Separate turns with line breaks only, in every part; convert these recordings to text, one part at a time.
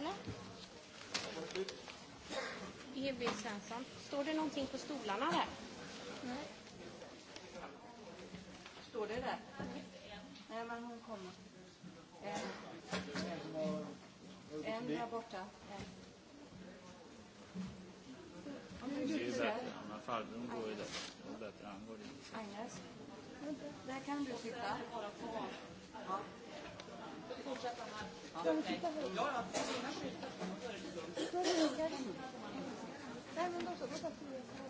Eller? G.B. Svensson. Står det någonting
på stolarna där?
Nej. Står det där? Nej, men hon kommer. En, en där borta. En.
Om du sitter där. Farbrorn går ju där.
Agnes, där kan du sitta. Nej,
men då så. Då tar vi det.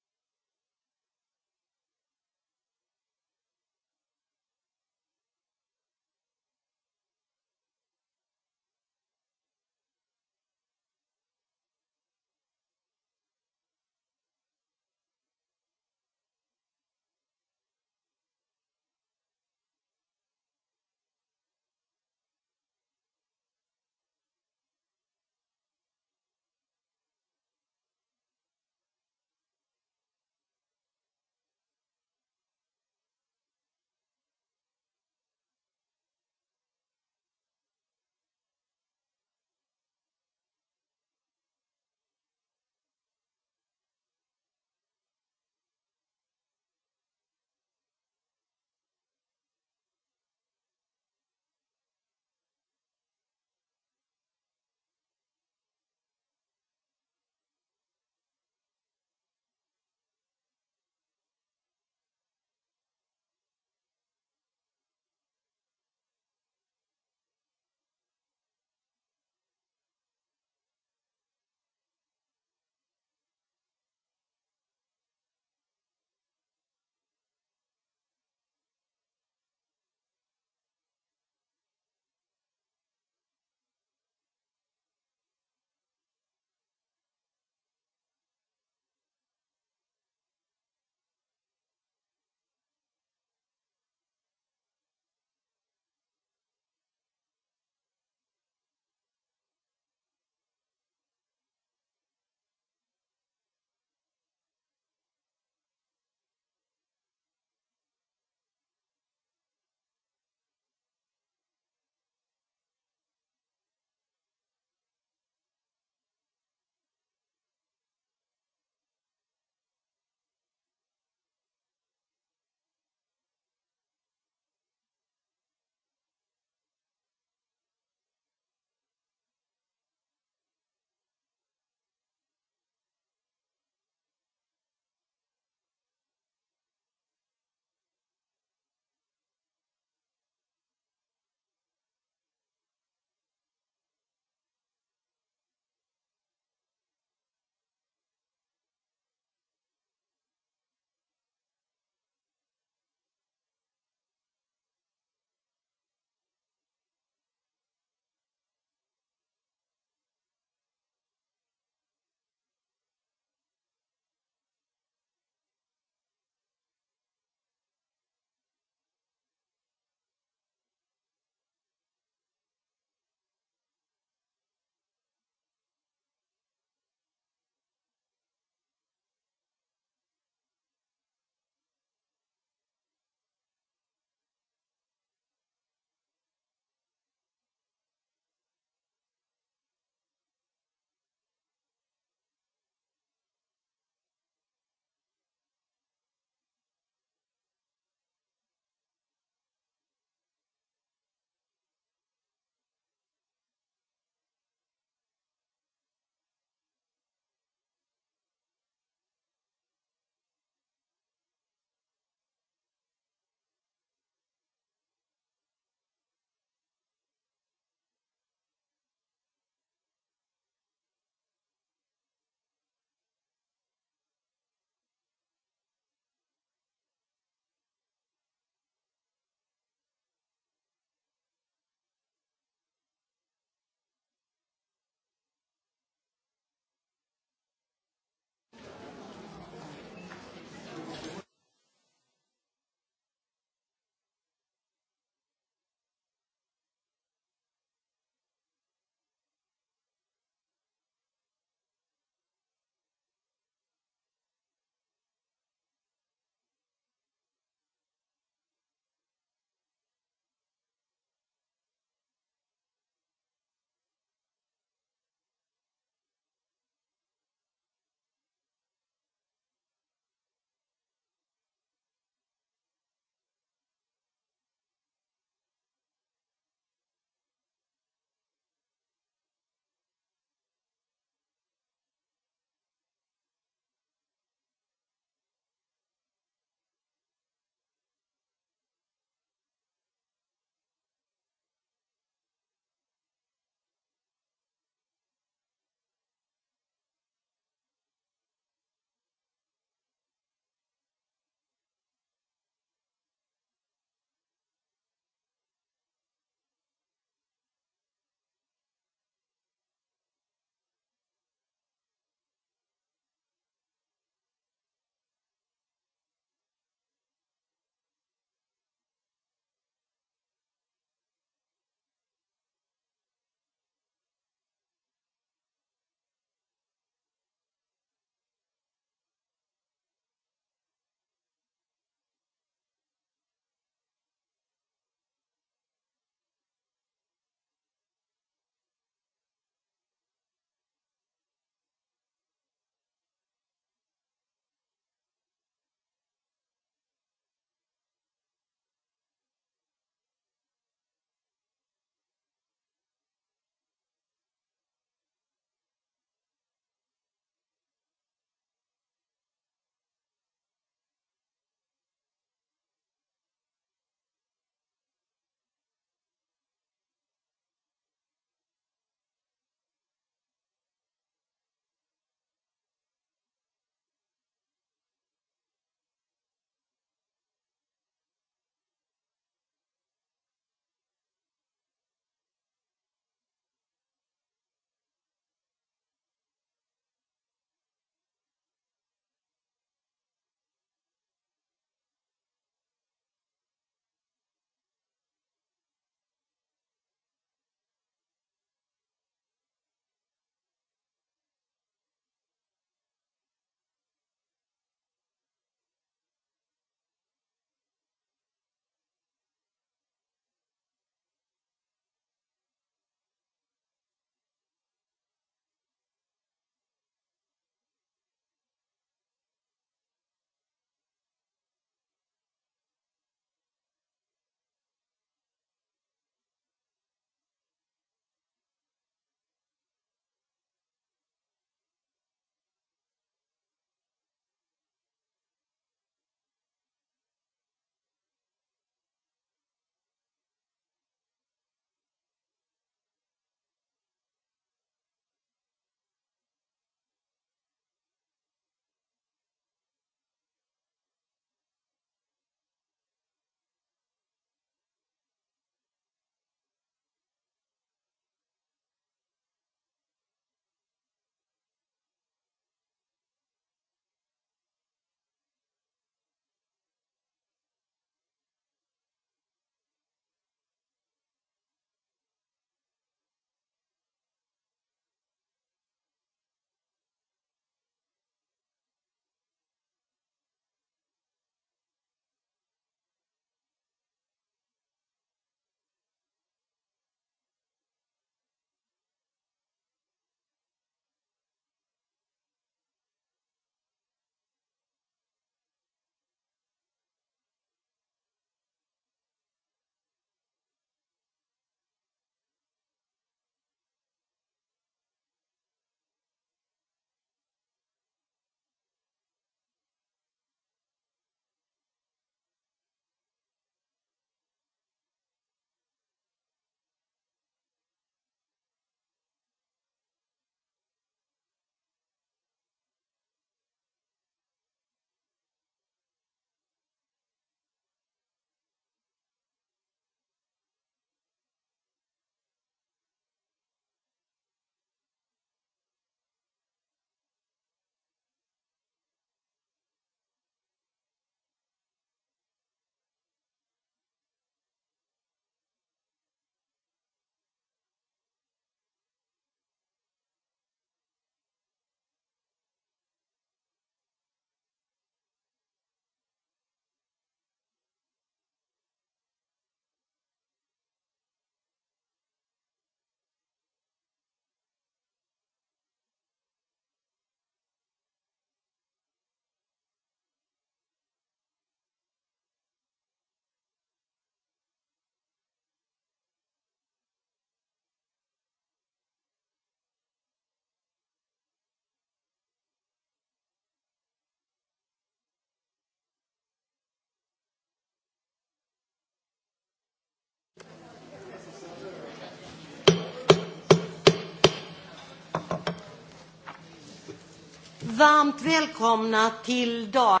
varmt välkomna till dag.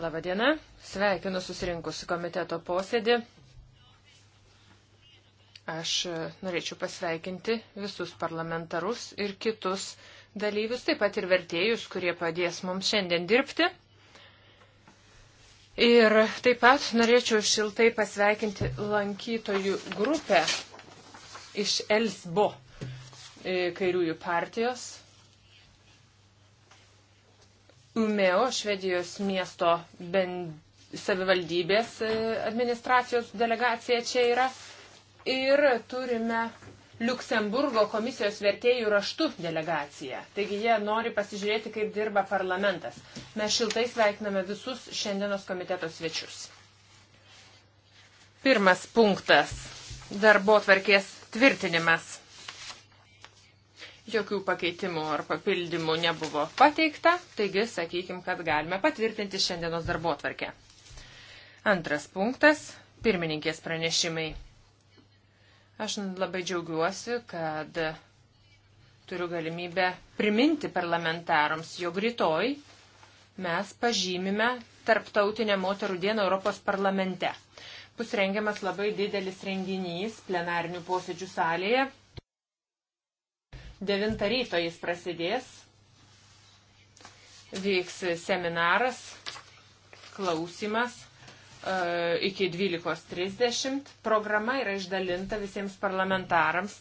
Labadiena, sveikinu susirinkus komiteto posėdį. Aš e, norėčiau pasveikinti visus parlamentarus ir kitus dalyvius, taip pat ir vertėjus, kurie padės mums šiandien dirbti. Ir taip pat norėčiau šiltai pasveikinti lankytojų grupę iš Elsbo e, kairiųjų partijos Meo, Švedijos miesto bend... savivaldybės e, administracijos delegacija čia yra. Ir turime Luksemburgo komisijos vertėjų raštų delegacija. Taigi jie nori pasižiūrėti, kaip dirba parlamentas. Mes šiltai sveikiname visus šiandienos komiteto svečius. Pirmas punktas - darbo tvarkės tvirtinimas. Jokių pakeitimų ar papildymų nebuvo pateikta, taigi sakykim, kad galime patvirtinti šiandienos darbo tvarkę. Antras punktas - pirmininkės pranešimai. Aš labai džiaugiuosi, kad turiu galimybę priminti parlamentarams, jog rytoj mes pažymime Tarptautinę moterų dieną Europos parlamente. Bus rengiamas labai didelis renginys plenarinių posėdžių salėje 9 ryto jis prasidės. Vyks seminaras, klausimas e, iki 12.30. Programa yra išdalinta visiems parlamentarams.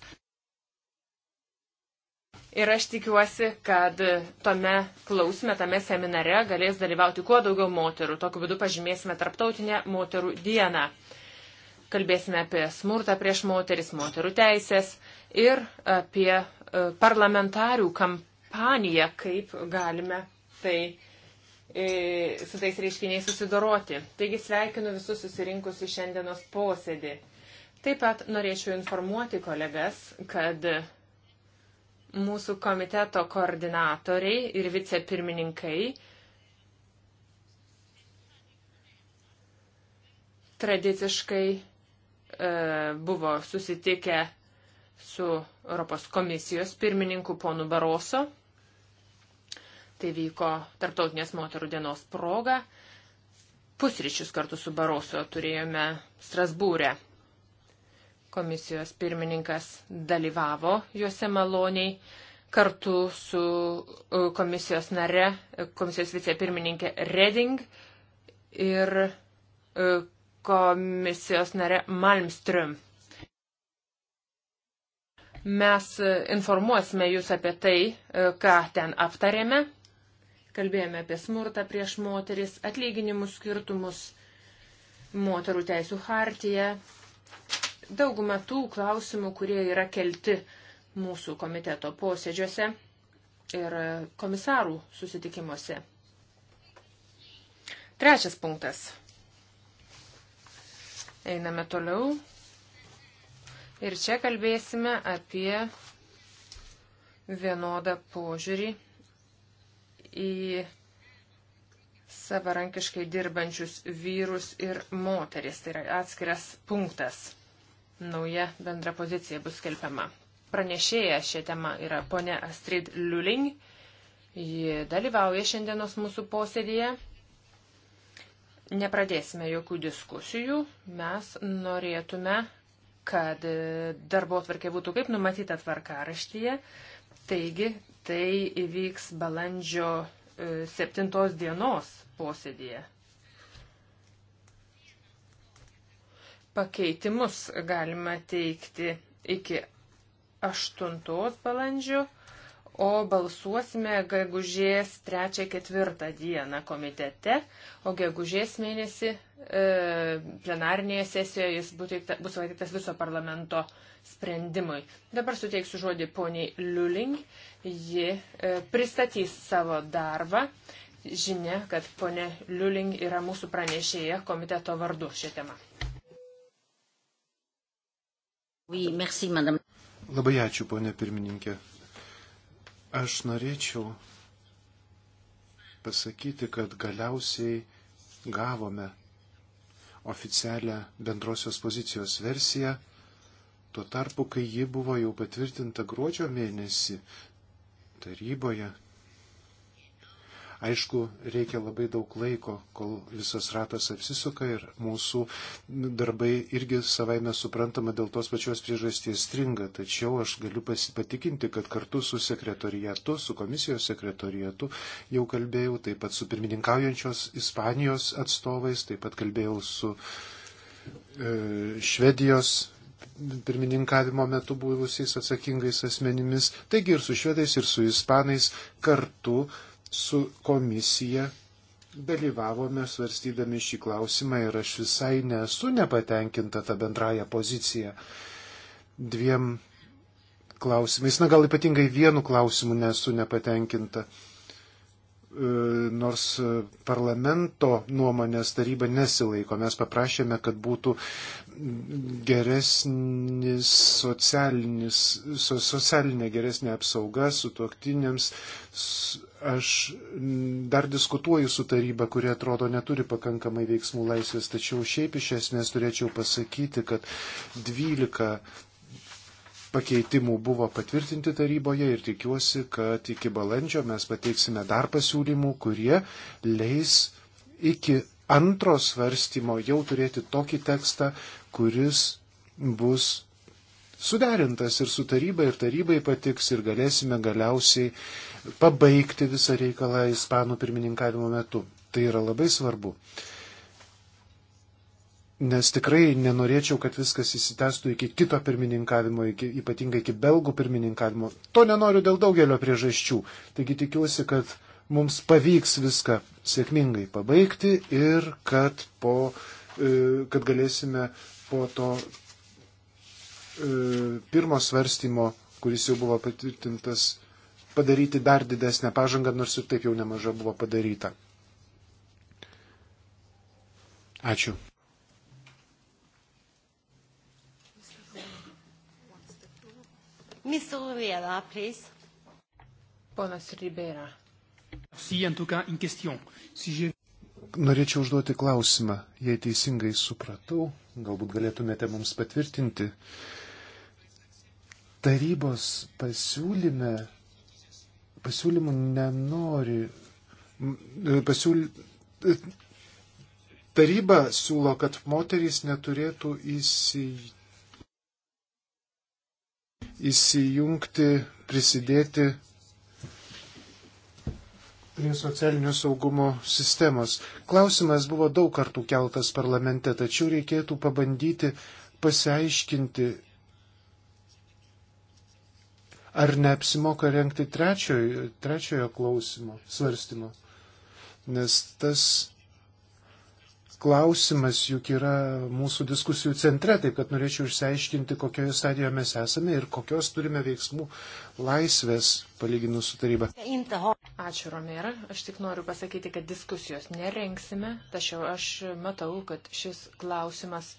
Ir aš tikiuosi, kad tome klausime, tame seminare galės dalyvauti kuo daugiau moterų. Tokiu būdu pažymėsime Tarptautinę moterų dieną. Kalbėsime apie smurtą prieš moteris, moterų teisės ir apie E, parlamentarių kampaniją, kaip galime tai e, su tais reiškiniais susidoroti. Taigi sveikinu visus susirinkusius šiandienos posėdį. Taip pat norėčiau informuoti kolegas, kad mūsų komiteto koordinatoriai ir vicepirmininkai tradiciškai e, buvo susitikę su Europos komisijos pirmininku ponu Baroso. Tai vyko Tartautinės moterų dienos proga. Pusryčius kartu su Baroso turėjome Strasbūrę. Komisijos pirmininkas dalyvavo juose maloniai kartu su e, komisijos nare, e, komisijos vicepirmininkė Reding ir e, komisijos nare Malmström. Mes e, informuosime jūs apie tai, e, ką ten aptarėme. Kalbėjome apie smurtą prieš moteris, atlyginimus skirtumus, moterų teisų hartiją. Daugumą tų klausimų, kurie yra kelti mūsų komiteto posėdžiuose ir e, komisarų susitikimuose. Trečias punktas. Einame toliau. Ir čia kalbėsime apie vienodą požiūrį į savarankiškai dirbančius vyrus ir moteris. Tai yra atskiras punktas. Nauja bendra pozicija bus skelbiama. Pranešėja šią temą yra ponia Astrid Liuling. Ji dalyvauja šiandienos mūsų posėdėje nepradėsime jokių diskusijų, mes norėtume kad e, darbo tvarkė būtų kaip numatyta tvarkaraštyje. Taigi, tai įvyks balandžio 7 e, dienos posėdėje. Pakeitimus galima teikti iki 8 balandžio o balsuosime gegužės 3-4 dieną komitete, o gegužės mėnesį e, plenarinėje sesijoje jis būtikta, bus vadintas viso parlamento sprendimui. Dabar suteiksiu žodį poniai Liuling, ji e, pristatys savo darbą. Žinia, kad ponė Liuling yra mūsų pranešėja komiteto vardu šią temą. Oui, merci, madame.
Labai ačiū, ponė pirmininkė. Aš norėčiau pasakyti, kad galiausiai gavome oficialią bendrosios pozicijos versiją, tuo tarpu, kai ji buvo jau patvirtinta gruodžio mėnesį taryboje, Aišku, reikia labai daug laiko, kol visas ratas apsisuka ir mūsų darbai irgi savaime suprantama dėl tos pačios priežasties stringa. Tačiau aš galiu patikinti, kad kartu su sekretorijatu, su komisijos sekretorijatu jau kalbėjau, taip pat su pirmininkaujančios Ispanijos atstovais, taip pat kalbėjau su e, Švedijos pirmininkavimo metu buvusiais atsakingais asmenimis, taigi ir su švedais, ir su ispanais kartu su komisija dalyvavome svarstydami šį klausimą ir aš visai nesu nepatenkinta tą bendrąją poziciją. Dviem klausimais, na gal ypatingai vienu klausimu nesu nepatenkinta e, nors parlamento nuomonės taryba nesilaiko. Mes paprašėme, kad būtų geresnis socialinis, socialinė geresnė apsauga su tuoktinėms, su, Aš dar diskutuoju su taryba, kuri atrodo neturi pakankamai veiksmų laisvės, tačiau šiaip iš esmės turėčiau pasakyti, kad 12 pakeitimų buvo patvirtinti taryboje ir tikiuosi, kad iki balandžio mes pateiksime dar pasiūlymų, kurie leis iki antro svarstymo jau turėti tokį tekstą, kuris bus suderintas ir su taryba, ir tarybai patiks, ir galėsime galiausiai uh, pabaigti visą reikalą Ispanų pirmininkavimo metu. Tai yra labai svarbu. Nes tikrai nenorėčiau, kad viskas įsitestų iki kito pirmininkavimo, iki, ypatingai iki belgų pirmininkavimo. To nenoriu dėl daugelio priežasčių. Taigi tikiuosi, kad mums pavyks viską sėkmingai pabaigti ir kad, po, e, kad galėsime po to e, pirmo svarstymo, kuris jau buvo patvirtintas padaryti dar didesnę pažangą, nors ir taip jau nemaža buvo padaryta. Ačiū.
Mr. Rivera, please. Ponas Rivera.
Si, en tout cas, une question. Si je... Norėčiau užduoti klausimą, jei teisingai supratau, galbūt galėtumėte mums patvirtinti. Tarybos pasiūlyme pasiūlymų nenori. E, Pasiūl... E, taryba siūlo, kad moterys neturėtų įsi... įsijungti, prisidėti prie socialinio saugumo sistemos. Klausimas buvo daug kartų keltas parlamente, tačiau reikėtų pabandyti pasiaiškinti Ar neapsimoka renkti trečiojo, trečiojo klausimo, svarstymo? Nes tas klausimas juk yra mūsų diskusijų centre, taip kad norėčiau išsiaiškinti, kokioje stadijoje mes esame ir kokios turime veiksmų laisvės palyginus su taryba.
Ačiū, Romera. Aš tik noriu pasakyti, kad diskusijos nerenksime, tačiau aš matau, kad šis klausimas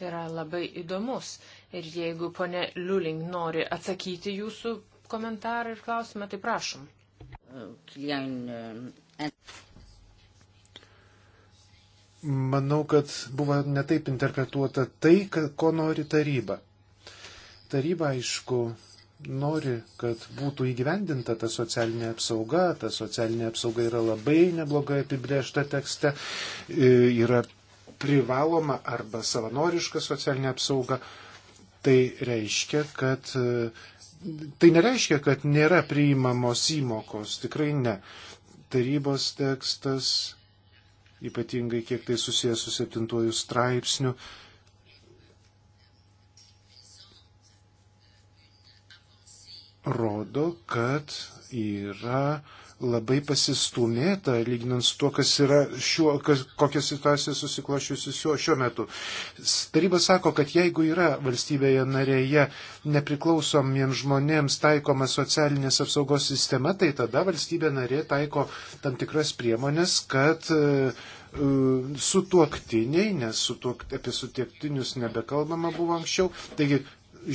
yra labai įdomus Ir jeigu ponė Liuling nori atsakyti jūsų komentarą ir klausimą, tai prašom.
Manau, kad buvo netaip interpretuota tai, ko nori taryba. Taryba, aišku, nori, kad būtų įgyvendinta ta socialinė apsauga. Ta socialinė apsauga yra labai neblogai apibriešta tekste. Yra privaloma arba savanoriška socialinė apsauga. Tai reiškia, kad e, tai nereiškia, kad nėra priimamos įmokos, tikrai ne. Tarybos tekstas, ypatingai kiek tai susijęs su septintuoju straipsniu, rodo, kad yra uh, labai pasistumėta, lyginant su to, kas yra šiuo, kas, kokia situacija susiklošiusi šiuo, šiuo metu. Taryba sako, kad jeigu yra valstybėje narėje nepriklausomiems žmonėms taikoma socialinės apsaugos sistema, tai tada valstybė narė taiko tam tikras priemonės, kad uh, sutuoktiniai, nes sutuok, apie sutuoktinius nebekalbama buvo anksčiau, taigi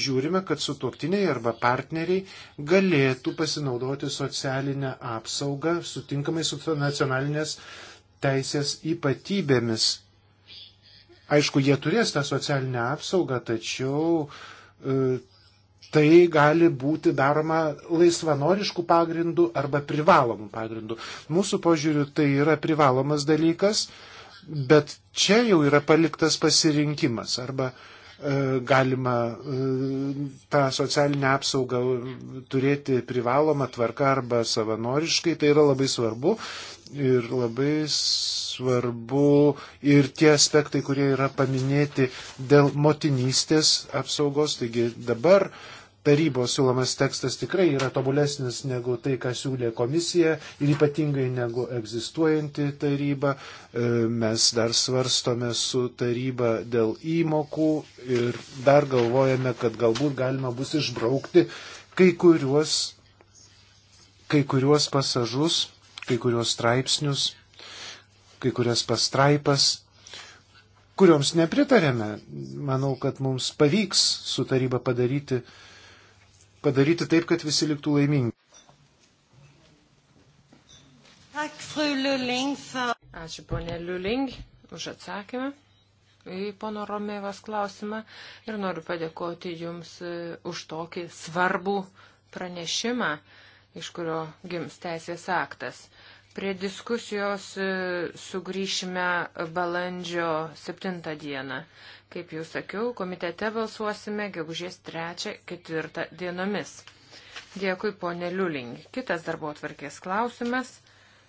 žiūrime, kad sutuoktiniai arba partneriai galėtų pasinaudoti socialinę apsaugą sutinkamai su nacionalinės teisės ypatybėmis. Aišku, jie turės tą socialinę apsaugą, tačiau e, tai gali būti daroma laisvanoriškų pagrindų arba privalomų pagrindų. Mūsų požiūriu tai yra privalomas dalykas, bet čia jau yra paliktas pasirinkimas arba e, galima e, tą socialinę apsaugą turėti privalomą tvarką arba savanoriškai, tai yra labai svarbu ir labai svarbu ir tie aspektai, kurie yra paminėti dėl motinystės apsaugos. Taigi dabar tarybos siūlomas tekstas tikrai yra tobulesnis negu tai, ką siūlė komisija ir ypatingai negu egzistuojanti taryba. E, mes dar svarstome su taryba dėl įmokų ir dar galvojame, kad galbūt galima bus išbraukti kai kuriuos, kai kuriuos pasažus, kai kuriuos straipsnius, kai kurias pastraipas kurioms nepritarėme. Manau, kad mums pavyks su taryba padaryti uh, padaryti taip, kad visi liktų laimingi.
Ačiū ponė Liuling už atsakymą į pono Romėvas klausimą ir noriu padėkoti Jums e, už tokį svarbų pranešimą, iš kurio gims teisės aktas. Prie diskusijos e, sugrįšime balandžio 7 dieną. Kaip jau sakiau, komitete balsuosime gegužės 3-4 dienomis. Dėkui, ponė Liuling. Kitas darbo atvarkės klausimas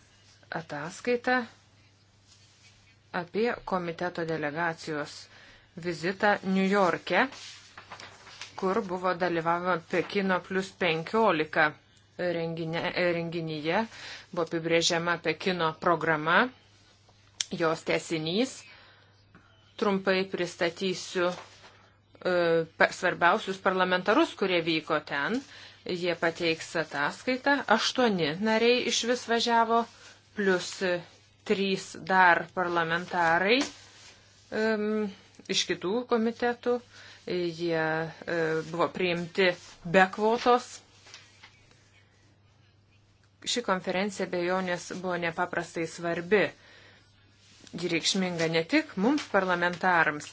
- ataskaita apie komiteto delegacijos vizitą Niujorke, kur buvo dalyvavo Pekino plus 15 renginė, renginyje Buvo apibrėžiama Pekino programa, jos tesinys. Trumpai pristatysiu e, svarbiausius parlamentarus, kurie vyko ten. Jie pateiks ataskaitą. Aštuoni nariai iš vis važiavo, plus trys dar parlamentarai um, iš kitų komitetų. Jie uh, buvo priimti be kvotos. Ši konferencija be jonės buvo nepaprastai svarbi. Ji reikšminga ne tik mums parlamentarams,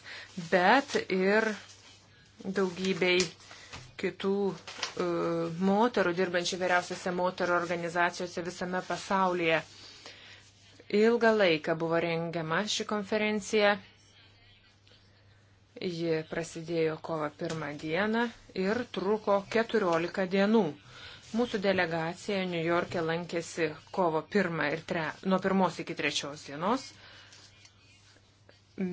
bet ir daugybei kitų uh, moterų, dirbančių vyriausiose moterų organizacijose visame pasaulyje. Ilgą laiką buvo rengiama ši konferencija. Ji prasidėjo kovo pirmą dieną ir truko 14 dienų. Mūsų delegacija New York'e lankėsi kovo 1 ir 3, nuo 1 iki 3 dienos.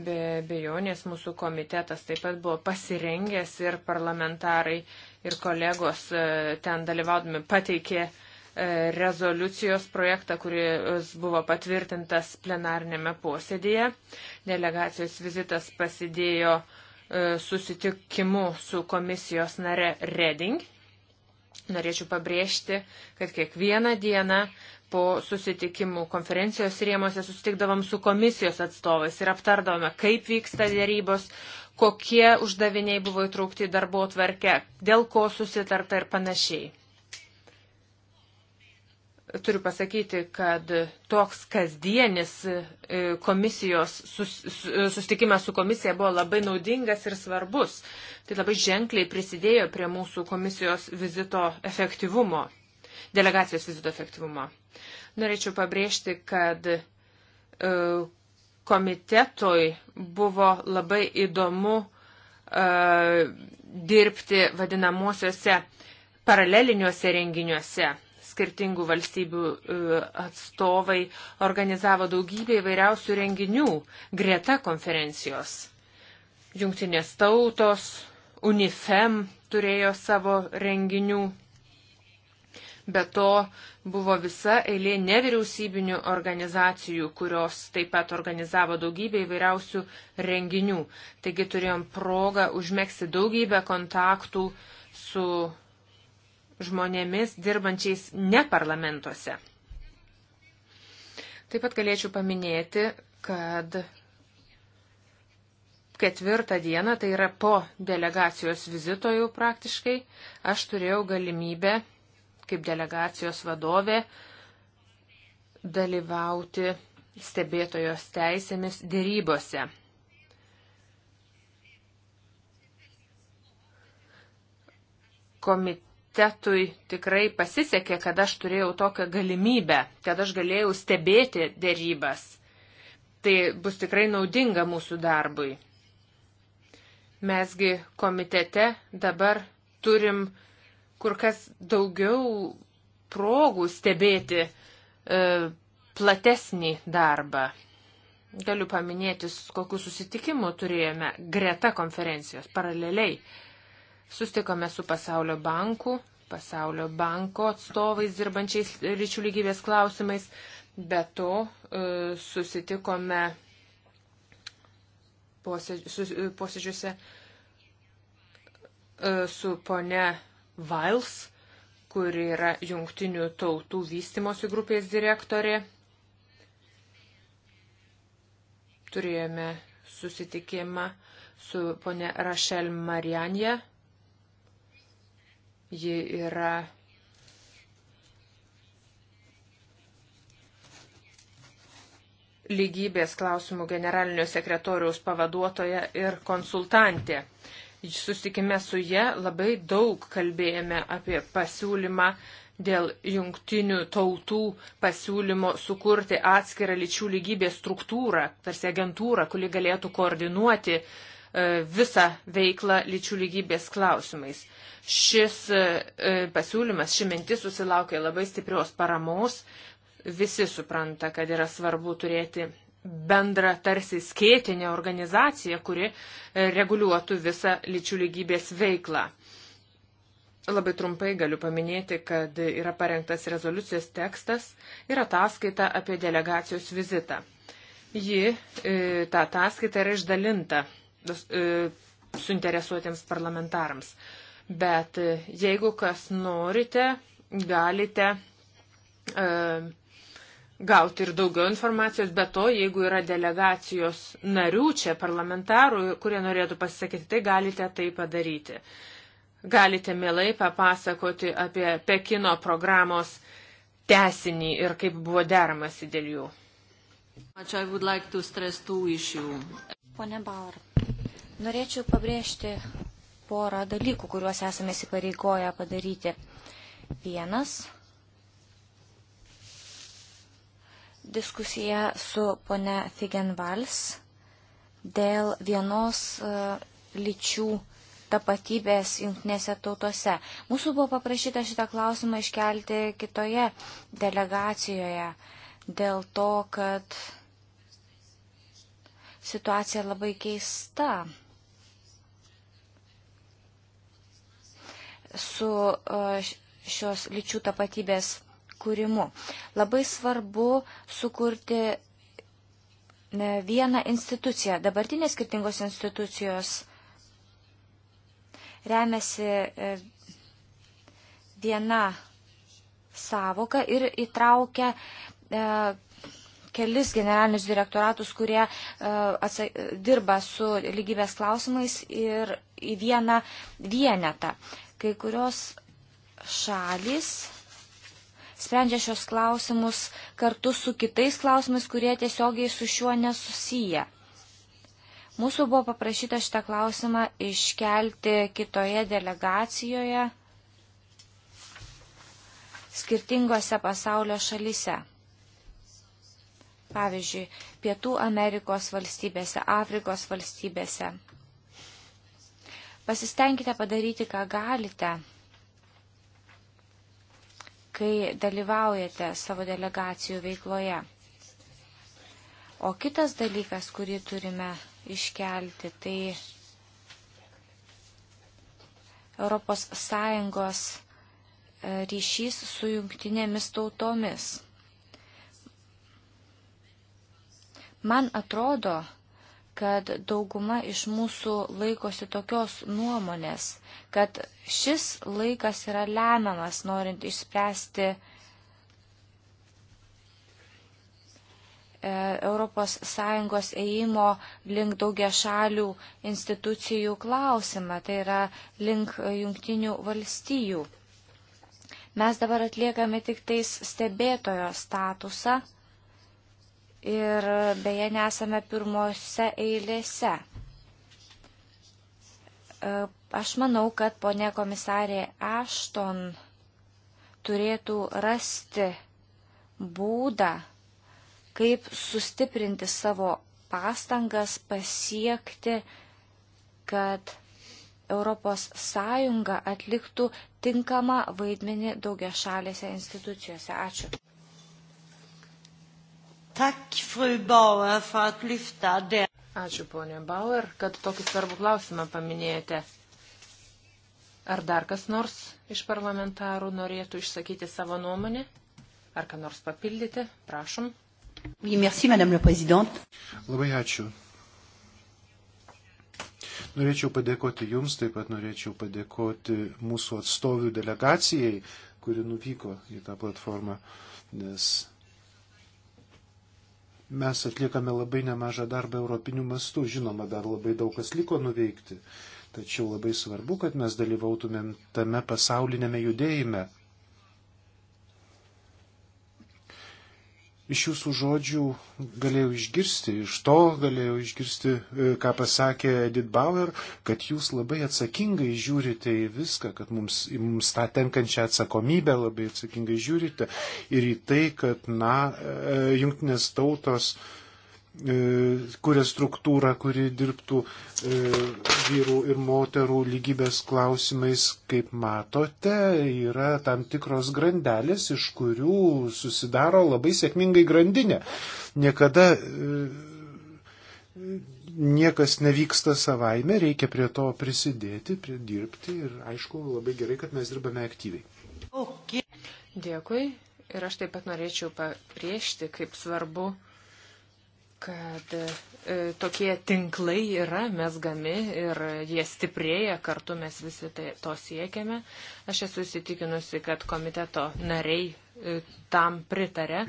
Be bejonės mūsų komitetas taip pat buvo pasirengęs ir parlamentarai ir kolegos e, ten dalyvaudami pateikė e, rezoliucijos projektą, kuris buvo patvirtintas plenarnėme posėdėje. Delegacijos vizitas pasidėjo e, susitikimu su komisijos nare Reding Norėčiau pabrėžti, kad kiekvieną dieną po susitikimų konferencijos rėmose susitikdavom su komisijos atstovais ir aptardavome, kaip vyksta dėrybos, kokie uždaviniai buvo įtraukti į darbo tvarkę, dėl ko susitarta ir panašiai turiu pasakyti, kad toks kasdienis e, komisijos sus, e, susitikimas su komisija buvo labai naudingas ir svarbus. Tai labai ženkliai prisidėjo prie mūsų komisijos vizito efektyvumo, delegacijos vizito efektyvumo. Norėčiau pabrėžti, kad e, komitetoj buvo labai įdomu dirbti vadinamosiuose paraleliniuose renginiuose skirtingų valstybių e, atstovai organizavo daugybę įvairiausių renginių greta konferencijos. Jungtinės tautos, UNIFEM turėjo savo renginių. Be to buvo visa eilė nevyriausybinių organizacijų, kurios taip pat organizavo daugybę įvairiausių renginių. Taigi turėjom progą užmėgsti daugybę kontaktų su žmonėmis dirbančiais ne parlamentuose. Taip pat galėčiau paminėti, kad ketvirtą dieną, tai yra po delegacijos vizito jau praktiškai, aš turėjau galimybę kaip delegacijos vadovė dalyvauti stebėtojos teisėmis dėrybose. Komit komitetui tikrai pasisekė, kad aš turėjau tokią galimybę, kad aš galėjau stebėti dėrybas. Tai bus tikrai naudinga mūsų darbui. Mesgi komitete dabar turim kur kas daugiau progų stebėti e, platesnį darbą. Galiu paminėti, kokiu susitikimu turėjome greta konferencijos paraleliai. E, Sustikome su Pasaulio banku, Pasaulio banko atstovais dirbančiais lyčių lygybės klausimais. Be to e, susitikome e, posėdžiuose e, su pone Vails, kuri yra jungtinių tautų vystimosi grupės direktorė. Turėjome susitikimą su pone Rašel Marianje, Ji yra lygybės klausimų generalinio sekretoriaus pavaduotoja ir konsultantė. Susitikime su jie labai daug kalbėjome apie pasiūlymą dėl jungtinių tautų pasiūlymo sukurti atskirą lyčių lygybės struktūrą, tarsi agentūrą, kuri galėtų koordinuoti uh, E, visą veiklą lyčių lygybės klausimais. Šis e, e, pasiūlymas, ši mintis susilaukė labai stiprios paramos. Visi supranta, kad yra svarbu turėti bendrą tarsi skėtinę organizaciją, kuri reguliuotų visą lyčių lygybės veiklą. Labai trumpai galiu paminėti, kad yra parengtas rezoliucijos tekstas ir ataskaita apie delegacijos vizitą. Ji, ta ataskaita yra išdalinta E, suinteresuotiems parlamentarams. Bet e, jeigu kas norite, galite e, gauti ir daugiau informacijos, bet to, jeigu yra delegacijos narių čia parlamentarų, kurie norėtų pasisakyti, tai galite tai padaryti. Galite mielai papasakoti apie Pekino programos tesinį ir kaip buvo deramasi dėl jų. Like
Pone Bauer, Norėčiau pabrėžti porą dalykų, kuriuos esame įsipareigoję padaryti. Vienas diskusija su pone Figenvals dėl vienos uh, lyčių tapatybės jungtinėse tautose. Mūsų buvo paprašyta šitą klausimą iškelti kitoje delegacijoje dėl to, kad situacija labai keista. su e, šios lyčių tapatybės kūrimu. Labai svarbu sukurti e, vieną instituciją. Dabartinės skirtingos institucijos remiasi e, viena savoka ir įtraukia kelis generalinius direktoratus, kurie atsa, dirba su lygybės klausimais ir į vieną vienetą. Kai kurios šalis sprendžia šios klausimus kartu su kitais klausimais, kurie tiesiogiai su šiuo nesusiję. Mūsų buvo paprašyta šitą klausimą iškelti kitoje delegacijoje skirtingose pasaulio šalise. Pavyzdžiui, Pietų Amerikos valstybėse, Afrikos valstybėse. Pasistengkite padaryti, ką galite, kai dalyvaujate savo delegacijų veikloje. O kitas dalykas, kurį turime iškelti, tai Europos Sąjungos e, ryšys su jungtinėmis tautomis. Man atrodo, kad dauguma iš mūsų laikosi tokios nuomonės, kad šis laikas yra lemiamas, norint išspręsti ES ėjimo link daugia šalių institucijų klausimą, tai yra link jungtinių valstijų. Mes dabar atliekame tik tais stebėtojo statusą ir beje nesame pirmose eilėse. E, aš manau, kad ponė komisarė Ašton turėtų rasti būdą, kaip sustiprinti savo pastangas pasiekti, kad ES atliktų tinkamą vaidmenį daugia šalėse institucijose. Ačiū.
Tack, fru Bauer, för att lyfta det. Ačiū, ponė Bauer, kad tokį svarbų klausimą paminėjote. Ar dar kas nors iš parlamentarų norėtų išsakyti savo nuomonę? Ar ką nors papildyti? Prašom.
Oui, merci, madame la présidente. Labai ačiū. Norėčiau padėkoti Jums, taip pat norėčiau padėkoti mūsų atstovių delegacijai, kuri nuvyko į tą platformą, nes Mes atliekame labai nemažą darbą europiniu mastu, žinoma, dar labai daug kas liko nuveikti, tačiau labai svarbu, kad mes dalyvautumėm tame pasaulinėme judėjime iš jūsų žodžių galėjau išgirsti, iš to galėjau išgirsti, e, ką pasakė Edith Bauer, kad jūs labai atsakingai žiūrite į viską, kad mums, mums tą tenkančią atsakomybę labai atsakingai žiūrite ir į tai, kad, na, e, e, jungtinės tautos uh, E, kuria struktūrą, kuri dirbtų e, vyrų ir moterų lygybės klausimais, kaip matote, yra tam tikros grandelės, iš kurių susidaro labai sėkmingai grandinė. Niekada e, niekas nevyksta savaime, reikia prie to prisidėti, prie dirbti ir aišku, labai gerai, kad mes dirbame aktyviai.
Okay. Dėkui. Ir aš taip pat norėčiau papriešti, kaip svarbu kad e, tokie tinklai yra mesgami ir jie stiprėja, kartu mes visi tai, to siekiame. Aš esu įsitikinusi, kad komiteto nariai e, tam pritarė.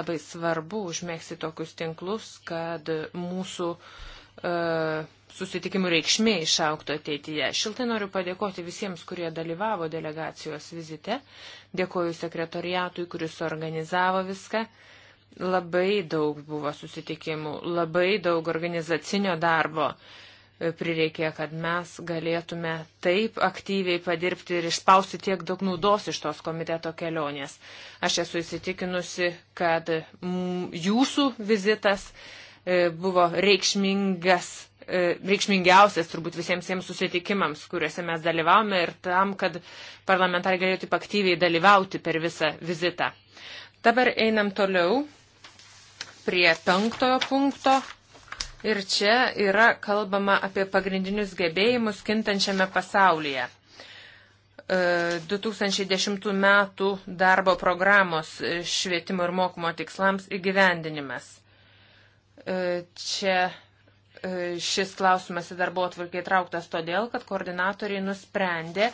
Labai svarbu užmėgsi tokius tinklus, kad mūsų uh, susitikimų reikšmė išauktų ateityje. Šiltai noriu padėkoti visiems, kurie dalyvavo delegacijos vizite. Dėkoju sekretoriatui, kuris organizavo viską. Uh, Labai daug buvo susitikimų, labai daug organizacinio darbo prireikė, kad mes galėtume taip aktyviai padirbti ir išspausti tiek daug naudos iš tos komiteto kelionės. Aš esu įsitikinusi, kad jūsų vizitas e, buvo reikšmingas, e, reikšmingiausias turbūt visiems jiems susitikimams, kuriuose mes dalyvavome ir tam, kad parlamentarai galėtų aktyviai dalyvauti per visą vizitą. Dabar einam toliau prie penktojo punkto. Ir čia yra kalbama apie pagrindinius gebėjimus kintančiame pasaulyje. 2010 e, m. darbo programos švietimo ir mokymo tikslams įgyvendinimas. E, čia E, šis klausimas į darbo atvarkį įtrauktas todėl, kad koordinatoriai nusprendė e,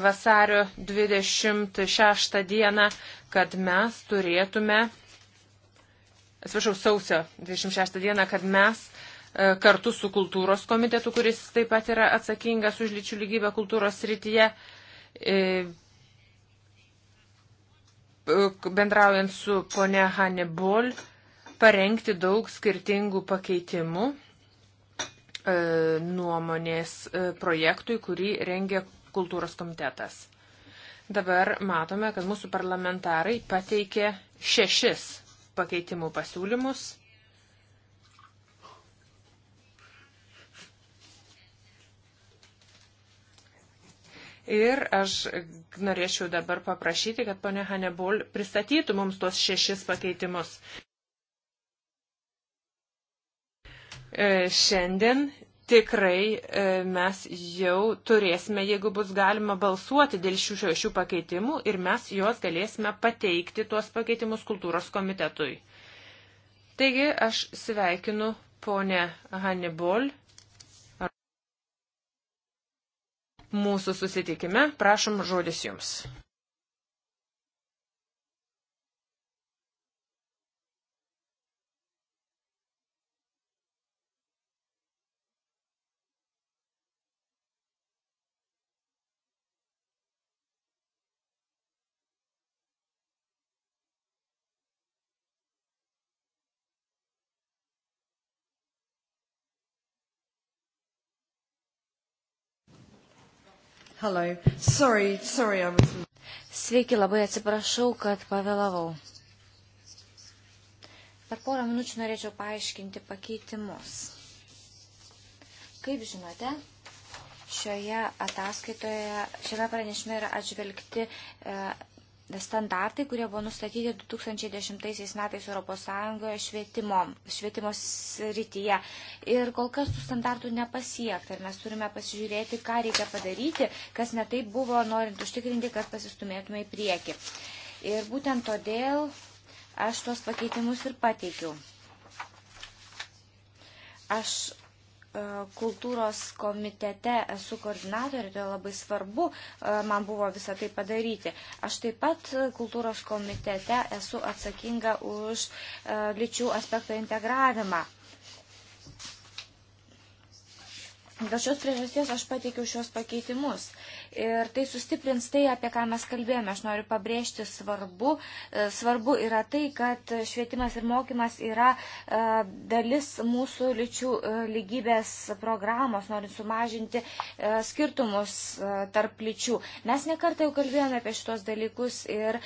vasario 26 dieną, kad mes turėtume, atsiprašau, sausio 26 dieną, kad mes e, kartu su kultūros komitetu, kuris taip pat yra atsakingas už lyčių lygybę kultūros rytyje, bendraujant su ponia Hanebol, parengti daug skirtingų pakeitimų E, nuomonės e, projektui, kurį rengė kultūros komitetas. Dabar matome, kad mūsų parlamentarai pateikė šešis pakeitimų pasiūlymus. Ir aš norėčiau dabar paprašyti, kad ponė Hanebol pristatytų mums tuos šešis pakeitimus. E, šiandien tikrai e, mes jau turėsime, jeigu bus galima, balsuoti dėl šių, šių, šių pakeitimų ir mes juos galėsime pateikti tuos pakeitimus kultūros komitetui. Taigi aš sveikinu ponę Hannibal mūsų susitikime. Prašom žodis jums.
Hello. Sorry,
sorry, I was... Sveiki, labai atsiprašau, kad pavėlavau. Per porą minučių norėčiau paaiškinti pakeitimus. Kaip žinote, šioje ataskaitoje, šiame pranešime yra atžvelgti e, standartai, kurie buvo nustatyti 2010 metais ES švietimo, švietimo srityje. Ir kol kas tų standartų nepasiekta. Ir mes turime pasižiūrėti, ką reikia padaryti, kas netaip buvo, norint užtikrinti, kad pasistumėtume į priekį. Ir būtent todėl aš tuos pakeitimus ir pateikiau. Aš E, kultūros komitete esu koordinatorė, tai labai svarbu e, man buvo visą tai padaryti. Aš taip pat kultūros komitete esu atsakinga už e, lyčių aspekto integravimą. Dėl šios priežasties aš pateikiau šios pakeitimus. Uh, ir tai sustiprins tai, apie ką mes kalbėjome. Aš noriu pabrėžti svarbu. E, svarbu yra tai, kad švietimas ir mokymas yra e, dalis mūsų lyčių e, lygybės programos, norint sumažinti skirtumus tarp lyčių. Mes nekartą jau kalbėjome apie šitos dalykus ir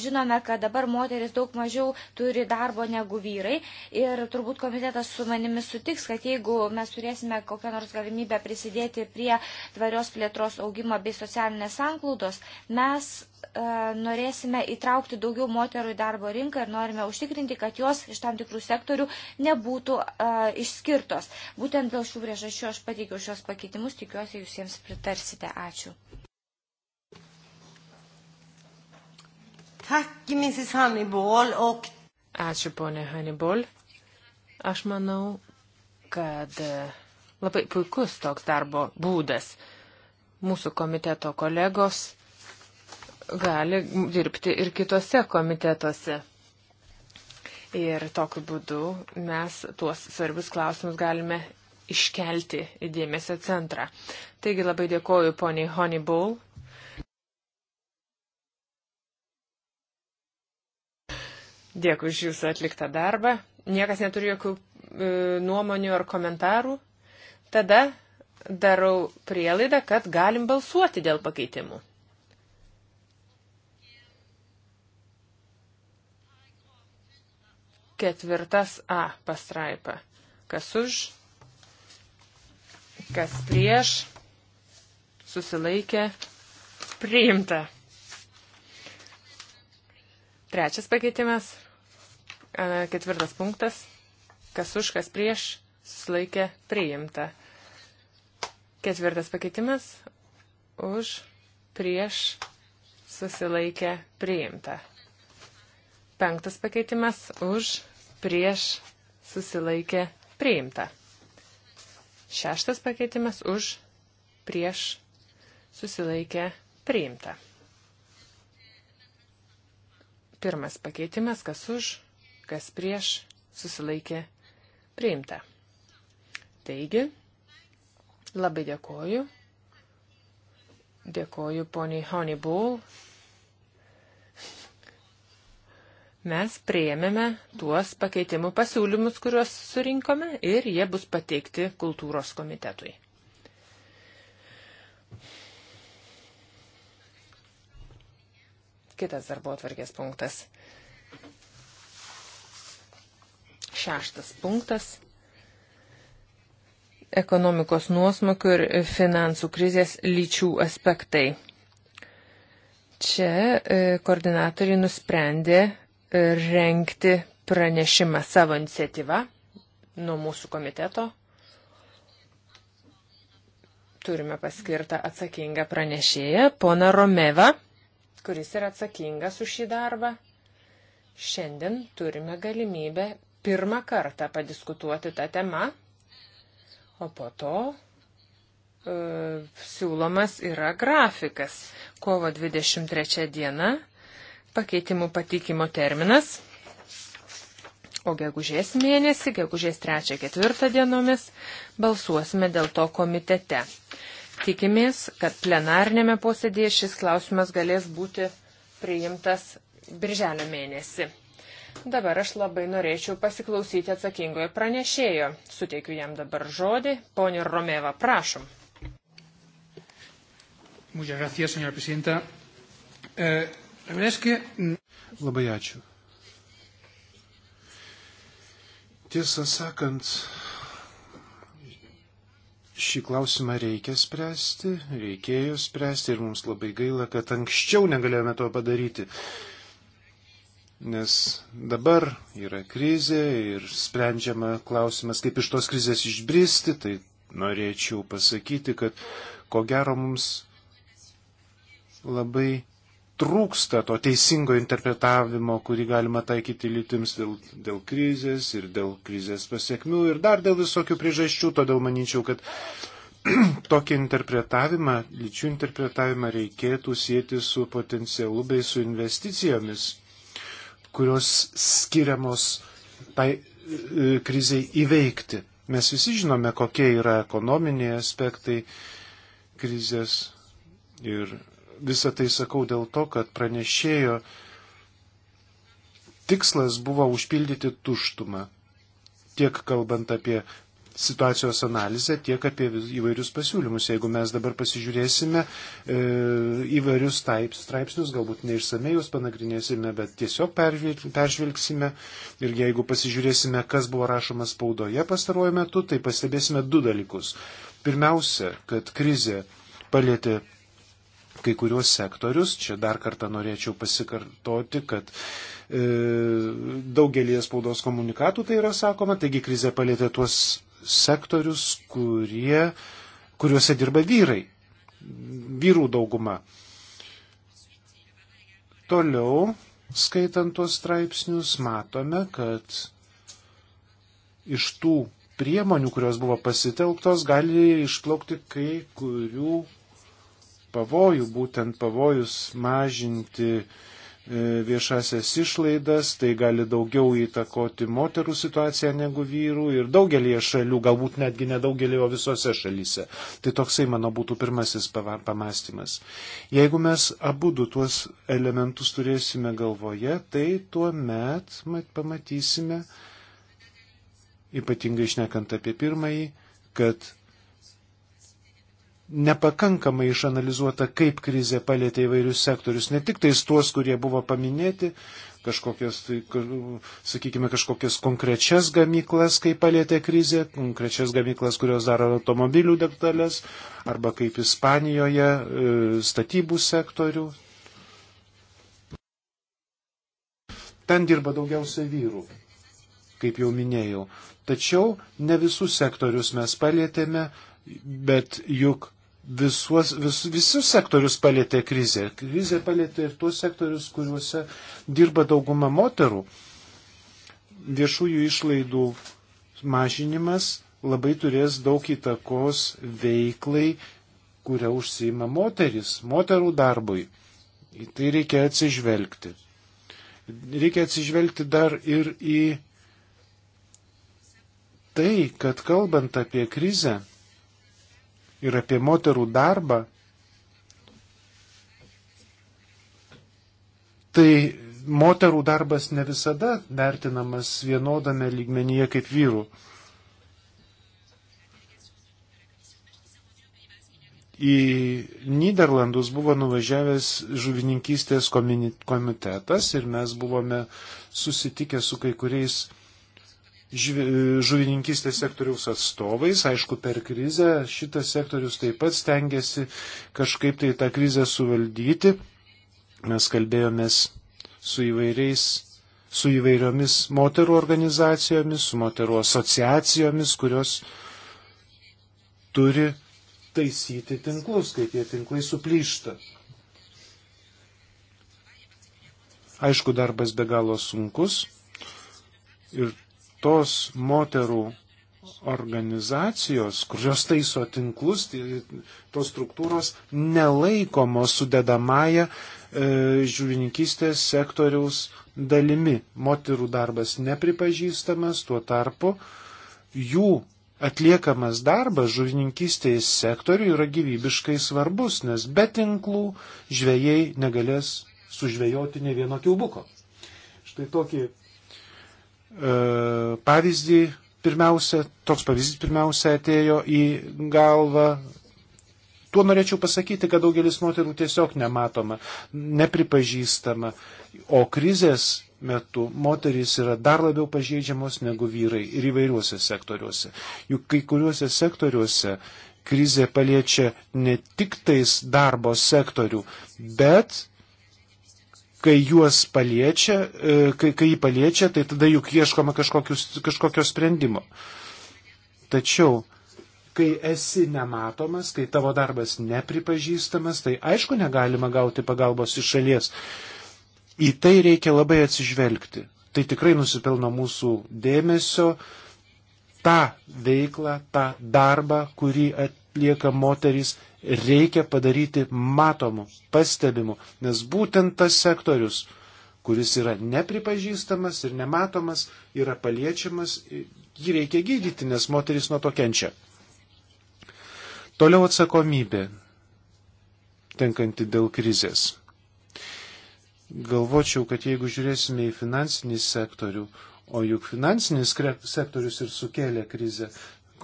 žinome, kad dabar moteris daug mažiau turi darbo negu vyrai. Ir turbūt komitetas su manimi sutiks, kad jeigu mes turėsime kokią nors galimybę prisidėti prie tvarios tvarios plėtros augimo bei socialinės sanklaudos, mes e, norėsime įtraukti daugiau moterų į darbo rinką ir norime užtikrinti, kad jos iš tam tikrų sektorių nebūtų e, išskirtos. Būtent dėl šių priežasčių aš pateikiau šios pakeitimus, tikiuosi jūs jiems pritarsite. Ačiū.
Ačiū, ponė Hannibal. Aš manau, kad e, labai puikus toks darbo būdas mūsų komiteto kolegos gali dirbti ir kitose komitetuose. Ir tokiu būdu mes tuos svarbius klausimus galime iškelti į dėmesio centrą. Taigi labai dėkoju poniai Honeybull. Dėkui už jūsų atliktą darbą. Niekas neturi jokių e, nuomonių ar komentarų. Tada darau prielaidą, kad galim balsuoti dėl pakeitimų. Ketvirtas A pastraipa. Kas už, kas prieš, susilaikė, priimta. Trečias pakeitimas, ketvirtas punktas. Kas už, kas prieš, susilaikė, priimta. Ketvirtas pakeitimas už prieš susilaikę priimta. Penktas pakeitimas už prieš susilaikę priimta. Šeštas pakeitimas už prieš susilaikę priimta. Pirmas pakeitimas, kas už, kas prieš susilaikė priimta. Taigi, Labai dėkoju. Dėkoju poniai Honeybull. Mes prieėmėme tuos pakeitimų pasiūlymus, kuriuos surinkome ir jie bus pateikti kultūros komitetui. Kitas darbo atvarkės punktas. Šeštas punktas ekonomikos nuosmukio ir finansų krizės lyčių aspektai. Čia e, koordinatoriai nusprendė e, renkti pranešimą savo iniciatyvą nuo mūsų komiteto. Turime paskirtą atsakingą pranešėją, poną Romevą, kuris yra atsakingas už šį darbą. Šiandien turime galimybę pirmą kartą padiskutuoti tą temą O po to e, siūlomas yra grafikas. Kovo 23 diena pakeitimų patikimo terminas. O gegužės mėnesį, gegužės 3-4 dienomis balsuosime dėl to komitete. Tikimės, kad plenarnėme posėdėje šis klausimas galės būti priimtas birželio mėnesį. Dabar aš labai norėčiau pasiklausyti atsakingojo pranešėjo. Suteikiu jam dabar žodį. Pone Romeva, prašom.
Gracias, eh, reiškia... Labai ačiū. Tiesą sakant, šį klausimą reikia spręsti, reikėjo spręsti ir mums labai gaila, kad anksčiau negalėjome to padaryti nes dabar yra krizė ir sprendžiama klausimas, kaip iš tos krizės išbristi, tai norėčiau pasakyti, kad ko gero mums labai trūksta to teisingo interpretavimo, kurį galima taikyti lytims dėl, dėl krizės ir dėl krizės pasiekmių ir dar dėl visokių priežasčių, todėl manyčiau, kad tokį interpretavimą, lyčių interpretavimą reikėtų sėti su potencialu bei su investicijomis kurios skiriamos tai e, kriziai įveikti. Mes visi žinome, kokie yra ekonominiai aspektai krizės ir visą tai sakau dėl to, kad pranešėjo tikslas buvo užpildyti tuštumą, tiek kalbant apie situacijos analizę, tiek apie įvairius pasiūlymus. Jeigu mes dabar pasižiūrėsime e, įvairius taip, straipsnius, galbūt neišsamei juos panagrinėsime, bet tiesiog peržvelgsime ir jeigu pasižiūrėsime, kas buvo rašoma spaudoje pastaruoju metu, tai pastebėsime du dalykus. Pirmiausia, kad krizė palėtė kai kuriuos sektorius. Čia dar kartą norėčiau pasikartoti, kad e, daugelį spaudos komunikatų tai yra sakoma, taigi krizė palėtė tuos sektorius, kurie, kuriuose dirba vyrai, vyrų dauguma. Toliau, skaitant tuos straipsnius, matome, kad iš tų priemonių, kurios buvo pasitelktos, gali išplaukti kai kurių pavojų, būtent pavojus mažinti uh, E, viešasias išlaidas, tai gali daugiau įtakoti moterų situaciją negu vyrų ir daugelie šalių, galbūt netgi nedaugelie, o visose šalyse. Tai toksai mano būtų pirmasis pamastymas. Jeigu mes abu du tuos elementus turėsime galvoje, tai tuo met pamatysime, ypatingai išnekant apie pirmąjį, kad nepakankamai išanalizuota, kaip krizė palėtė įvairius sektorius, ne tik tais tuos, kurie buvo paminėti, kažkokias, tai, sakykime, kažkokias konkrečias gamyklas, kaip palėtė krizė, konkrečias gamyklas, kurios daro automobilių detalės, arba kaip Ispanijoje e, statybų sektorių. Ten dirba daugiausia vyrų, kaip jau minėjau. Tačiau ne visus sektorius mes palėtėme, bet juk visuos, vis, visus sektorius palėtė krizė. Krizė palėtė ir tuos sektorius, kuriuose dirba dauguma moterų. Viešųjų išlaidų mažinimas labai turės daug įtakos veiklai, kurią užsima moteris, moterų darbui. Į tai reikia atsižvelgti. Reikia atsižvelgti dar ir į tai, kad kalbant apie krizę, ir apie moterų darbą, tai moterų darbas ne visada vertinamas vienodame lygmenyje kaip vyrų. Į Niderlandus buvo nuvažiavęs žuvininkystės komitetas ir mes buvome susitikę su kai kuriais žuvininkistės sektoriaus atstovais. Aišku, per krizę šitas sektorius taip pat stengiasi kažkaip tai tą krizę suvaldyti. Mes kalbėjomės su įvairiais su įvairiomis moterų organizacijomis, su moterų asociacijomis, kurios turi taisyti tinklus, kai tie tinklai suplyšta. Aišku, darbas be galo sunkus ir tos moterų organizacijos, kurios taiso tinklus, tai tos struktūros nelaikomos sudedamąją e, žuvininkystės sektoriaus dalimi. Moterų darbas nepripažįstamas, tuo tarpu jų atliekamas darbas žuvininkystės sektoriui yra gyvybiškai svarbus, nes be tinklų žvėjai negalės sužvėjoti ne vieno kilbuko. Štai tokį E, pavyzdį pirmiausia, toks pavyzdys pirmiausia atėjo į galvą. Tuo norėčiau pasakyti, kad daugelis moterų tiesiog nematoma, nepripažįstama, o krizės metu moterys yra dar labiau pažeidžiamos negu vyrai ir įvairiuose sektoriuose. Juk kai kuriuose sektoriuose krizė paliečia ne tik tais darbo sektorių, bet kai juos paliečia, e, kai, kai jį paliečia, tai tada juk ieškoma kažkokius, kažkokio sprendimo. Tačiau, kai esi nematomas, kai tavo darbas nepripažįstamas, tai aišku negalima gauti pagalbos iš šalies. Į tai reikia labai atsižvelgti. Tai tikrai nusipelno mūsų dėmesio tą veiklą, tą darbą, kurį atlieka moteris, reikia padaryti matomu, pastebimu, nes būtent tas sektorius, kuris yra nepripažįstamas ir nematomas, yra paliečiamas, jį reikia gydyti, nes moteris nuo to kenčia. Toliau atsakomybė tenkanti dėl krizės. Galvočiau, kad jeigu žiūrėsime į finansinį sektorių, o juk finansinis sektorius ir sukėlė krizę,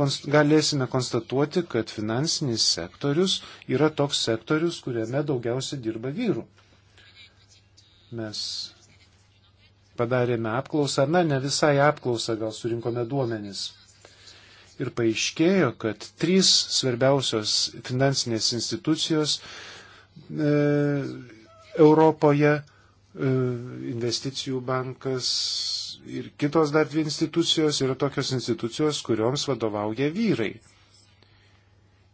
konst, galėsime konstatuoti, kad finansinis sektorius yra toks sektorius, kuriame daugiausia dirba vyrų. Mes padarėme apklausą, na ne visai apklausą, gal surinkome duomenis. Ir paaiškėjo, kad trys svarbiausios finansinės institucijos e, Europoje e, investicijų bankas, ir kitos dar dvi institucijos yra tokios institucijos, kurioms vadovauja vyrai.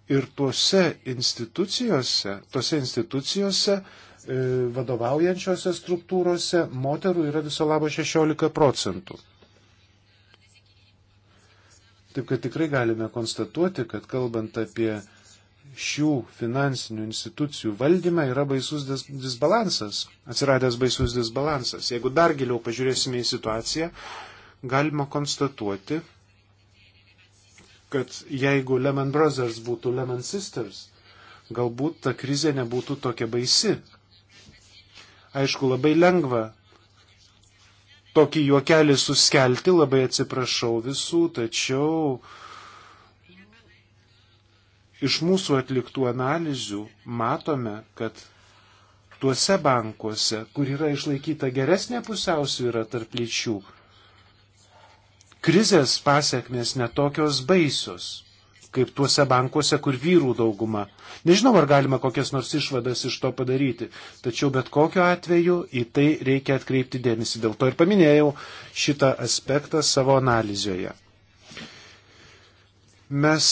Ir tuose institucijose, tuose institucijose e, vadovaujančiose struktūrose moterų yra viso labo 16 procentų. Taip kad tikrai galime konstatuoti, kad kalbant apie šių finansinių institucijų valdyme yra baisus dis disbalansas, atsiradęs baisus disbalansas. Jeigu dar giliau pažiūrėsime į situaciją, galima konstatuoti, kad jeigu Lehman Brothers būtų Lehman Sisters, galbūt ta krizė nebūtų tokia baisi. Aišku, labai lengva tokį juokelį suskelti, labai atsiprašau visų, tačiau uh, iš mūsų atliktų analizių matome, kad tuose bankuose, kur yra išlaikyta geresnė pusiausvyrą tarp lyčių, krizės pasiekmes netokios baisios kaip tuose bankuose, kur vyrų dauguma. Nežinau, ar galima kokias nors išvadas iš to padaryti, tačiau bet kokiu atveju į tai reikia atkreipti dėmesį. Dėl to ir paminėjau šitą aspektą savo analizėje. Mes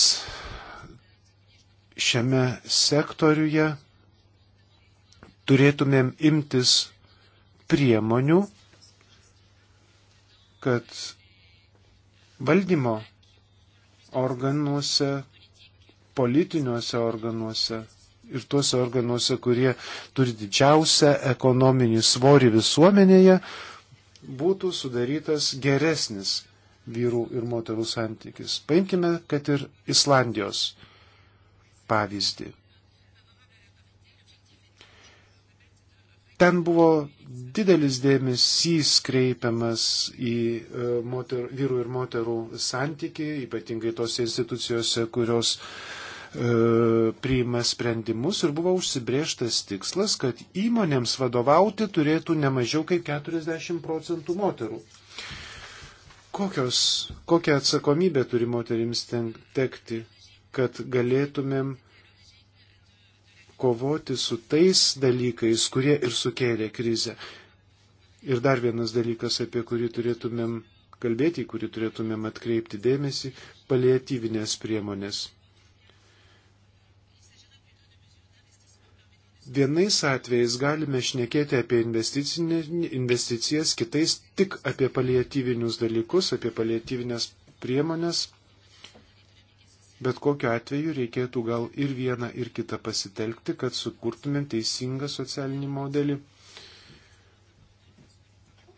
šiame sektoriuje turėtumėm imtis priemonių, kad valdymo organuose, politiniuose organuose ir tuose organuose, kurie turi didžiausią ekonominį svorį visuomenėje, būtų sudarytas geresnis vyrų ir moterų santykis. Paimkime, kad ir Islandijos pavyzdį. Ten buvo didelis dėmesys kreipiamas į e, moter, vyrų ir moterų santyki, ypatingai tose institucijose, kurios e, priima sprendimus ir buvo užsibrieštas tikslas, kad įmonėms vadovauti turėtų ne mažiau kaip 40 procentų moterų kokios, kokią atsakomybę turi moterims ten tekti kad galėtumėm kovoti su tais dalykais, kurie ir sukėlė krizę. Ir dar vienas dalykas, apie kurį turėtumėm kalbėti, į kurį turėtumėm atkreipti dėmesį - paliatyvinės priemonės. Vienais atvejais galime šnekėti apie investicijas, kitais tik apie paliatyvinius dalykus, apie paliatyvinės priemonės, Bet kokiu atveju reikėtų gal ir vieną, ir kitą pasitelkti, kad sukurtumėm teisingą socialinį modelį.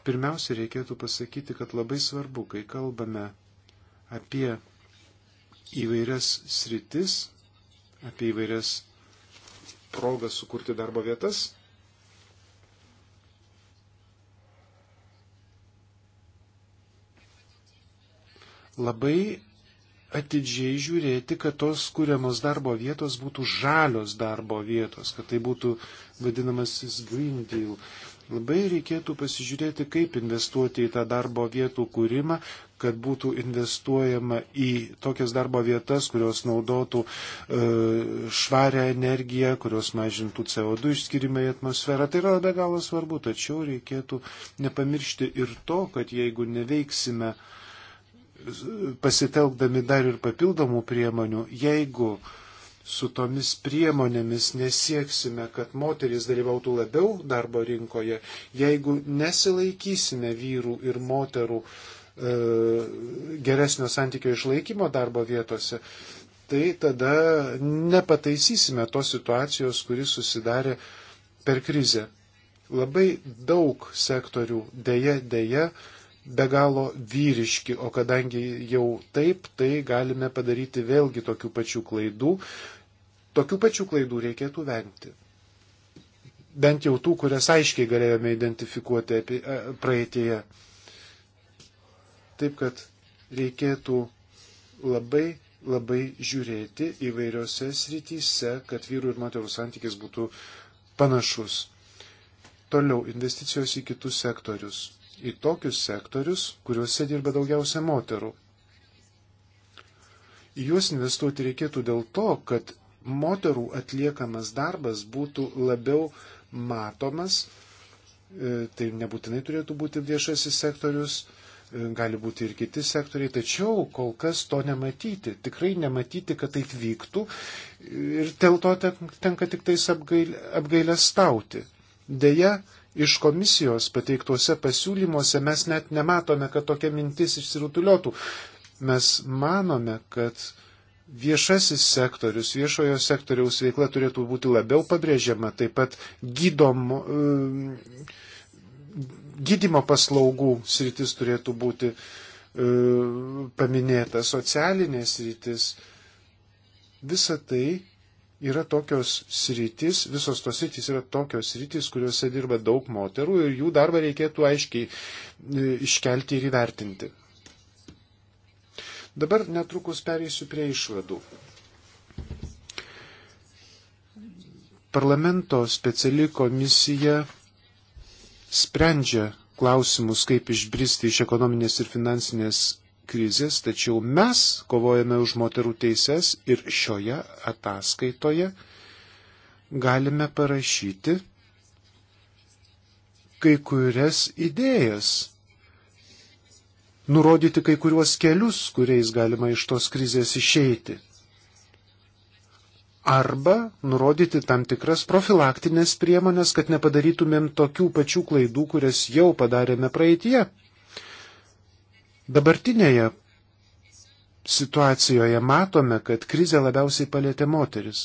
Pirmiausia, reikėtų pasakyti, kad labai svarbu, kai kalbame apie įvairias sritis, apie įvairias progas sukurti darbo vietas, labai atidžiai žiūrėti, kad tos kūriamos darbo vietos būtų žalios darbo vietos, kad tai būtų vadinamasis Green Deal. Labai reikėtų pasižiūrėti, kaip investuoti į tą darbo vietų kūrimą, kad būtų investuojama į tokias darbo vietas, kurios naudotų e, švarę energiją, kurios mažintų CO2 išskirimą į atmosferą. Tai yra be galo svarbu, tačiau reikėtų nepamiršti ir to, kad jeigu neveiksime e, pasitelkdami dar ir papildomų priemonių, jeigu su tomis priemonėmis nesieksime, kad moteris dalyvautų labiau darbo rinkoje, jeigu nesilaikysime vyrų ir moterų e, geresnio santykio išlaikymo darbo vietose, tai tada nepataisysime tos situacijos, kuris susidarė per krizę. Labai daug sektorių dėje dėje e, be galo vyriški, o kadangi jau taip, tai galime padaryti vėlgi tokių pačių klaidų. Tokių pačių klaidų reikėtų vengti. Bent jau tų, kurias aiškiai galėjome identifikuoti apie, a, e, praeitėje. Taip kad reikėtų labai labai žiūrėti įvairiose srityse, kad vyrų ir moterų santykis būtų panašus. Toliau investicijos į kitus sektorius į tokius sektorius, kuriuose dirba daugiausia moterų. Į juos investuoti reikėtų dėl to, kad moterų atliekamas darbas būtų labiau matomas, e, tai nebūtinai turėtų būti viešasis sektorius, e, gali būti ir kiti sektoriai, tačiau kol kas to nematyti, tikrai nematyti, kad taip vyktų ir dėl to tenka tik tais apgailę stauti. Deja, iš komisijos pateiktuose pasiūlymuose mes net nematome, kad tokia mintis išsirutuliotų. Mes manome, kad viešasis sektorius, viešojo sektoriaus veikla turėtų būti labiau pabrėžiama, taip pat gydomo, e, gydimo paslaugų sritis turėtų būti e, paminėta, socialinės rytis. Visa tai yra tokios sritis, visos tos sritis yra tokios sritis, kuriuose dirba daug moterų ir jų darbą reikėtų aiškiai e, iškelti ir įvertinti. Dabar netrukus pereisiu prie išvadų. Parlamento speciali komisija sprendžia klausimus, kaip išbristi iš ekonominės ir finansinės krizės, tačiau mes kovojame už moterų teises ir šioje ataskaitoje galime parašyti kai kurias idėjas, nurodyti kai kuriuos kelius, kuriais galima iš tos krizės išeiti. Arba nurodyti tam tikras profilaktinės priemonės, kad nepadarytumėm tokių pačių klaidų, kurias jau padarėme praeitie. Dabartinėje situacijoje matome, kad krizė labiausiai palėtė moteris.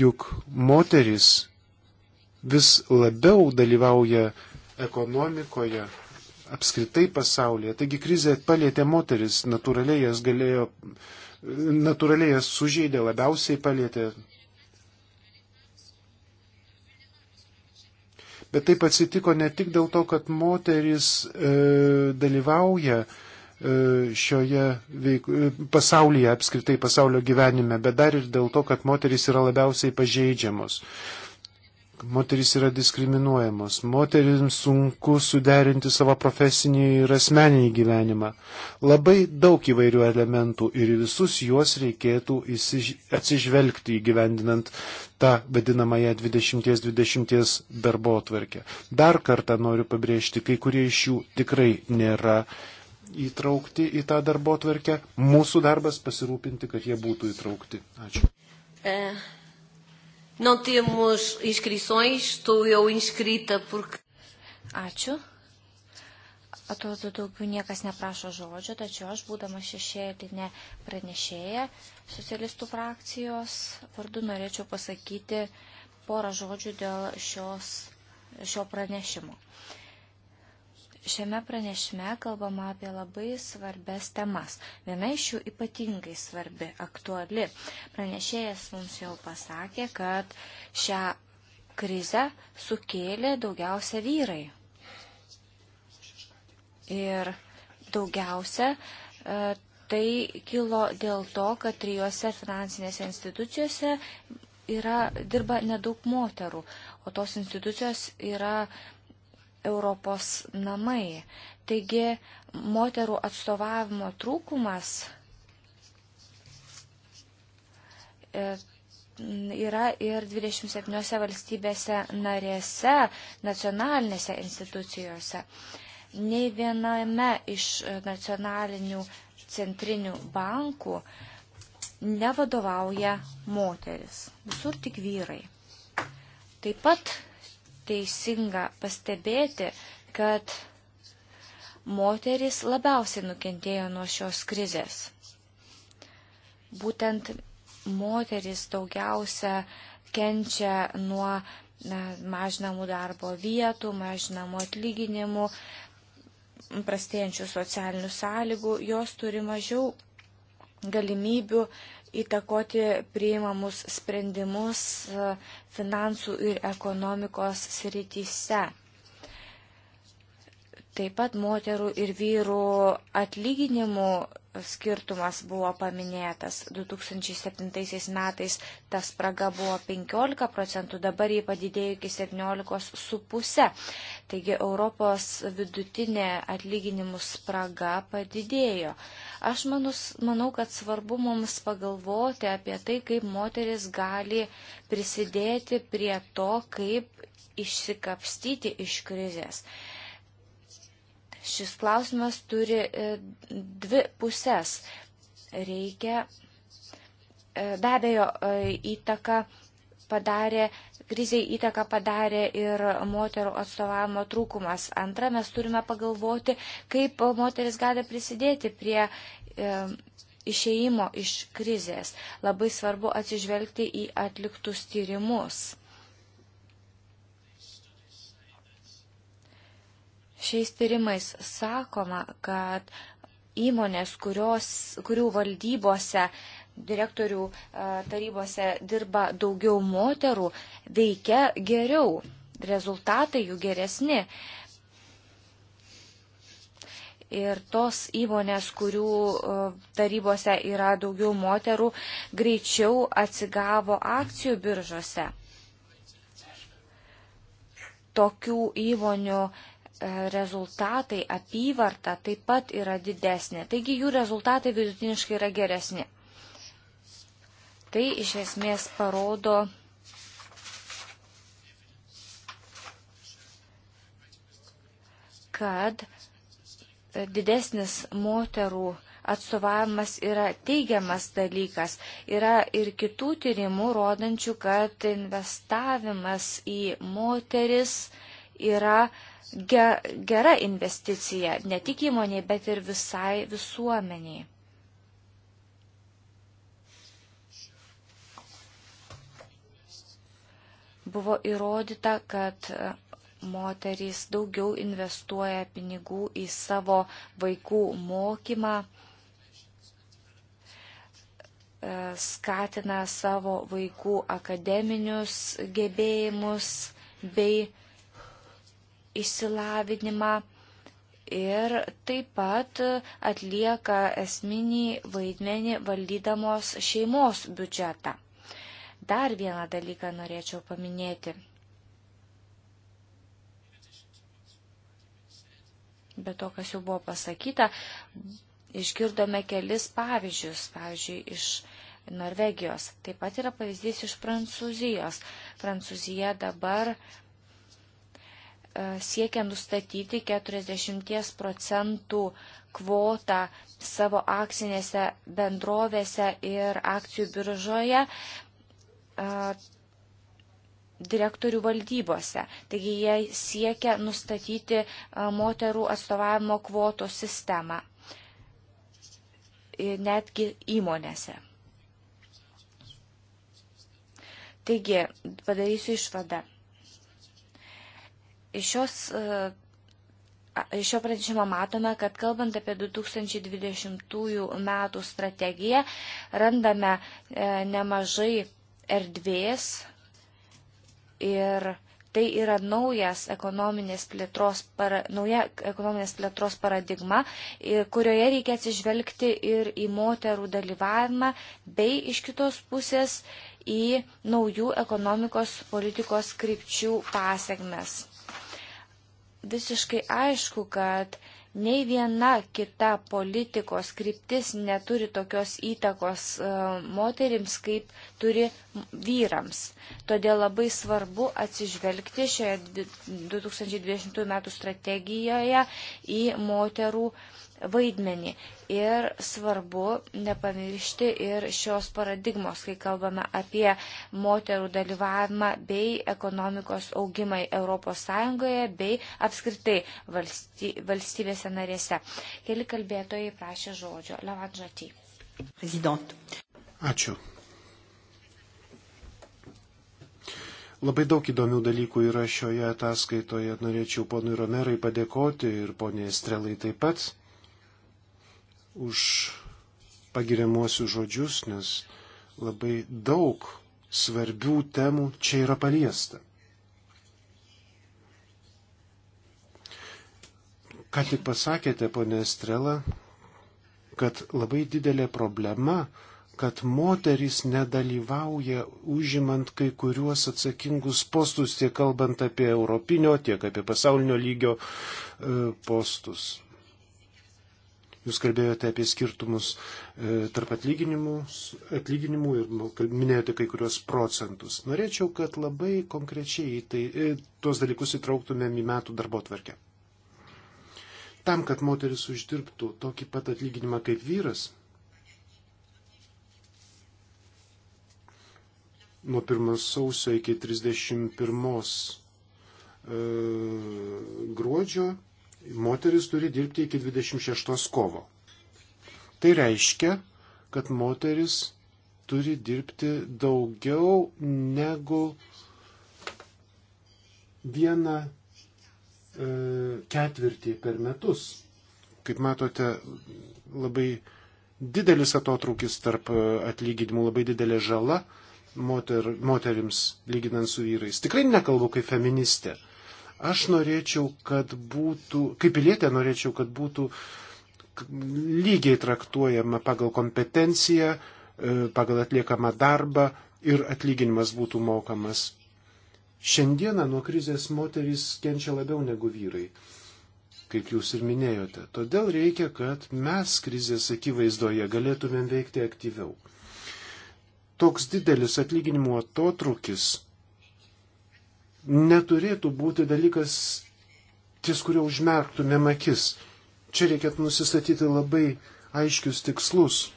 Juk moteris vis labiau dalyvauja ekonomikoje, apskritai pasaulyje. Taigi krizė palėtė moteris, natūraliai jas galėjo, natūraliai jas sužeidė, labiausiai palėtė Bet taip atsitiko ne tik dėl to, kad moteris e, dalyvauja e, šioje veik... E, pasaulyje, apskritai pasaulio gyvenime, bet dar ir dėl to, kad moteris yra labiausiai pažeidžiamos. E, Moterys yra diskriminuojamos. Moterims sunku suderinti savo profesinį ir asmeninį gyvenimą. Labai daug įvairių elementų ir visus juos reikėtų atsižvelgti įgyvendinant tą vadinamąją 20-20 darbo atvarkę. Dar kartą noriu pabrėžti, kai kurie iš jų tikrai nėra įtraukti į tą darbo atvarkę. Mūsų darbas pasirūpinti, kad jie būtų įtraukti. Ačiū.
Uh. Não temos inscrições, estou eu inscrita porque. Ačiū. Atrodo, daugiau niekas neprašo žodžio, tačiau aš, būdama šešėlinė pranešėja socialistų frakcijos vardu, norėčiau pasakyti porą žodžių dėl šios, šio pranešimo. Uh, Šiame pranešime kalbama apie labai svarbes temas. Viena iš jų ypatingai svarbi, aktuali. Pranešėjas mums jau pasakė, kad šią krizę sukėlė daugiausia vyrai. Ir daugiausia e, tai kilo dėl to, kad trijose finansinėse institucijose yra, dirba nedaug moterų, o tos institucijos yra Europos namai. Taigi moterų atstovavimo trūkumas e, yra ir 27 valstybėse narėse, nacionalinėse institucijose. Nei viename iš nacionalinių centrinių bankų nevadovauja moteris. Visur tik vyrai. Taip pat teisinga pastebėti, kad moteris labiausiai nukentėjo nuo šios krizės. Būtent moteris daugiausia kenčia nuo na, mažinamų darbo vietų, mažinamų atlyginimų, prastėjančių socialinių sąlygų, jos turi mažiau galimybių uh, įtakoti priimamus sprendimus e, finansų ir ekonomikos srityse. Taip pat moterų ir vyrų atlyginimų skirtumas buvo paminėtas. 2007 metais ta spraga buvo 15 procentų, dabar jį padidėjo iki 17,5. Taigi Europos vidutinė atlyginimų spraga padidėjo. Aš manus, manau, kad svarbu mums pagalvoti apie tai, kaip moteris gali prisidėti prie to, kaip išsikapstyti iš krizės. Šis klausimas turi e, dvi pusės. Reikia, e, be abejo, e, įtaka padarė, kriziai įtaką padarė ir moterų atstovavimo trūkumas. Antra, mes turime pagalvoti, kaip moteris gali prisidėti prie e, išeimo iš krizės. Labai svarbu atsižvelgti į atliktus tyrimus. Šiais tyrimais sakoma, kad įmonės, kurios, kurių valdybose, direktorių e, tarybose dirba daugiau moterų, veikia geriau, rezultatai jų geresni. Ir tos įmonės, kurių e, tarybose yra daugiau moterų, greičiau atsigavo akcijų biržose. Tokių įmonių uh, rezultatai, apyvarta taip pat yra didesnė. Taigi jų rezultatai vidutiniškai yra geresni. Tai iš esmės parodo kad didesnis moterų atstovavimas yra teigiamas dalykas. Yra ir kitų tyrimų rodančių, kad investavimas į moteris uh, yra ge, gera investicija ne tik įmoniai, bet ir visai visuomeniai. Buvo įrodyta, kad moterys daugiau investuoja pinigų į savo vaikų mokymą, e, skatina savo vaikų akademinius gebėjimus bei išsilavinimą ir taip pat atlieka esminį vaidmenį valdydamos šeimos biudžetą. Dar vieną dalyką norėčiau paminėti. Be to, kas jau buvo pasakyta, išgirdome kelis pavyzdžius, pavyzdžiui, iš Norvegijos. Taip pat yra pavyzdys iš Prancūzijos. Prancūzija dabar uh, E, siekia nustatyti 40 procentų kvotą savo akcinėse bendrovėse ir akcijų biržoje e, direktorių valdybose. Taigi jie siekia nustatyti e, moterų atstovavimo kvotų sistemą netgi įmonėse. Taigi, padarysiu išvadą. Iš šios e, iš šio pranešimo matome, kad kalbant apie 2020 metų strategiją, randame e, nemažai erdvės ir tai yra naujas ekonominės plėtros, para, nauja ekonominės plėtros paradigma, kurioje reikia atsižvelgti ir į moterų dalyvavimą, bei iš kitos pusės į naujų ekonomikos politikos krypčių pasiekmes visiškai aišku, kad nei viena kita politikos kryptis neturi tokios įtakos e, moterims, kaip turi vyrams. Todėl labai svarbu atsižvelgti šioje 2020 m. strategijoje į moterų uh, vaidmenį. Ir svarbu nepamiršti ir šios paradigmos, kai kalbame apie moterų dalyvavimą bei ekonomikos augimą ES bei apskritai valsty, valstybėse narėse. Keli kalbėtojai prašė žodžio. Levandžatį.
Prezident. Ačiū. Labai daug įdomių dalykų yra šioje ataskaitoje. Norėčiau ponui Romerai padėkoti ir poniai Estrelai taip pat už pagiriamuosius žodžius, nes labai daug svarbių temų čia yra paliesta. Ką tik pasakėte, ponė Strela, kad labai didelė problema, kad moteris nedalyvauja užimant kai kuriuos atsakingus postus, tiek kalbant apie europinio, tiek apie pasaulinio lygio e, postus. Jūs kalbėjote apie skirtumus e, tarp atlyginimų ir nu, minėjote kai kurios procentus. Norėčiau, kad labai konkrečiai tai, e, tuos dalykus įtrauktumėm į metų darbo tvarkę. Tam, kad moteris uždirbtų tokį pat atlyginimą kaip vyras, nuo 1 sausio iki 31 e, gruodžio moteris turi dirbti iki 26 kovo. Tai reiškia, kad moteris turi dirbti daugiau negu vieną e, ketvirtį per metus. Kaip matote, labai didelis atotrūkis tarp e, atlyginimų, labai didelė žala moter, moterims lyginant su vyrais. Tikrai nekalbu kaip feministė. Aš norėčiau, kad būtų, kaip pilietė norėčiau, kad būtų lygiai traktuojama pagal kompetenciją, e, pagal atliekamą darbą ir atlyginimas būtų mokamas. Šiandieną nuo krizės moterys kenčia labiau negu vyrai, kaip jūs ir minėjote. Todėl reikia, kad mes krizės akivaizdoje galėtumėm veikti aktyviau. Toks didelis atlyginimų atotrukis neturėtų būti dalykas, ties kurio užmerktumėm akis. Čia reikėtų nusistatyti labai aiškius tikslus.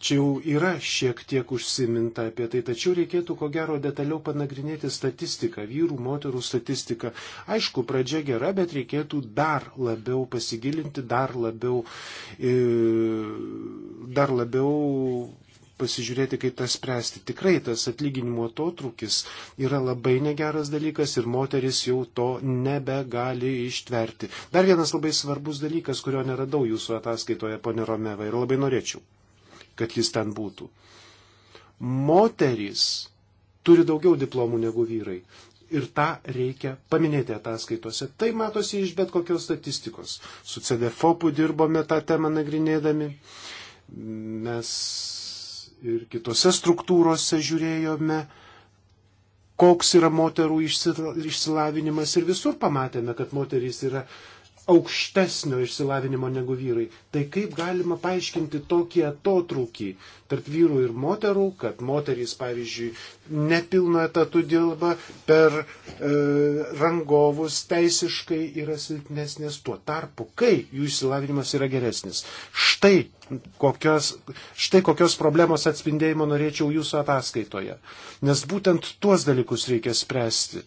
Čia jau yra šiek tiek užsiminta apie tai, tačiau reikėtų ko gero detaliau panagrinėti statistiką, vyrų, moterų statistiką. Aišku, pradžia gera, bet reikėtų dar labiau pasigilinti, dar labiau, e, dar labiau pasižiūrėti, kaip tą spręsti. Tikrai tas atlyginimo atotrukis yra labai negeras dalykas ir moteris jau to nebegali ištverti. Dar vienas labai svarbus dalykas, kurio neradau jūsų ataskaitoje, ponė Romeva, ir labai norėčiau, kad jis ten būtų. Moterys turi daugiau diplomų negu vyrai. Ir tą reikia paminėti ataskaitose. Tai matosi iš bet kokios statistikos. Su CDFOPu dirbome tą temą nagrinėdami. Mes ir kitose struktūrose žiūrėjome, koks yra moterų išsilavinimas ir visur pamatėme, kad moterys yra aukštesnio išsilavinimo negu vyrai. Tai kaip galima paaiškinti tokį atotrūkį tarp vyrų ir moterų, kad moterys, pavyzdžiui, nepilno etatų dirba, per e, rangovus teisiškai yra silpnesnės, tuo tarpu, kai jų išsilavinimas yra geresnis. Štai kokios, štai kokios problemos atspindėjimo norėčiau jūsų ataskaitoje. Nes būtent tuos dalykus reikia spręsti.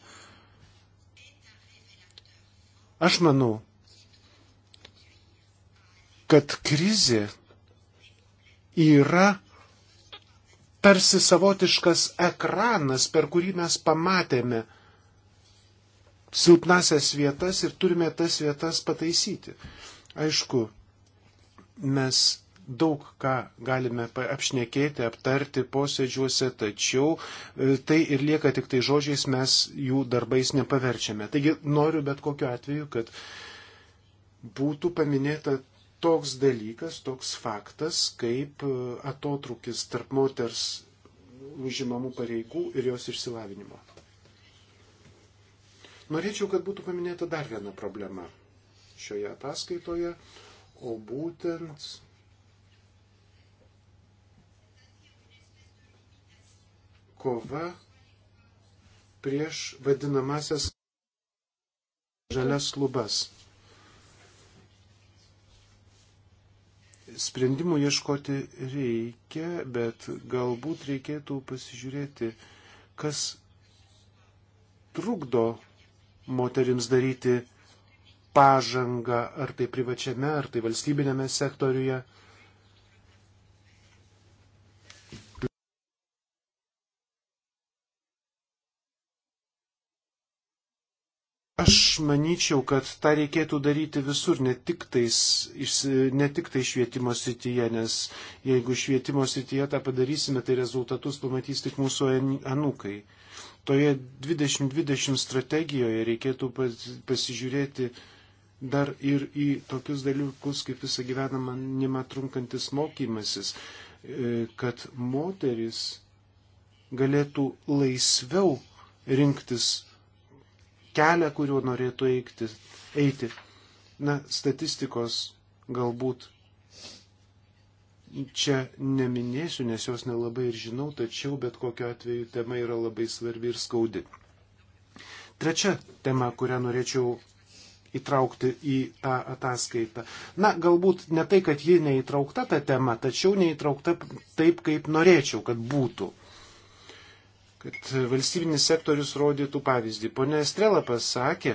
Aš manau, kad krizė yra tarsi savotiškas ekranas, per kurį mes pamatėme silpnasias vietas ir turime tas vietas pataisyti. Aišku, mes daug ką galime apšnekėti, aptarti posėdžiuose, tačiau e, tai ir lieka tik tai žodžiais, mes jų darbais nepaverčiame. Taigi noriu bet kokiu atveju, kad būtų paminėta toks dalykas, toks faktas, kaip e, atotrukis tarp moters užimamų pareigų ir jos išsilavinimo. Norėčiau, kad būtų paminėta dar viena problema šioje ataskaitoje, o būtent kova prieš vadinamasias žalias klubas. sprendimų ieškoti reikia, bet galbūt reikėtų pasižiūrėti, kas trukdo moterims daryti pažangą, ar tai privačiame, ar tai valstybinėme sektoriuje. Aš manyčiau, kad tą reikėtų daryti visur, ne tik, tais, ne tik tai švietimo srityje, nes jeigu švietimo srityje tą padarysime, tai rezultatus pamatys tik mūsų anūkai. Toje 2020 strategijoje reikėtų pasižiūrėti dar ir į tokius dalykus, kaip visą gyvenamą trunkantis mokymasis, e, kad moteris galėtų laisviau rinktis kelią, kuriuo norėtų eikti, eiti. Na, statistikos galbūt čia neminėsiu, nes jos nelabai ir žinau, tačiau bet kokiu atveju tema yra labai svarbi ir skaudi. Trečia tema, kurią norėčiau įtraukti į tą ataskaitą. Na, galbūt ne tai, kad ji neįtraukta ta tema, tačiau neįtraukta taip, kaip norėčiau, kad būtų kad valstybinis sektorius rodytų pavyzdį. Pone Estrela pasakė,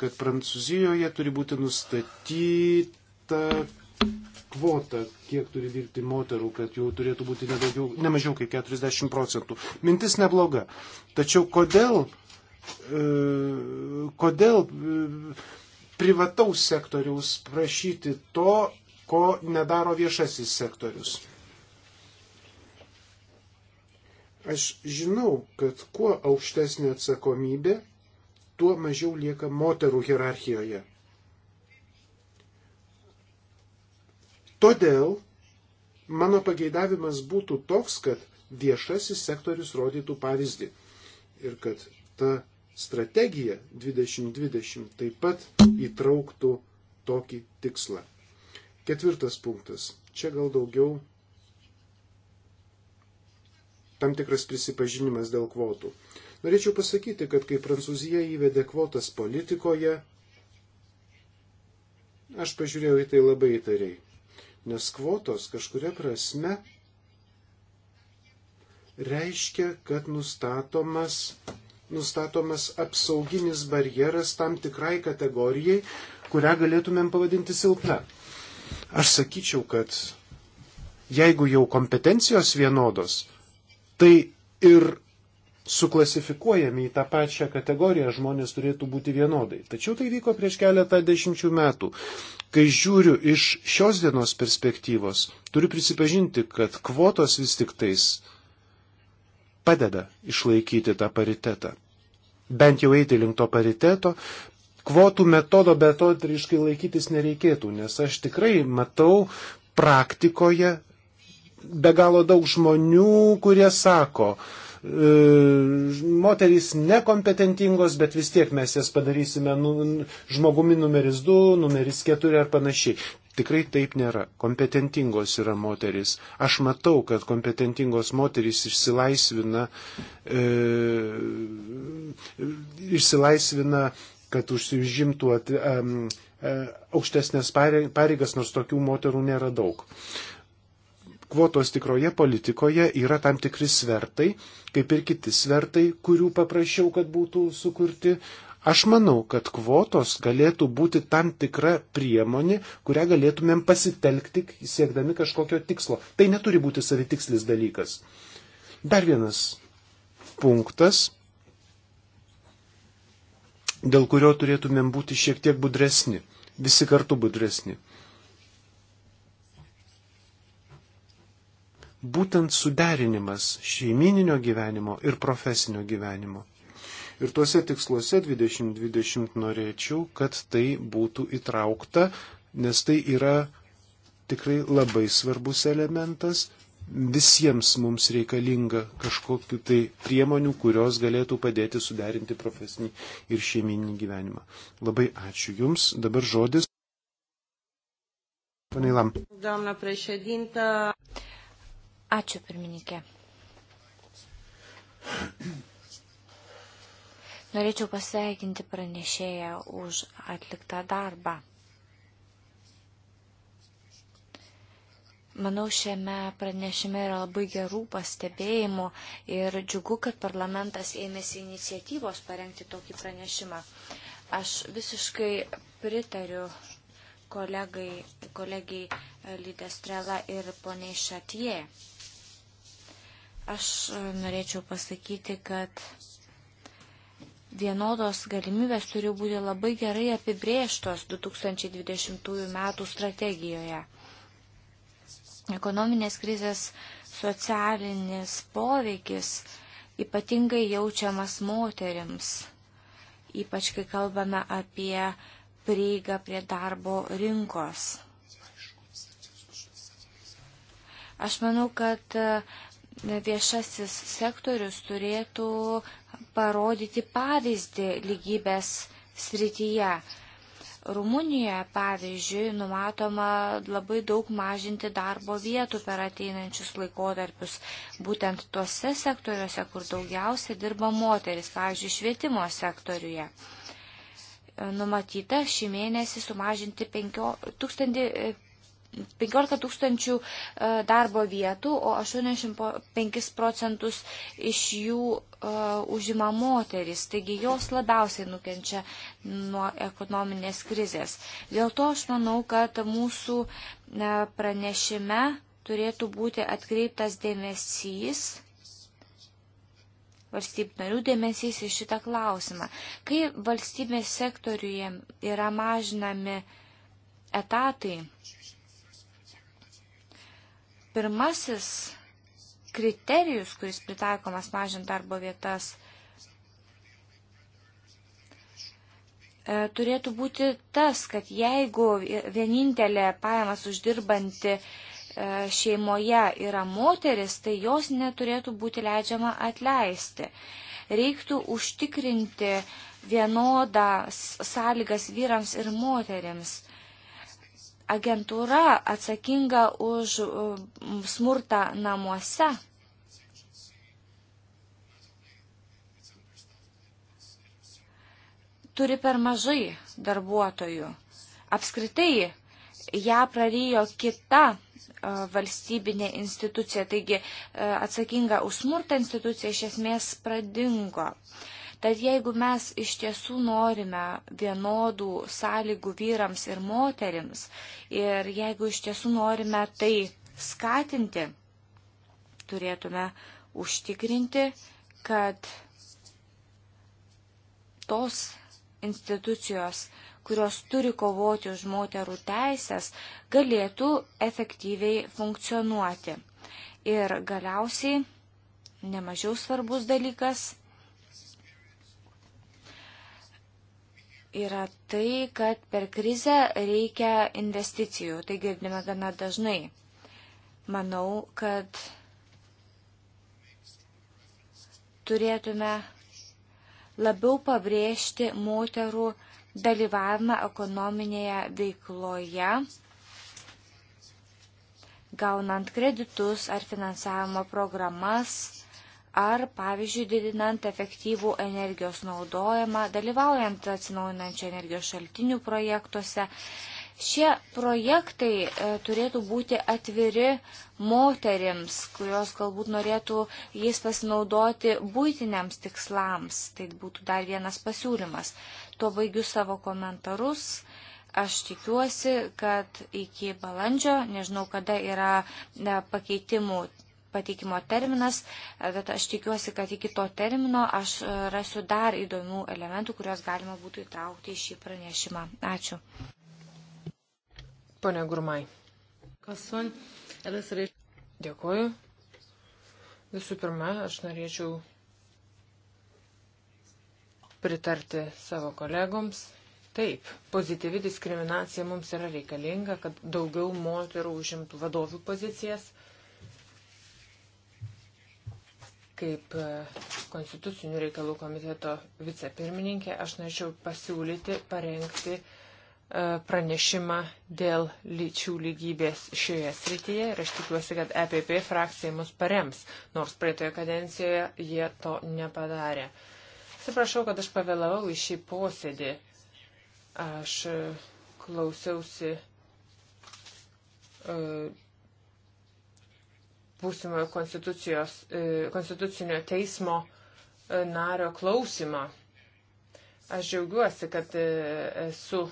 kad Prancūzijoje turi būti nustatyta kvota, kiek turi dirbti moterų, kad jų turėtų būti nedaugiau, ne mažiau kaip 40 procentų. Mintis nebloga. Tačiau kodėl, e, kodėl e, privataus sektoriaus prašyti to, ko nedaro viešasis sektorius? Aš žinau, kad kuo aukštesnė atsakomybė, tuo mažiau lieka moterų hierarchijoje. Todėl mano pageidavimas būtų toks, kad viešasis sektorius rodytų pavyzdį ir kad ta strategija 2020 taip pat įtrauktų tokį tikslą. Ketvirtas punktas. Čia gal daugiau tam tikras prisipažinimas dėl kvotų. Norėčiau pasakyti, kad kai Prancūzija įvedė kvotas politikoje, aš pažiūrėjau į tai labai įtariai, nes kvotos kažkuria prasme reiškia, kad nustatomas, nustatomas apsauginis barjeras tam tikrai kategorijai, kurią galėtumėm pavadinti silpna. Aš sakyčiau, kad jeigu jau kompetencijos vienodos, tai ir suklasifikuojami į tą pačią kategoriją žmonės turėtų būti vienodai. Tačiau tai vyko prieš keletą dešimčių metų. Kai žiūriu iš šios dienos perspektyvos, turiu prisipažinti, kad kvotos vis tik tais padeda išlaikyti tą paritetą. Bent jau eiti link to pariteto. Kvotų metodo betotriškai laikytis nereikėtų, nes aš tikrai matau praktikoje be galo daug žmonių, kurie sako, e, moterys nekompetentingos, bet vis tiek mes jas padarysime nu, žmogumi numeris 2, numeris 4 ar panašiai. Tikrai taip nėra. Kompetentingos yra moteris. Aš matau, kad kompetentingos moteris išsilaisvina, e, išsilaisvina kad užsižimtų at, e, e, aukštesnės pareigas, nors tokių moterų nėra daug. E, Kvotos tikroje politikoje yra tam tikri svertai, kaip ir kiti svertai, kurių paprašiau, kad būtų sukurti. Aš manau, kad kvotos galėtų būti tam tikra priemonė, kurią galėtumėm pasitelkti siekdami kažkokio tikslo. Tai neturi būti savitikslis dalykas. Dar vienas punktas, dėl kurio turėtumėm būti šiek tiek budresni, visi kartu budresni. būtent suderinimas šeimininio gyvenimo ir profesinio gyvenimo. Ir tuose tiksluose 2020 norėčiau, kad tai būtų įtraukta, nes tai yra tikrai labai svarbus elementas. Visiems mums reikalinga kažkokiu tai priemonių, kurios galėtų padėti suderinti profesinį ir šeimininį gyvenimą. Labai ačiū Jums. Dabar žodis. Pane Lam.
Doamna președintă,
Ačiū, pirmininkė. Norėčiau pasveikinti pranešėją už atliktą darbą. Manau, šiame pranešime yra labai gerų pastebėjimų ir džiugu, kad parlamentas ėmėsi iniciatyvos parengti tokį pranešimą. Aš visiškai pritariu kolegai, kolegiai Lydestrela ir poniai Šatie. Aš e, norėčiau pasakyti, kad vienodos galimybės turi būti labai gerai apibrėžtos 2020 metų strategijoje. Ekonominės krizės socialinis poveikis ypatingai jaučiamas moterims, ypač kai kalbame apie prieigą prie darbo rinkos. Aš manau, kad e, viešasis sektorius turėtų parodyti pavyzdį lygybės srityje. Rumunijoje, pavyzdžiui, numatoma labai daug mažinti darbo vietų per ateinančius laikotarpius, būtent tuose sektoriuose, kur daugiausia dirba moteris, pavyzdžiui, švietimo sektoriuje. Numatyta šį mėnesį sumažinti 5, 1500 15 tūkstančių e, darbo vietų, o 85 procentus iš jų e, užima moteris. Taigi jos labiausiai nukenčia nuo ekonominės krizės. Dėl to aš manau, kad mūsų e, pranešime turėtų būti atkreiptas dėmesys valstybių narių dėmesys į šitą klausimą. Kai valstybės sektoriuje yra mažinami etatai, Pirmasis kriterijus, kuris pritaikomas mažint darbo vietas, e, turėtų būti tas, kad jeigu vienintelė pajamas uždirbanti e, šeimoje yra moteris, tai jos neturėtų būti leidžiama atleisti. Reiktų užtikrinti vienodas sąlygas vyrams ir moteriams agentūra atsakinga už um, smurtą namuose. Turi per mažai darbuotojų. Apskritai, ją prarijo kita uh, valstybinė institucija, taigi uh, atsakinga už smurtą institucija iš esmės pradingo. Uh, Tad jeigu mes iš tiesų norime vienodų sąlygų vyrams ir moterims ir jeigu iš tiesų norime tai skatinti, turėtume užtikrinti, kad tos institucijos, kurios turi kovoti už moterų teisės, galėtų efektyviai funkcionuoti. Ir galiausiai, nemažiau svarbus dalykas, yra tai, kad per krizę reikia investicijų. Tai girdime gana dažnai. Manau, kad turėtume labiau pabrėžti moterų dalyvavimą ekonominėje veikloje, gaunant kreditus ar finansavimo programas ar, pavyzdžiui, didinant efektyvų energijos naudojimą, dalyvaujant atsinaujinančio energijos šaltinių projektuose. Šie projektai e, turėtų būti atviri moterims, kurios galbūt norėtų jais pasinaudoti būtiniams tikslams. Tai būtų dar vienas pasiūlymas. Tuo baigiu savo komentarus aš tikiuosi, kad iki balandžio, nežinau kada yra e, pakeitimų pateikimo terminas, e, bet aš tikiuosi, kad iki to termino aš e, rasiu dar įdomių elementų, kuriuos galima būtų įtraukti į šį pranešimą.
Ačiū. Pane Gurmai. Kasun, Elisarė. Dėkuoju. Visų pirma, aš norėčiau pritarti savo kolegoms. Taip, pozityvi diskriminacija mums yra reikalinga, kad daugiau moterų užimtų vadovų pozicijas Kaip e, Konstitucinių reikalų komiteto vicepirmininkė, aš norėčiau pasiūlyti parengti e, pranešimą dėl lyčių lygybės šioje srityje ir aš tikiuosi, kad EPP frakcija mus parems, nors praeitoje kadencijoje jie to nepadarė. Atsiprašau, kad aš pavėlavau į šį posėdį. Aš e, klausiausi būsimojo e, konstitucinio teismo e, nario klausimą. Aš džiaugiuosi, kad e, esu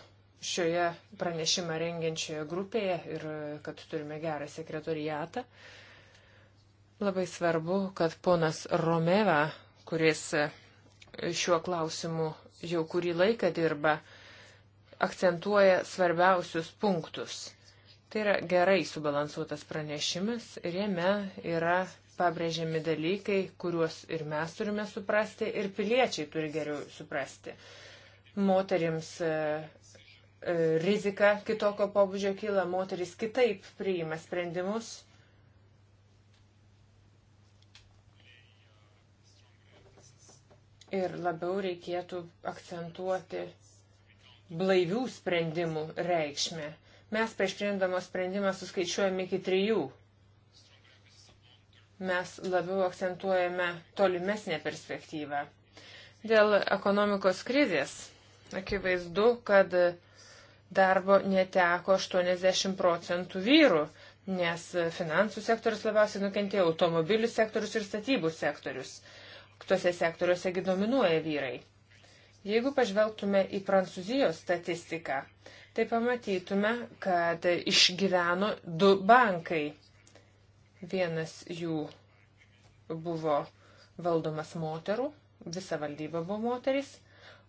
šioje pranešimą rengiančioje grupėje ir kad turime gerą sekretoriatą. Labai svarbu, kad ponas Romeva, kuris šiuo klausimu jau kurį laiką dirba, akcentuoja svarbiausius punktus. Tai yra gerai subalansuotas pranešimas ir jame yra pabrėžiami dalykai, kuriuos ir mes turime suprasti, ir piliečiai turi geriau suprasti. Moterims e, e, rizika kitokio pobūdžio kyla, moteris kitaip priima sprendimus. Ir labiau reikėtų akcentuoti blaivių sprendimų reikšmę Mes prieš priimdamos sprendimą suskaičiuojame iki trijų. Mes labiau akcentuojame tolimesnę perspektyvą. Dėl ekonomikos krizės akivaizdu, kad darbo neteko 80 procentų vyrų, nes finansų sektorius labiausiai nukentėjo automobilių sektorius ir statybų sektorius. Tuose sektoriuosegi dominuoja vyrai. Jeigu pažvelgtume į Prancūzijos statistiką, tai pamatytume, kad išgyveno du bankai. Vienas jų buvo valdomas moterų, visa valdyba buvo moteris,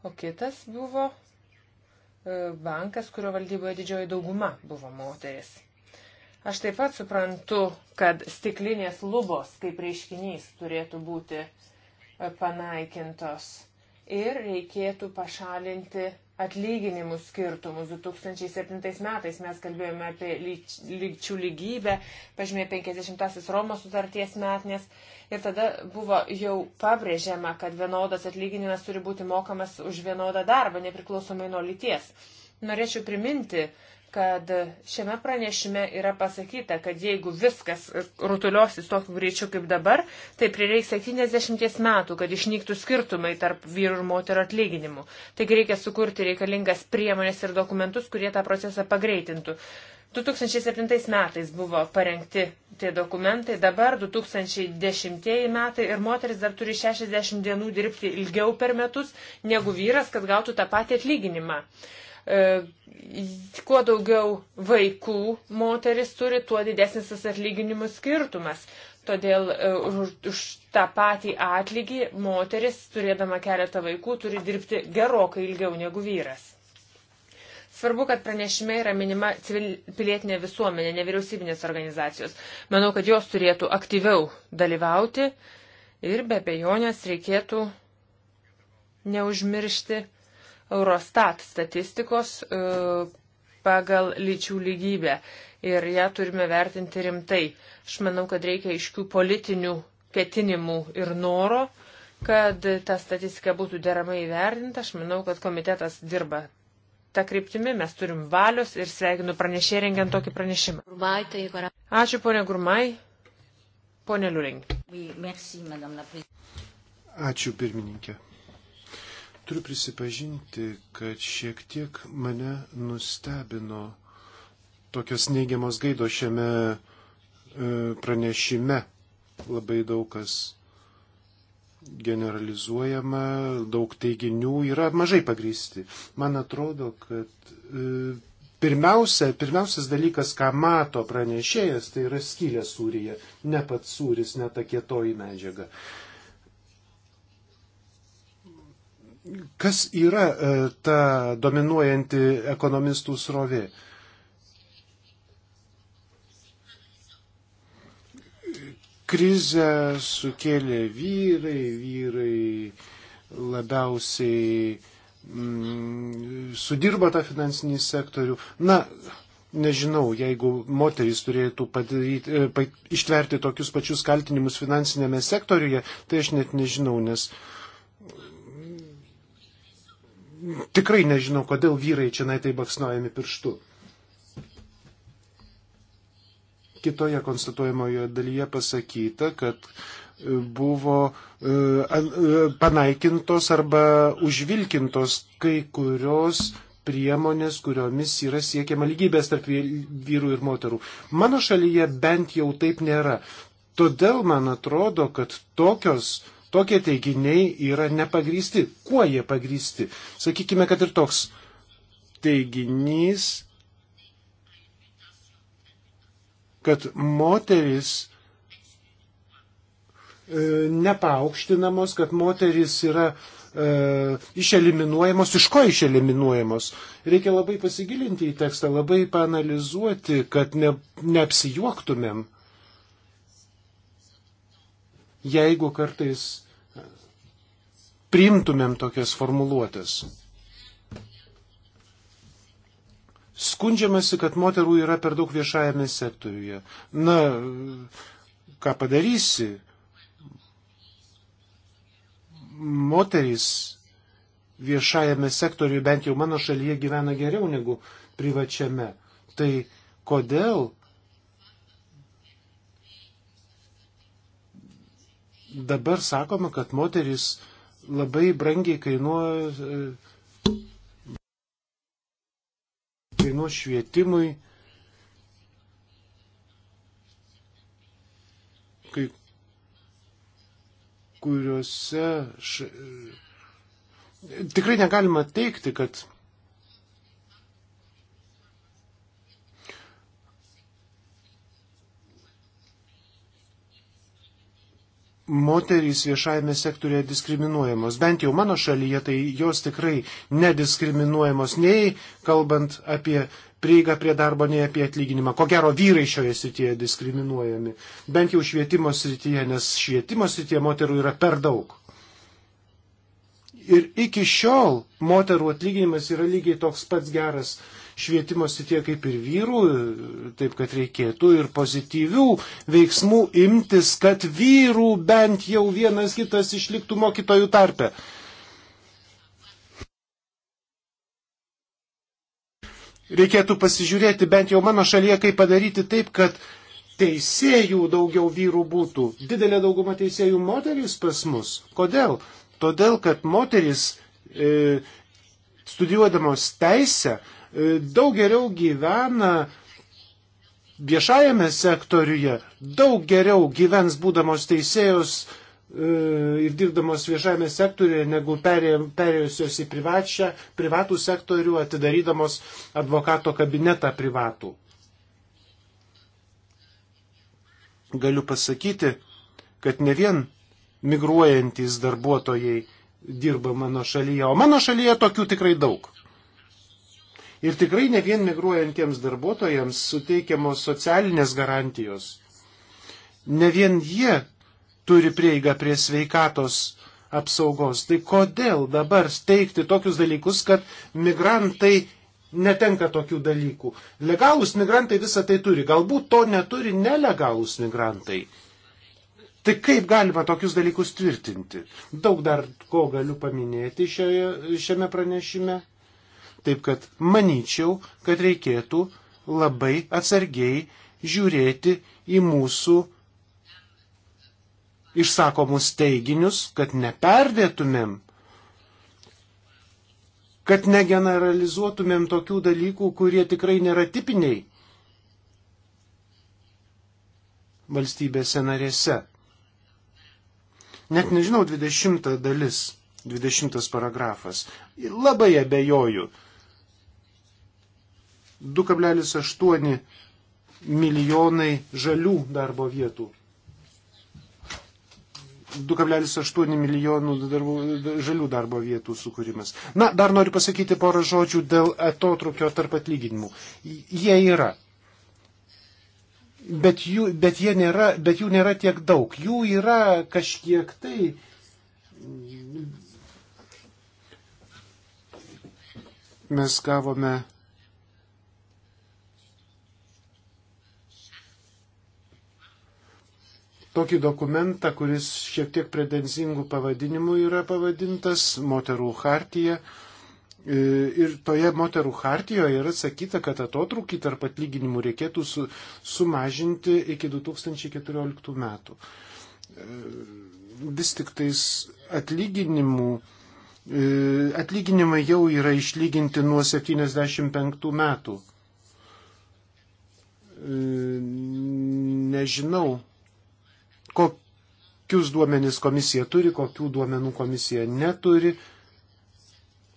o kitas buvo e, bankas, kurio valdyboje didžioji dauguma buvo moteris. Aš taip pat suprantu, kad stiklinės lubos kaip reiškinys turėtų būti e, panaikintos ir reikėtų pašalinti atlyginimų skirtumus. 2007 metais mes kalbėjome apie lygčių lygybę, pažymė 50-asis Romos sutarties metnės ir tada buvo jau pabrėžiama, kad vienodas atlyginimas turi būti mokamas už vienodą darbą, nepriklausomai nuo lyties. Norėčiau priminti kad šiame pranešime yra pasakyta, kad jeigu viskas rutuliosis tokiu greičiu kaip dabar, tai prireiks 70 metų, kad išnyktų skirtumai tarp vyrų ir moterų atlyginimų. Taigi reikia sukurti reikalingas priemonės ir dokumentus, kurie tą procesą pagreitintų. 2007 metais buvo parengti tie dokumentai, dabar 2010 metai ir moteris dar turi 60 dienų dirbti ilgiau per metus negu vyras, kad gautų tą patį atlyginimą. E, kuo daugiau vaikų moteris turi, tuo didesnis tas atlyginimų skirtumas. Todėl e, už, už tą patį atlygį moteris, turėdama keletą vaikų, turi dirbti gerokai ilgiau negu vyras. Svarbu, kad pranešime yra minima civil, pilietinė visuomenė, nevyriausybinės organizacijos. Manau, kad jos turėtų aktyviau dalyvauti ir be bejonės reikėtų neužmiršti Eurostat statistikos e, pagal lyčių lygybę ir ją turime vertinti rimtai. Aš manau, kad reikia iškių politinių ketinimų ir noro, kad ta statistika būtų deramai įvertinta. Aš manau, kad komitetas dirba tą kryptimį, mes turim valios ir sveikinu pranešė rengiant tokį pranešimą. Ačiū ponia Gurmai, ponia Liuling.
Ačiū pirmininkė. Turiu prisipažinti, kad šiek tiek mane nustebino tokios neigiamos gaido šiame e, pranešime. Labai daug kas generalizuojama, daug teiginių yra mažai pagrysti. Man atrodo, kad e, pirmiausia, pirmiausias dalykas, ką mato pranešėjas, tai yra skylė sūryje, ne pats sūris, ne ta kietoji medžiaga. kas yra e, ta dominuojanti ekonomistų srovė? Krizę sukėlė vyrai, vyrai labiausiai mm, sudirba tą finansinį sektorių. Na, nežinau, jeigu moteris turėtų padaryti, e, pa, ištverti tokius pačius kaltinimus finansinėme sektoriuje, tai aš net nežinau, nes tikrai nežinau, kodėl vyrai čia naitai baksnojami pirštu. Kitoje konstatuojamojo dalyje pasakyta, kad e, buvo e, e, panaikintos arba užvilkintos kai kurios priemonės, kuriomis yra siekiama lygybės tarp vyrų ir moterų. Mano šalyje bent jau taip nėra. Todėl man atrodo, kad tokios uh, Tokie teiginiai yra nepagrysti. Kuo jie pagrysti? Sakykime, kad ir toks teiginys, kad moteris e, nepaukštinamos, kad moteris yra e, išeliminuojamos, iš ko išeliminuojamos. Reikia labai pasigilinti į tekstą, labai panalizuoti, kad ne, neapsijuoktumėm jeigu kartais priimtumėm tokias formuluotės. Skundžiamasi, kad moterų yra per daug viešajame sektoriuje. Na, ką padarysi? Moterys viešajame sektoriuje bent jau mano šalyje gyvena geriau negu privačiame. Tai kodėl dabar sakoma, kad moteris labai brangiai kainuoja, kainuoja švietimui. Kai kuriuose. Š... Tikrai negalima teikti, kad moterys viešajame sektorėje diskriminuojamos. Bent jau mano šalyje, tai jos tikrai nediskriminuojamos nei kalbant apie prieigą prie darbo, nei apie atlyginimą. Ko gero vyrai šioje srityje diskriminuojami. Bent jau švietimo srityje, nes švietimo srityje moterų yra per daug. Ir iki šiol moterų atlyginimas yra lygiai toks pats geras švietimo sitie kaip ir vyrų, taip kad reikėtų ir pozityvių veiksmų imtis, kad vyrų bent jau vienas kitas išliktų mokytojų tarpe. Reikėtų pasižiūrėti bent jau mano šalyje, kaip padaryti taip, kad teisėjų daugiau vyrų būtų. Didelė dauguma teisėjų moterys pas mus. Kodėl? Todėl, kad moteris e, studijuodamos teisę E, daug geriau gyvena viešajame sektoriuje, daug geriau gyvens būdamos teisėjos e, ir dirbdamos viešajame sektoriuje, negu perėjusios į privačią, privatų sektorių, atidarydamos advokato kabinetą privatų. Galiu pasakyti, kad ne vien migruojantys darbuotojai dirba mano šalyje, o mano šalyje tokių tikrai daug. Ir tikrai ne vien migruojantiems darbuotojams suteikiamos socialinės garantijos. Ne vien jie turi prieigą prie sveikatos apsaugos. Tai kodėl dabar steigti tokius dalykus, kad migrantai netenka tokių dalykų. Legalūs migrantai visą tai turi, galbūt to neturi nelegalūs migrantai. Tai kaip galima tokius dalykus tvirtinti? Daug dar ko galiu paminėti šioje, šiame pranešime. Taip kad manyčiau, kad reikėtų labai atsargiai žiūrėti į mūsų išsakomus teiginius, kad neperdėtumėm, kad negeneralizuotumėm tokių dalykų, kurie tikrai nėra tipiniai valstybėse narėse. Net nežinau, 20 dalis, 20 paragrafas. Labai abejoju, 2,8 milijonai žalių darbo vietų. 2,8 milijonų darbų, žalių darbo vietų sukūrimas. Na, dar noriu pasakyti porą žodžių dėl atotrukio tarp atlyginimų. Jie yra. Bet jų, bet, nėra, bet jų nėra tiek daug. Jų yra kažkiek tai. Mes gavome tokį dokumentą, kuris šiek tiek pretenzingų pavadinimų yra pavadintas Moterų hartija. E, ir toje moterų hartijoje yra atsakyta, kad atotrukį tarp atlyginimų reikėtų su, sumažinti iki 2014 metų. E, vis tik tais atlyginimų, e, atlyginimai jau yra išlyginti nuo 75 metų. Nežinau, kokius duomenis komisija turi, kokių duomenų komisija neturi,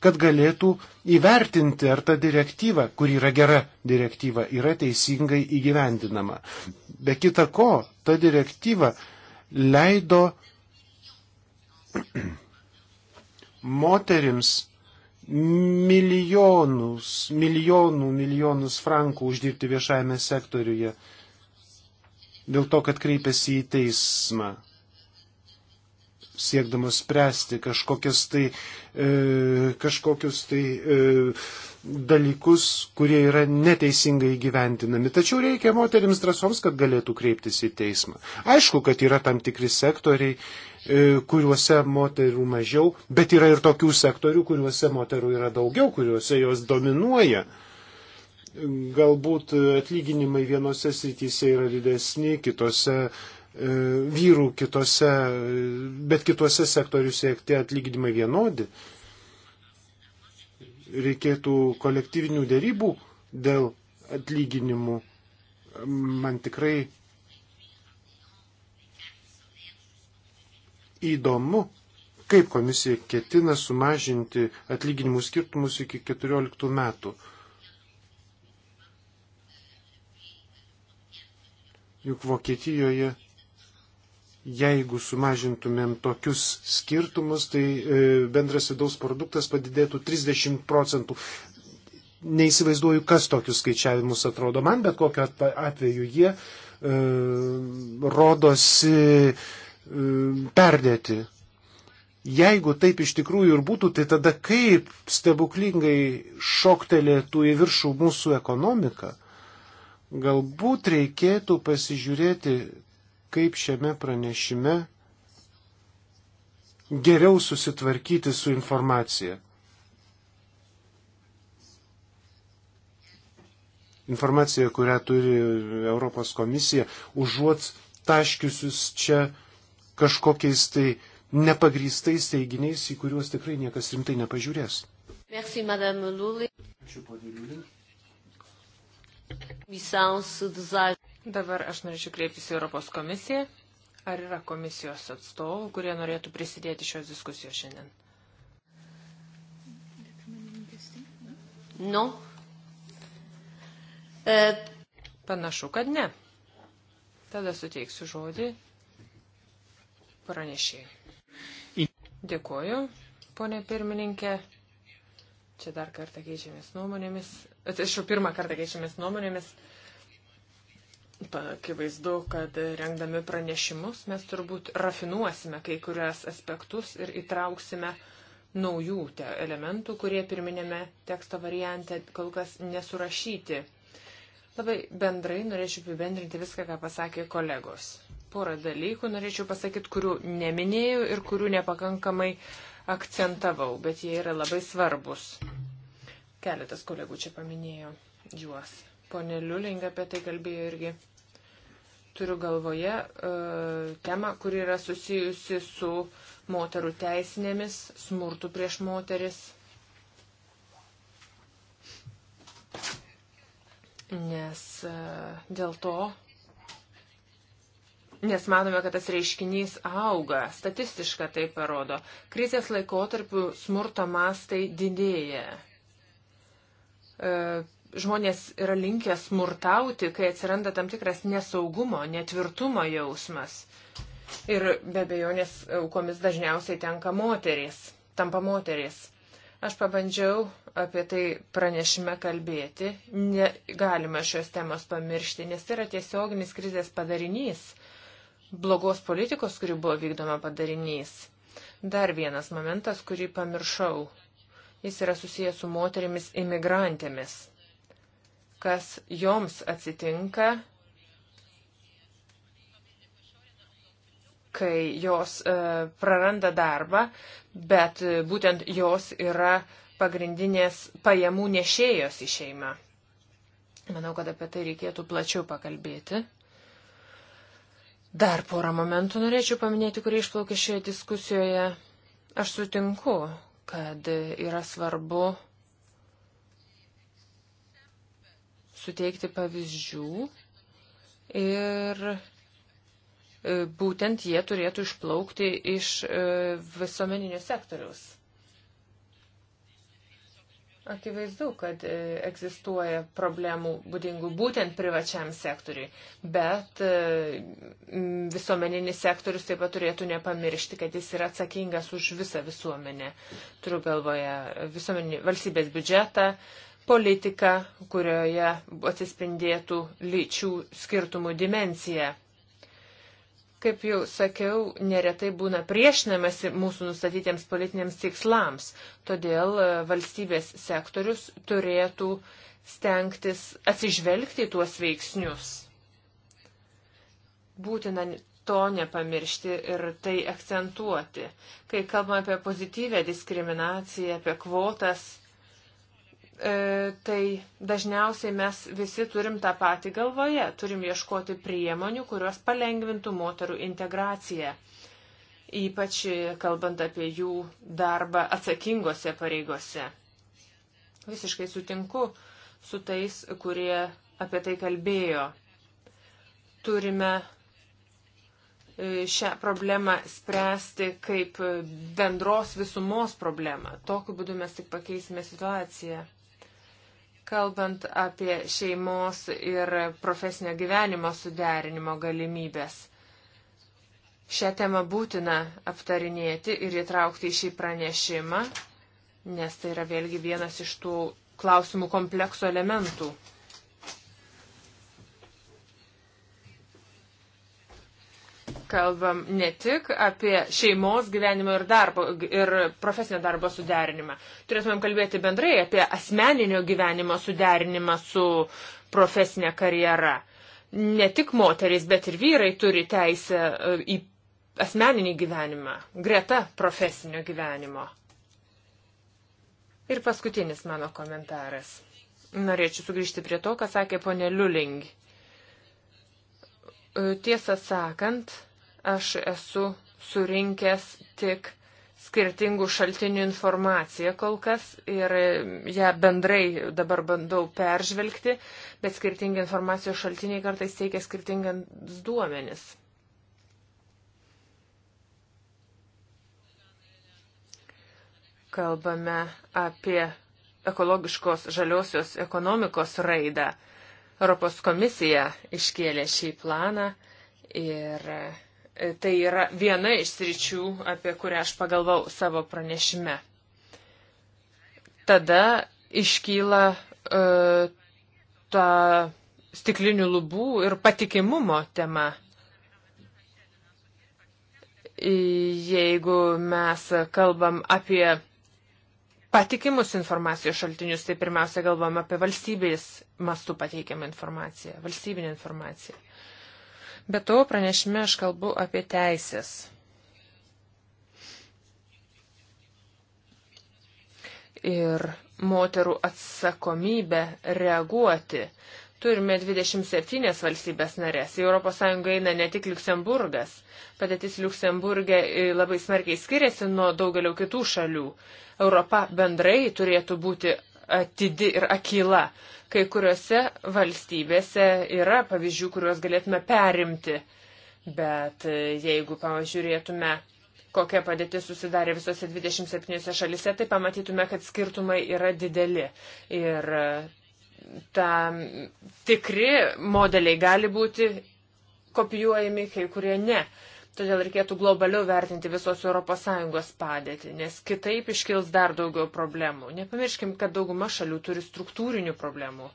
kad galėtų įvertinti, ar ta direktyva, kur yra gera direktyva, yra teisingai įgyvendinama. Be kita ko, ta direktyva leido moterims milijonus, milijonų, milijonus frankų uždirbti viešajame sektoriuje dėl to, kad kreipėsi į teismą, siekdamas spręsti kažkokias tai, e, kažkokius tai e, dalykus, kurie yra neteisingai gyventinami. Tačiau reikia moteriams drąsoms, kad galėtų kreiptis į teismą. Aišku, kad yra tam tikri sektoriai, e, kuriuose moterų mažiau, bet yra ir tokių sektorių, kuriuose moterų yra daugiau, kuriuose jos dominuoja. Galbūt atlyginimai vienose srityse yra didesni, kitose e, vyrų, kitose, bet kitose sektoriuose tie atlyginimai vienodi. Reikėtų kolektyvinių dėrybų dėl atlyginimų. Man tikrai įdomu, kaip komisija ketina sumažinti atlyginimų skirtumus iki 14 metų. Juk Vokietijoje, jeigu sumažintumėm tokius skirtumus, tai e, bendras vidaus produktas padidėtų 30 procentų. Neįsivaizduoju, kas tokius skaičiavimus atrodo man, bet kokiu atveju jie e, rodosi e, perdėti. Jeigu taip iš tikrųjų ir būtų, tai tada kaip stebuklingai šoktelėtų į viršų mūsų ekonomika? Galbūt reikėtų pasižiūrėti, kaip šiame pranešime geriau susitvarkyti su informacija. Informacija, kurią turi Europos komisija, užuot taškiusius čia kažkokiais tai nepagrįstais teiginiais, į kuriuos tikrai niekas rimtai nepažiūrės. Merci, Ačiū, ponė Liulin.
Dabar aš norėčiau kreiptis į Europos komisiją. Ar yra komisijos atstovų, kurie norėtų prisidėti šios diskusijos šiandien? Nu. E... Panašu, kad ne. Tada suteiksiu žodį pranešėjai. Dėkuoju, ponė pirmininkė. Čia dar kartą keičiamės nuomonėmis. Atsiprašau, pirmą kartą keičiamės nuomonėmis. Akivaizdu, kad rengdami pranešimus mes turbūt rafinuosime kai kurias aspektus ir įtrauksime naujų te elementų, kurie pirminėme teksto variante kol kas nesurašyti. Labai bendrai norėčiau apibendrinti viską, ką pasakė kolegos. Porą dalykų norėčiau pasakyti, kurių neminėjau ir kurių nepakankamai uh, akcentavau, bet jie yra labai svarbus. Keletas kolegų čia paminėjo juos. Pone Liuling apie tai kalbėjo irgi. Turiu galvoje e, temą, kuri yra susijusi su moterų teisinėmis, smurtų prieš moteris. Nes e, dėl to nes manome, kad tas reiškinys auga, statistiška tai parodo. Krizės laikotarpiu smurto mastai didėja. E, žmonės yra linkę smurtauti, kai atsiranda tam tikras nesaugumo, netvirtumo jausmas. Ir be bejonės aukomis dažniausiai tenka moterys, tampa moterys. Aš pabandžiau apie tai pranešime kalbėti. Negalima šios temos pamiršti, nes tai yra tiesioginis krizės padarinys blogos politikos, kuri buvo vykdoma padarinys. Dar vienas momentas, kurį pamiršau. Jis yra susijęs su moterimis imigrantėmis. Kas joms atsitinka, kai jos e, praranda darbą, bet e, būtent jos yra pagrindinės pajamų nešėjos į šeimą. Manau, kad apie tai reikėtų plačiau pakalbėti. Dar porą momentų norėčiau paminėti, kurie išplaukė šioje diskusijoje. Aš sutinku, kad yra svarbu suteikti pavyzdžių ir e, būtent jie turėtų išplaukti iš e, visuomeninio sektoriaus. Akivaizdu, kad e, egzistuoja problemų būdingų būtent privačiam sektoriui, bet e, visuomeninis sektorius taip pat turėtų nepamiršti, kad jis yra atsakingas už visą visuomenę. Turiu galvoje visuomenį valstybės biudžetą, politiką, kurioje atsispindėtų lyčių skirtumų dimencija. Kaip jau sakiau, neretai būna priešinamasi mūsų nustatytiems politiniams tikslams, todėl e, valstybės sektorius turėtų stengtis atsižvelgti į tuos veiksnius. Būtina to nepamiršti ir tai akcentuoti. Kai kalbame apie pozityvę diskriminaciją, apie kvotas, E, tai dažniausiai mes visi turim tą patį galvoje, turim ieškoti priemonių, kurios palengvintų moterų integraciją, ypač e, kalbant apie jų darbą atsakingose pareigose. Visiškai sutinku su tais, kurie apie tai kalbėjo. Turime e, šią problemą spręsti kaip bendros visumos problemą. Tokiu būdu mes tik pakeisime situaciją kalbant apie šeimos ir profesinio gyvenimo suderinimo galimybės. Šią temą būtina aptarinėti ir įtraukti į šį pranešimą, nes tai yra vėlgi vienas iš tų klausimų komplekso elementų. kalbam ne tik apie šeimos gyvenimo ir, darbo, ir profesinio darbo suderinimą. Turėtumėm kalbėti bendrai apie asmeninio gyvenimo suderinimą su profesinė karjera. Ne tik moterys, bet ir vyrai turi teisę e, į asmeninį gyvenimą greta profesinio gyvenimo. Ir paskutinis mano komentaras. Norėčiau sugrįžti prie to, ką sakė ponė Liuling e, tiesą sakant, aš esu surinkęs tik skirtingų šaltinių informaciją kol kas ir ją bendrai dabar bandau peržvelgti, bet skirtingi informacijos šaltiniai kartais teikia skirtingas duomenis. Kalbame apie ekologiškos žaliosios ekonomikos raidą. Europos komisija iškėlė šį planą ir tai yra viena iš sričių, apie kurią aš pagalvau savo pranešime. Tada iškyla uh, ta stiklinių lubų ir patikimumo tema. Jeigu mes kalbam apie patikimus informacijos šaltinius, tai pirmiausia galvom apie valstybės mastų pateikiamą informaciją, valstybinę informaciją. Uh, Bet to pranešime aš kalbu apie teisės. Ir moterų atsakomybę reaguoti. Turime 27 valstybės narės. Į ES eina ne tik Luksemburgas. Padėtis Luksemburgė e, labai smarkiai skiriasi nuo daugelio kitų šalių. Europa bendrai turėtų būti atidi ir akyla. Kai kuriuose valstybėse yra pavyzdžių, kuriuos galėtume perimti. Bet e, jeigu pažiūrėtume, kokia padėtis susidarė visose 27 šalise, tai pamatytume, kad skirtumai yra dideli. Ir e, tam tikri modeliai gali būti kopijuojami, kai kurie ne. Uh, Todėl reikėtų globaliau vertinti visos ES padėtį, nes kitaip iškils dar daugiau problemų. Nepamirškim, kad dauguma šalių turi struktūrinių problemų.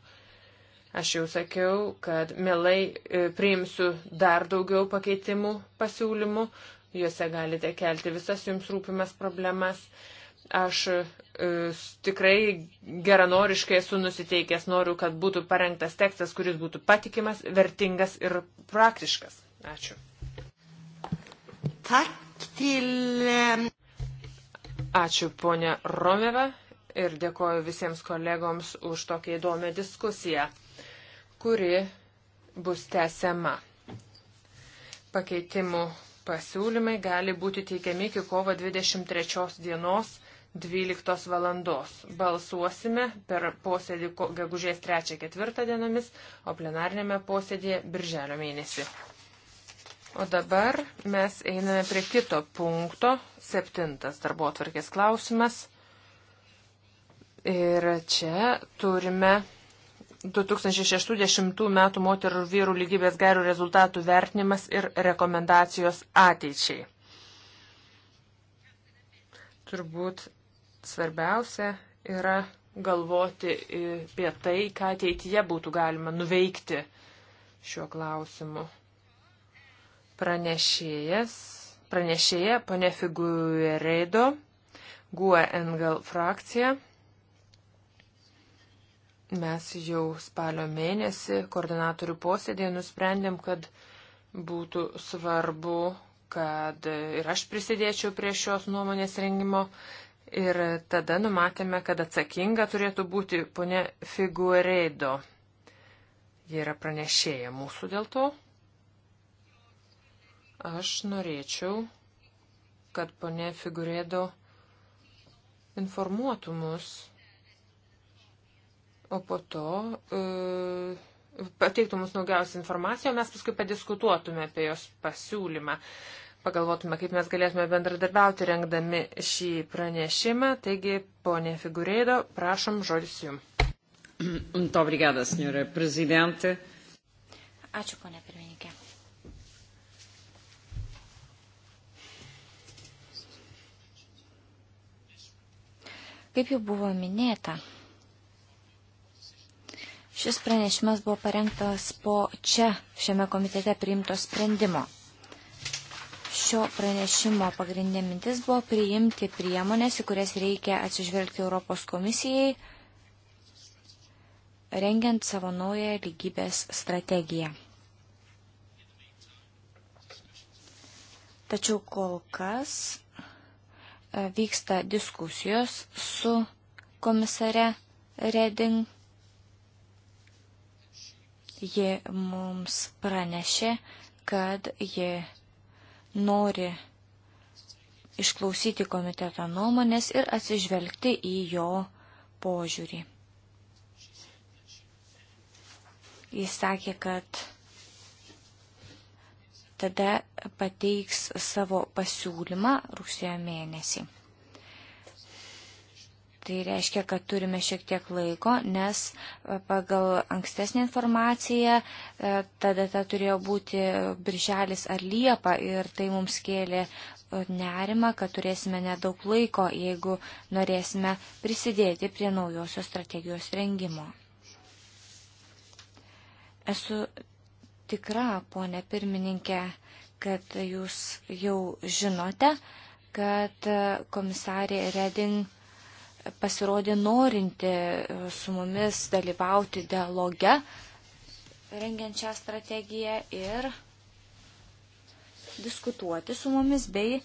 Aš jau sakiau, kad mielai e, priimsiu dar daugiau pakeitimų pasiūlymų, juose galite kelti visas jums rūpimas problemas. Aš e, tikrai geranoriškai esu nusiteikęs, noriu, kad būtų parengtas tekstas, kuris būtų patikimas, vertingas ir praktiškas. Ačiū. Ehm, Ačiū ponė Romeva ir dėkoju visiems kolegoms už tokią įdomią diskusiją, kuri bus tęsiama. Pakeitimų pasiūlymai gali būti teikiami iki kovo 23 dienos 12 valandos. Balsuosime per posėdį gegužės 3-4 dienomis, o plenarnėme posėdėje birželio mėnesį. O dabar mes einame prie kito punkto, septintas darbo atvarkės klausimas. Ir čia turime 2060 m. moterų ir vyrų lygybės gerių rezultatų vertinimas ir rekomendacijos ateičiai. Turbūt svarbiausia yra galvoti apie tai, ką ateityje būtų galima nuveikti šiuo klausimu. Pranešėjas, pranešėja, ponė Figueredo, GUE NGL frakcija. Mes jau spalio mėnesį koordinatorių posėdėje nusprendėm, kad būtų svarbu, kad ir aš prisidėčiau prie šios nuomonės rengimo. Ir tada numatėme, kad atsakinga turėtų būti ponė Figueredo. Ji yra pranešėja mūsų dėl to. Aš norėčiau, kad ponė Figurėdo informuotų mus, o po to e, pateiktų mums naujausią informaciją, o mes paskui padiskutuotume apie jos pasiūlymą pagalvotume, kaip mes galėtume bendradarbiauti rengdami šį pranešimą. Taigi, ponė Figurėdo, prašom žodis jums. Obrigada, senjore
prezidentė.
Ačiū, ponė pirmininkė. Kaip jau buvo minėta, šis pranešimas buvo parengtas po čia šiame komitete priimto sprendimo. Šio pranešimo pagrindinė mintis buvo priimti priemonės, į kurias reikia atsižvelgti Europos komisijai, rengiant savo naują lygybės strategiją. Tačiau kol kas E, vyksta diskusijos su komisare Reding. Ji mums pranešė, kad ji nori išklausyti komiteto nuomonės ir atsižvelgti į jo požiūrį. Jis sakė, kad tada pateiks savo pasiūlymą rugsėjo mėnesį. Tai reiškia, kad turime šiek tiek laiko, nes e, pagal ankstesnį informaciją e, ta data turėjo būti birželis ar liepa ir tai mums kėlė e, nerima, kad turėsime nedaug laiko, jeigu norėsime prisidėti prie naujosios strategijos rengimo. Esu tikra, ponė pirmininkė, kad jūs jau žinote, kad komisarė Reding pasirodė norinti su mumis dalyvauti dialoge, rengiant šią strategiją ir diskutuoti su mumis bei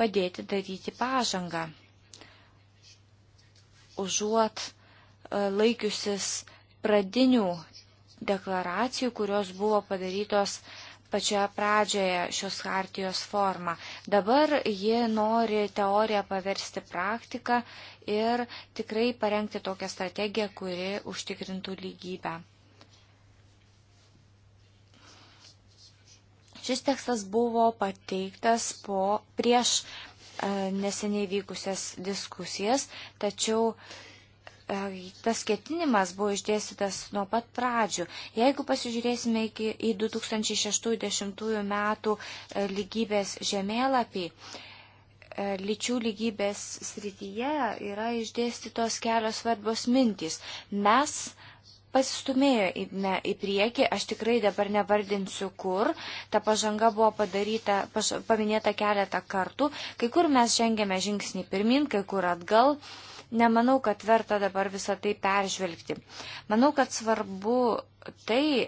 padėti daryti pažangą. Užuot e, laikiusis pradinių deklaracijų, kurios buvo padarytos pačioje pradžioje šios hartijos forma. Dabar ji nori teoriją paversti praktiką ir tikrai parengti tokią strategiją, kuri užtikrintų lygybę. Šis tekstas buvo pateiktas po, prieš e, neseniai vykusias diskusijas, tačiau E, tas ketinimas buvo išdėstytas nuo pat pradžių. Jeigu pasižiūrėsime iki, į 2060 metų e, lygybės žemėlapį, e, lyčių lygybės srityje yra išdėstytos kelios svarbios mintys. Mes pasistumėjome į priekį, aš tikrai dabar nevardinsiu kur, ta pažanga buvo padaryta, paš, paminėta keletą kartų, kai kur mes žengėme žingsnį pirmin, kai kur atgal. Uh, Nemanau, kad verta dabar visą tai peržvelgti. Manau, kad svarbu tai,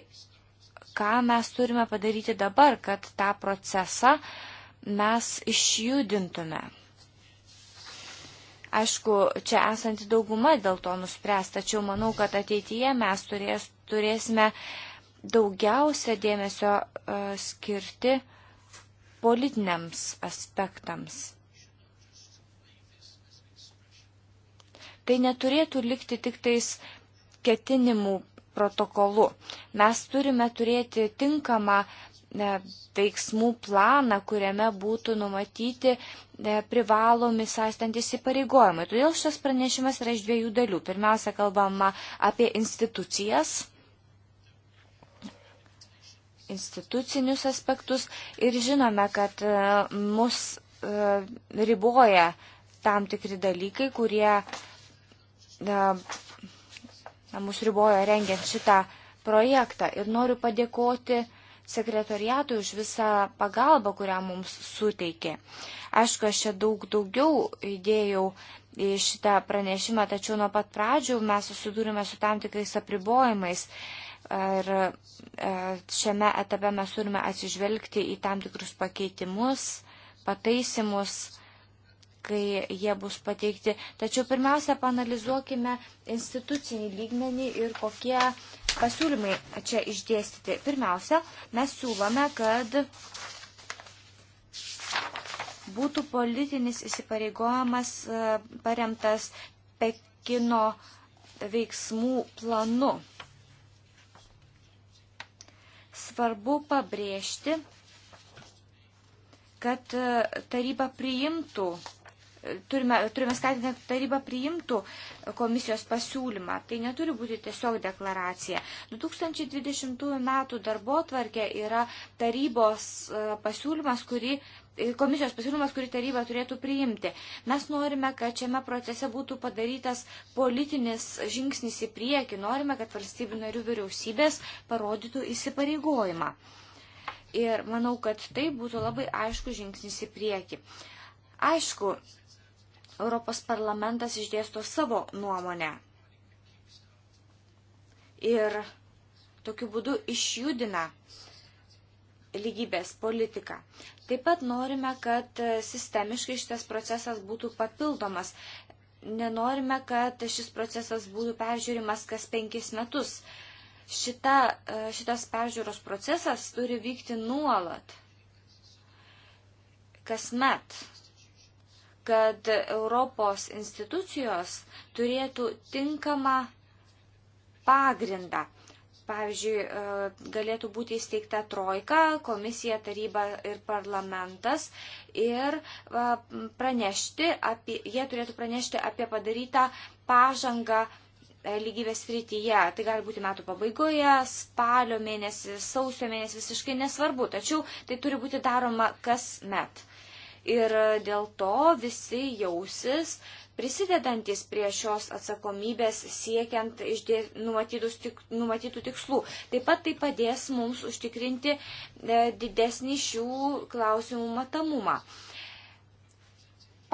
ką mes turime padaryti dabar, kad tą procesą mes išjudintume. Aišku, čia esanti dauguma dėl to nuspręs, tačiau manau, kad ateityje mes turės, turėsime daugiausia dėmesio uh, skirti politiniams aspektams. Tai neturėtų likti tik tais ketinimų protokolu. Mes turime turėti tinkamą e, veiksmų planą, kuriame būtų numatyti e, privalomi sąstantis įpareigojimai. Todėl šis pranešimas yra iš dviejų dalių. Pirmiausia, kalbama apie institucijas institucinius aspektus ir žinome, kad e, mus riboja tam tikri dalykai, kurie uh, na, mus ribojo rengiant šitą projektą. Ir noriu padėkoti sekretoriatui už visą pagalbą, kurią mums suteikė. Aišku, aš čia daug daugiau įdėjau į šitą pranešimą, tačiau nuo pat pradžių mes susidūrime su tam tikrais apribojimais. Ir e, šiame etape mes turime atsižvelgti į tam tikrus pakeitimus, pataisimus kai jie bus pateikti. Tačiau pirmiausia, panalizuokime institucinį lygmenį ir kokie pasiūlymai čia išdėstyti. Pirmiausia, mes siūlome, kad būtų politinis įsipareigojimas e, paremtas Pekino veiksmų planu. Svarbu pabrėžti, kad e, taryba priimtų turime, turime skatinti, kad taryba priimtų komisijos pasiūlymą. Tai neturi būti tiesiog deklaracija. 2020 metų darbo tvarkė yra tarybos e, pasiūlymas, kurį e, komisijos pasiūlymas, kurį taryba turėtų priimti. Mes norime, kad šiame procese būtų padarytas politinis žingsnis į priekį. Norime, kad valstybių narių vyriausybės parodytų įsipareigojimą. Ir manau, kad tai būtų labai aišku žingsnis į priekį. Aišku, Europos parlamentas išdėsto savo nuomonę. Ir tokiu būdu išjudina lygybės politiką. Taip pat norime, kad sistemiškai šitas procesas būtų papildomas. Nenorime, kad šis procesas būtų peržiūrimas kas penkis metus. Šita, šitas peržiūros procesas turi vykti nuolat, kasmet kad Europos institucijos turėtų tinkamą pagrindą. Pavyzdžiui, e, galėtų būti įsteigta trojka, komisija, taryba ir parlamentas ir e, pranešti apie, jie turėtų pranešti apie padarytą pažangą e, lygybės srityje. Tai gali būti metų pabaigoje, spalio mėnesį, sausio mėnesį, visiškai nesvarbu, tačiau tai turi būti daroma kas met ir dėl to visi jausis prisidedantis prie šios atsakomybės siekiant išdė, tik, numatytų tikslų. Taip pat tai padės mums užtikrinti e, didesnį šių klausimų matomumą.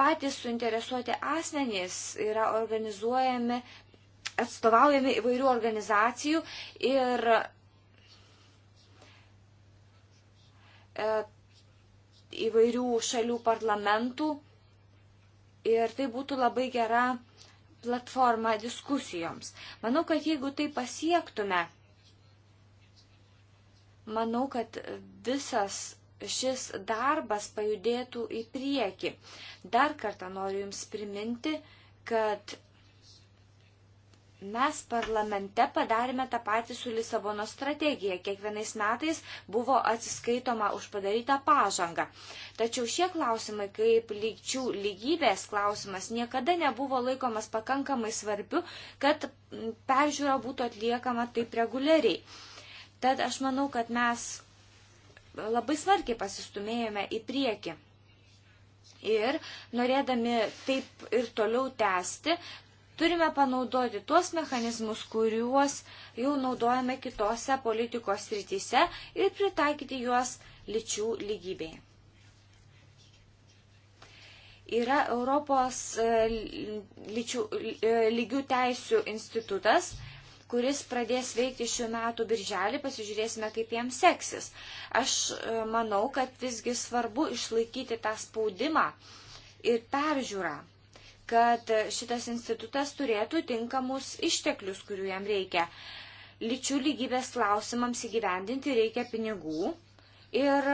Patys suinteresuoti asmenys yra organizuojami, atstovaujami įvairių organizacijų ir e, įvairių šalių parlamentų ir tai būtų labai gera platforma diskusijoms. Manau, kad jeigu tai pasiektume, manau, kad visas šis darbas pajudėtų į priekį. Dar kartą noriu Jums priminti, kad Mes parlamente padarėme tą patį su Lisabono strategija. Kiekvienais metais buvo atsiskaitoma už padarytą pažangą. Tačiau šie klausimai, kaip lygčių lygybės klausimas, niekada nebuvo laikomas pakankamai svarbiu, kad peržiūra būtų atliekama taip reguliariai. Tad aš manau, kad mes labai smarkiai pasistumėjome į priekį. Ir norėdami taip ir toliau tęsti, Turime panaudoti tuos mechanizmus, kuriuos jau naudojame kitose politikos rytise ir pritaikyti juos lyčių lygybei. Yra Europos e, lyčių, e, lygių teisių institutas, kuris pradės veikti šių metų birželį, pasižiūrėsime, kaip jam seksis. Aš e, manau, kad visgi svarbu išlaikyti tą spaudimą ir peržiūrą kad šitas institutas turėtų tinkamus išteklius, kurių jam reikia. Lyčių lygybės klausimams įgyvendinti reikia pinigų ir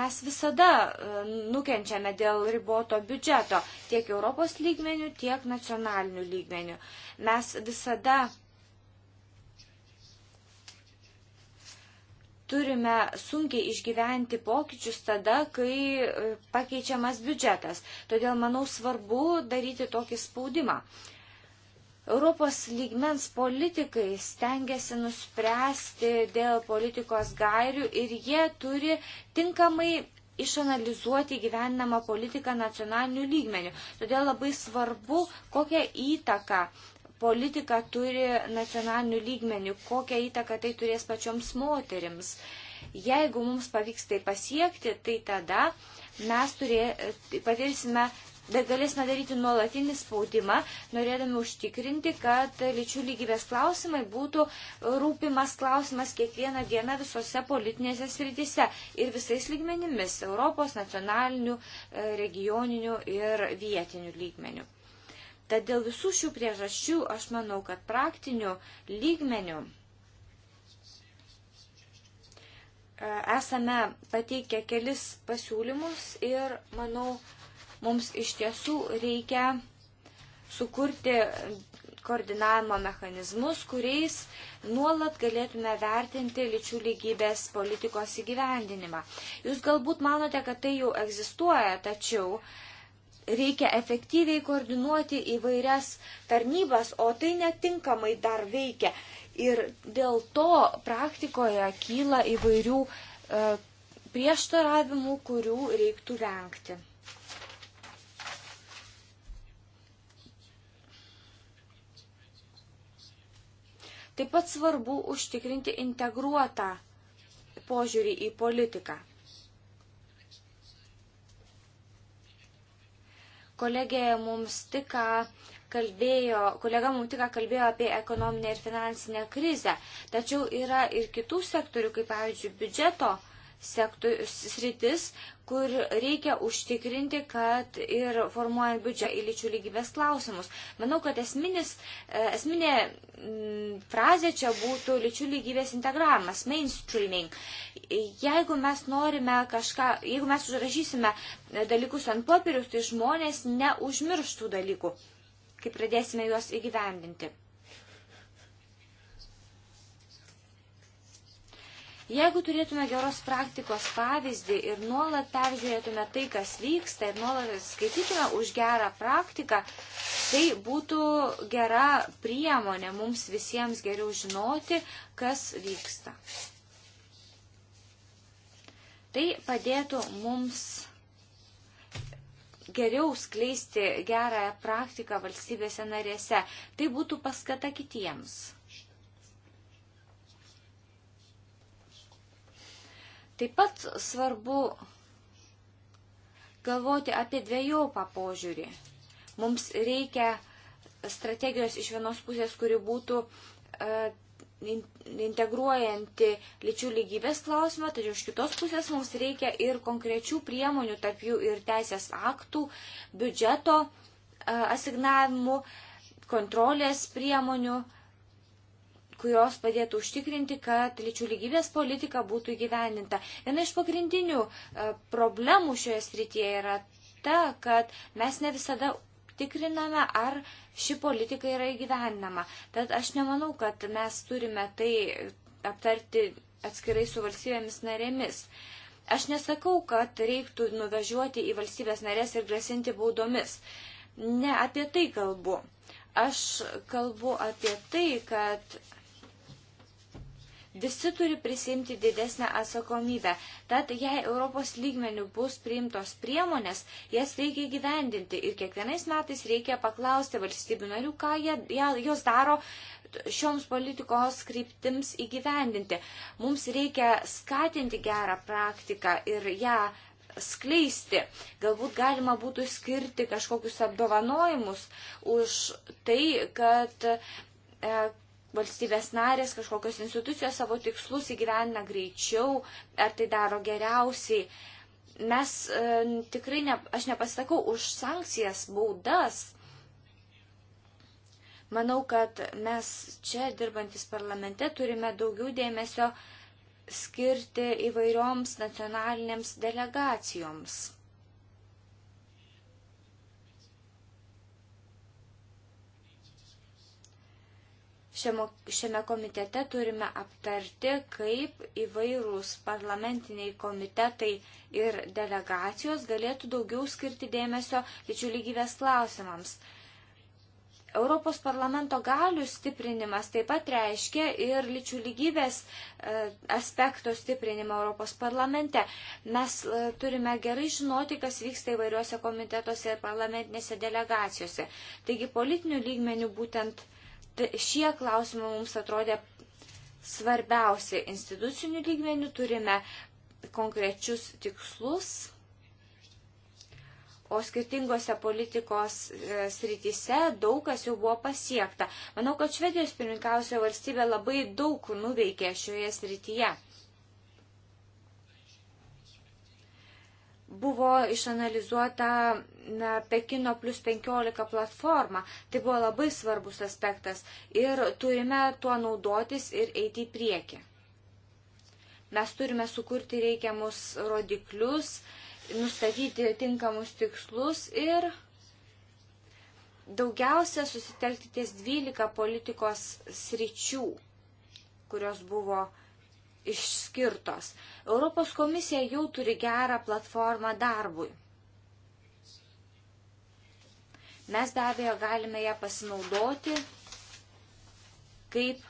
mes visada e, nukenčiame dėl riboto biudžeto tiek Europos lygmenių, tiek nacionalinių lygmenių. Mes visada turime sunkiai išgyventi pokyčius tada, kai e, pakeičiamas biudžetas. Todėl, manau, svarbu daryti tokį spaudimą. Europos lygmens politikai stengiasi nuspręsti dėl politikos gairių ir jie turi tinkamai išanalizuoti gyvenamą politiką nacionaliniu lygmeniu. Todėl labai svarbu, kokią įtaką politika turi nacionalinių lygmenių, kokią įtaką tai turės pačioms moterims. Jeigu mums pavyks tai pasiekti, tai tada mes turė, patirsime, bet galėsime daryti nuolatinį spaudimą, norėdami užtikrinti, kad lyčių lygybės klausimai būtų rūpimas klausimas kiekvieną dieną visose politinėse srityse ir visais lygmenimis - Europos, nacionalinių, e, regioninių ir vietinių lygmenių. Tad dėl visų šių priežasčių aš manau, kad praktiniu lygmeniu e, esame pateikę kelis pasiūlymus ir manau, mums iš tiesų reikia sukurti koordinavimo mechanizmus, kuriais nuolat galėtume vertinti lyčių lygybės politikos įgyvendinimą. Jūs galbūt manote, kad tai jau egzistuoja, tačiau uh, reikia efektyviai koordinuoti įvairias tarnybas, o tai netinkamai dar veikia. Ir dėl to praktikoje kyla įvairių e, prieštaravimų, kurių reiktų vengti. Taip pat svarbu užtikrinti integruotą požiūrį į politiką. Kolegė mums tik ką kalbėjo, kolega mums tik kalbėjo apie ekonominę ir finansinę krizę, tačiau yra ir kitų sektorių, kaip pavyzdžiui biudžeto sektu, sritis, kur reikia užtikrinti, kad ir formuojant biudžetą į lyčių lygybės klausimus. Manau, kad esminis, e, esminė frazė čia būtų lyčių lygybės integravimas, mainstreaming. Jeigu mes norime kažką, jeigu mes užrašysime dalykus ant popierių, tai žmonės neužmirštų dalykų, kai pradėsime juos įgyvendinti. Jeigu turėtume geros praktikos pavyzdį ir nuolat peržiūrėtume tai, kas vyksta ir nuolat skaitytume už gerą praktiką, tai būtų gera priemonė mums visiems geriau žinoti, kas vyksta. Tai padėtų mums geriau skleisti gerąją praktiką valstybėse narėse. Tai būtų paskata kitiems. Taip pat svarbu galvoti apie dviejopą požiūrį. Mums reikia strategijos iš vienos pusės, kuri būtų e, integruojanti lyčių lygybės klausimą, tačiau iš kitos pusės mums reikia ir konkrečių priemonių, tarp jų ir teisės aktų, biudžeto e, asignavimų, kontrolės priemonių, kurios padėtų užtikrinti, kad lyčių lygybės politika būtų įgyveninta. Viena iš pagrindinių e, problemų šioje srityje yra ta, kad mes ne visada tikriname, ar ši politika yra įgyvendinama. Tad aš nemanau, kad mes turime tai aptarti atskirai su valstybėmis narėmis. Aš nesakau, kad reiktų nuvažiuoti į valstybės narės ir grasinti baudomis. Ne apie tai kalbu. Aš kalbu apie tai, kad Visi turi prisimti didesnę atsakomybę. Tad jei Europos lygmenių bus priimtos priemonės, jas reikia gyvendinti ir kiekvienais metais reikia paklausti valstybių narių, ką jie, jos daro šioms politikos kryptims įgyvendinti. Mums reikia skatinti gerą praktiką ir ją skleisti. Galbūt galima būtų skirti kažkokius apdovanojimus už tai, kad e, valstybės narės, kažkokios institucijos savo tikslus įgyvena greičiau, ar tai daro geriausiai. Mes e, tikrai, ne, aš nepasakau už sankcijas, baudas. Manau, kad mes čia dirbantis parlamente turime daugiau dėmesio skirti įvairioms nacionalinėms delegacijoms. šiame komitete turime aptarti, kaip įvairūs parlamentiniai komitetai ir delegacijos galėtų daugiau skirti dėmesio lyčių lygybės klausimams. Europos parlamento galių stiprinimas taip pat reiškia ir lyčių lygybės e, aspekto stiprinimą Europos parlamente. Mes e, turime gerai žinoti, kas vyksta įvairiuose komitetuose ir parlamentinėse delegacijose. Taigi politinių lygmenių būtent Tai šie klausimai mums atrodė svarbiausia institucinių lygmenių, turime konkrečius tikslus, o skirtingose politikos e, srityse daug kas jau buvo pasiekta. Manau, kad Švedijos pirminkausio valstybė labai daug nuveikė šioje srityje. Buvo išanalizuota na, Pekino plus 15 platformą. Tai buvo labai svarbus aspektas ir turime tuo naudotis ir eiti į priekį. Mes turime sukurti reikiamus rodiklius, nustatyti tinkamus tikslus ir daugiausia susitelkti ties 12 politikos sričių, kurios buvo išskirtos. Europos komisija jau turi gerą platformą darbui. Mes be abejo galime ją pasinaudoti kaip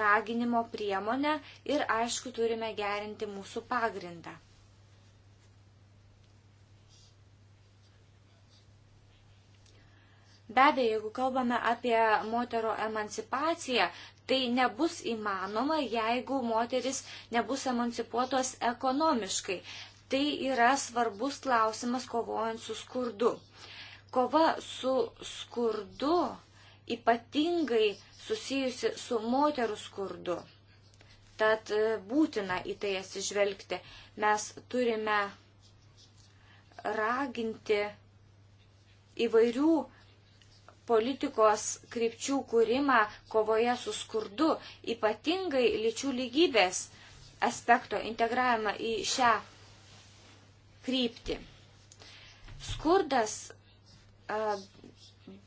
raginimo priemonę ir aišku turime gerinti mūsų pagrindą. Be abejo, jeigu kalbame apie moterų emancipaciją, tai nebus įmanoma, jeigu moteris nebus emancipuotos ekonomiškai. Tai yra svarbus klausimas kovojant su skurdu. Uh, Kova su skurdu ypatingai susijusi su moterų skurdu. Tad e, būtina į tai atsižvelgti. Mes turime raginti įvairių politikos krypčių kūrimą kovoje su skurdu, ypatingai lyčių lygybės aspekto integravimą į šią kryptį. Skurdas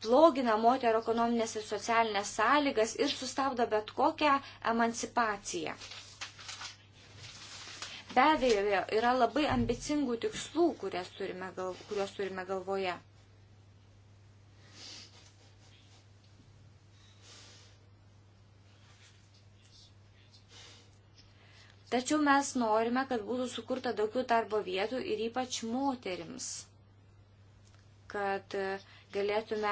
blogina moterų ekonominės ir socialinės sąlygas ir sustabdo bet kokią emancipaciją. Be abejo, yra labai ambicingų tikslų, turime gal, kuriuos turime galvoje. Tačiau mes norime, kad būtų sukurta daugiau darbo vietų ir ypač moterims kad e, galėtume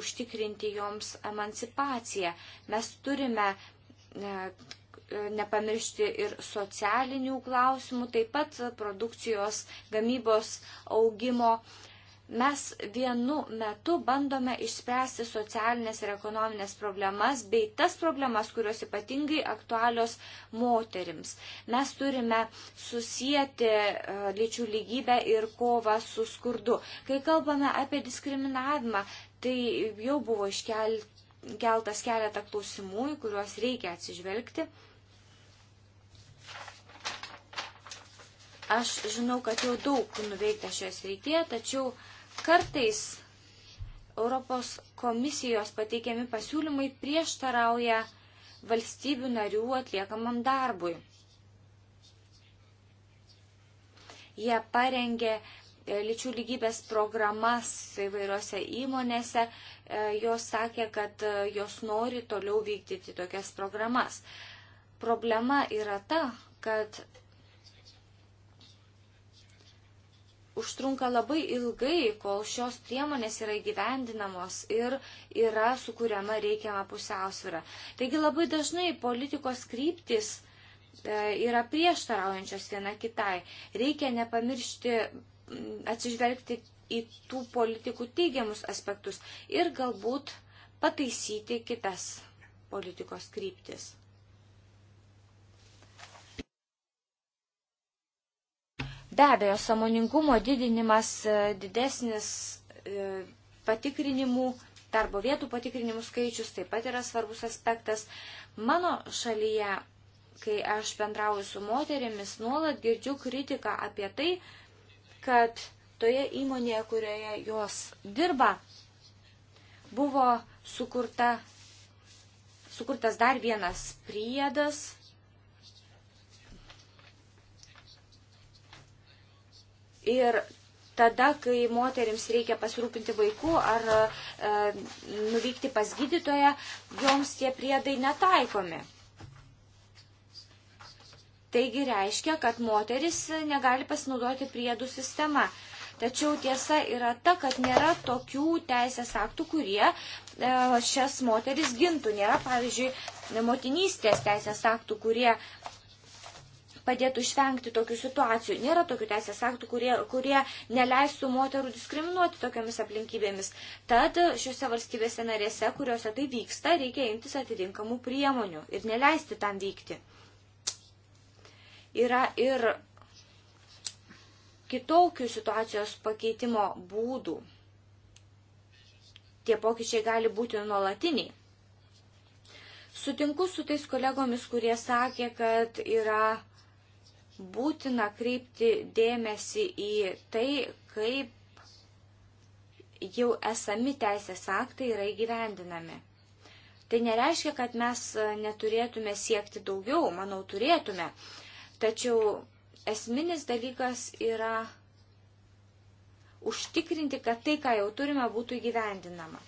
užtikrinti joms emancipaciją. Mes turime e, nepamiršti ir socialinių klausimų, taip pat produkcijos gamybos augimo Mes vienu metu bandome išspręsti socialinės ir ekonominės problemas bei tas problemas, kurios ypatingai aktualios moterims. Mes turime susijęti e, lyčių lygybę ir kovą su skurdu. Kai kalbame apie diskriminavimą, tai jau buvo iškeltas keletą klausimų, į kuriuos reikia atsižvelgti. Aš žinau, kad jau daug nuveikta šioje srityje, tačiau Kartais Europos komisijos pateikiami pasiūlymai prieštarauja valstybių narių atliekamam darbui. Jie parengė e, lyčių lygybės programas įvairiose įmonėse, e, jos sakė, kad e, jos nori toliau vykdyti tokias programas. Problema yra ta, kad užtrunka labai ilgai, kol šios priemonės yra įgyvendinamos ir yra sukūriama reikiama pusiausvyrą. Taigi labai dažnai politikos kryptis e, yra prieštaraujančios viena kitai. Reikia nepamiršti atsižvelgti į tų politikų teigiamus aspektus ir galbūt pataisyti kitas politikos kryptis. Be abejo, samoningumo didinimas, e, didesnis e, patikrinimų, darbo vietų patikrinimų skaičius taip pat yra svarbus aspektas. Mano šalyje, kai aš bendrauju su moterėmis, nuolat girdžiu kritiką apie tai, kad toje įmonėje, kurioje jos dirba, buvo sukurta, sukurtas dar vienas priedas Ir tada, kai moteriams reikia pasirūpinti vaiku ar e, nuvykti pas gydytoją, joms tie priedai netaikomi. Taigi reiškia, kad moteris negali pasinaudoti priedų sistema. Tačiau tiesa yra ta, kad nėra tokių teisės aktų, kurie e, šias moteris gintų. Nėra, pavyzdžiui, motinystės teisės aktų, kurie padėtų išvengti tokių situacijų. Nėra tokių teisės aktų, kurie, kurie neleistų moterų diskriminuoti tokiamis aplinkybėmis. Tad šiuose valstybėse narėse, kuriuose tai vyksta, reikia imtis atitinkamų priemonių ir neleisti tam vykti. Yra ir kitokių situacijos pakeitimo būdų. Tie pokyčiai gali būti nuolatiniai. Sutinku su tais kolegomis, kurie sakė, kad yra būtina kreipti dėmesį į tai, kaip jau esami teisės aktai yra įgyvendinami. Tai nereiškia, kad mes e, neturėtume siekti daugiau, manau, turėtume. Tačiau esminis dalykas yra užtikrinti, kad tai, ką jau turime, būtų įgyvendinama.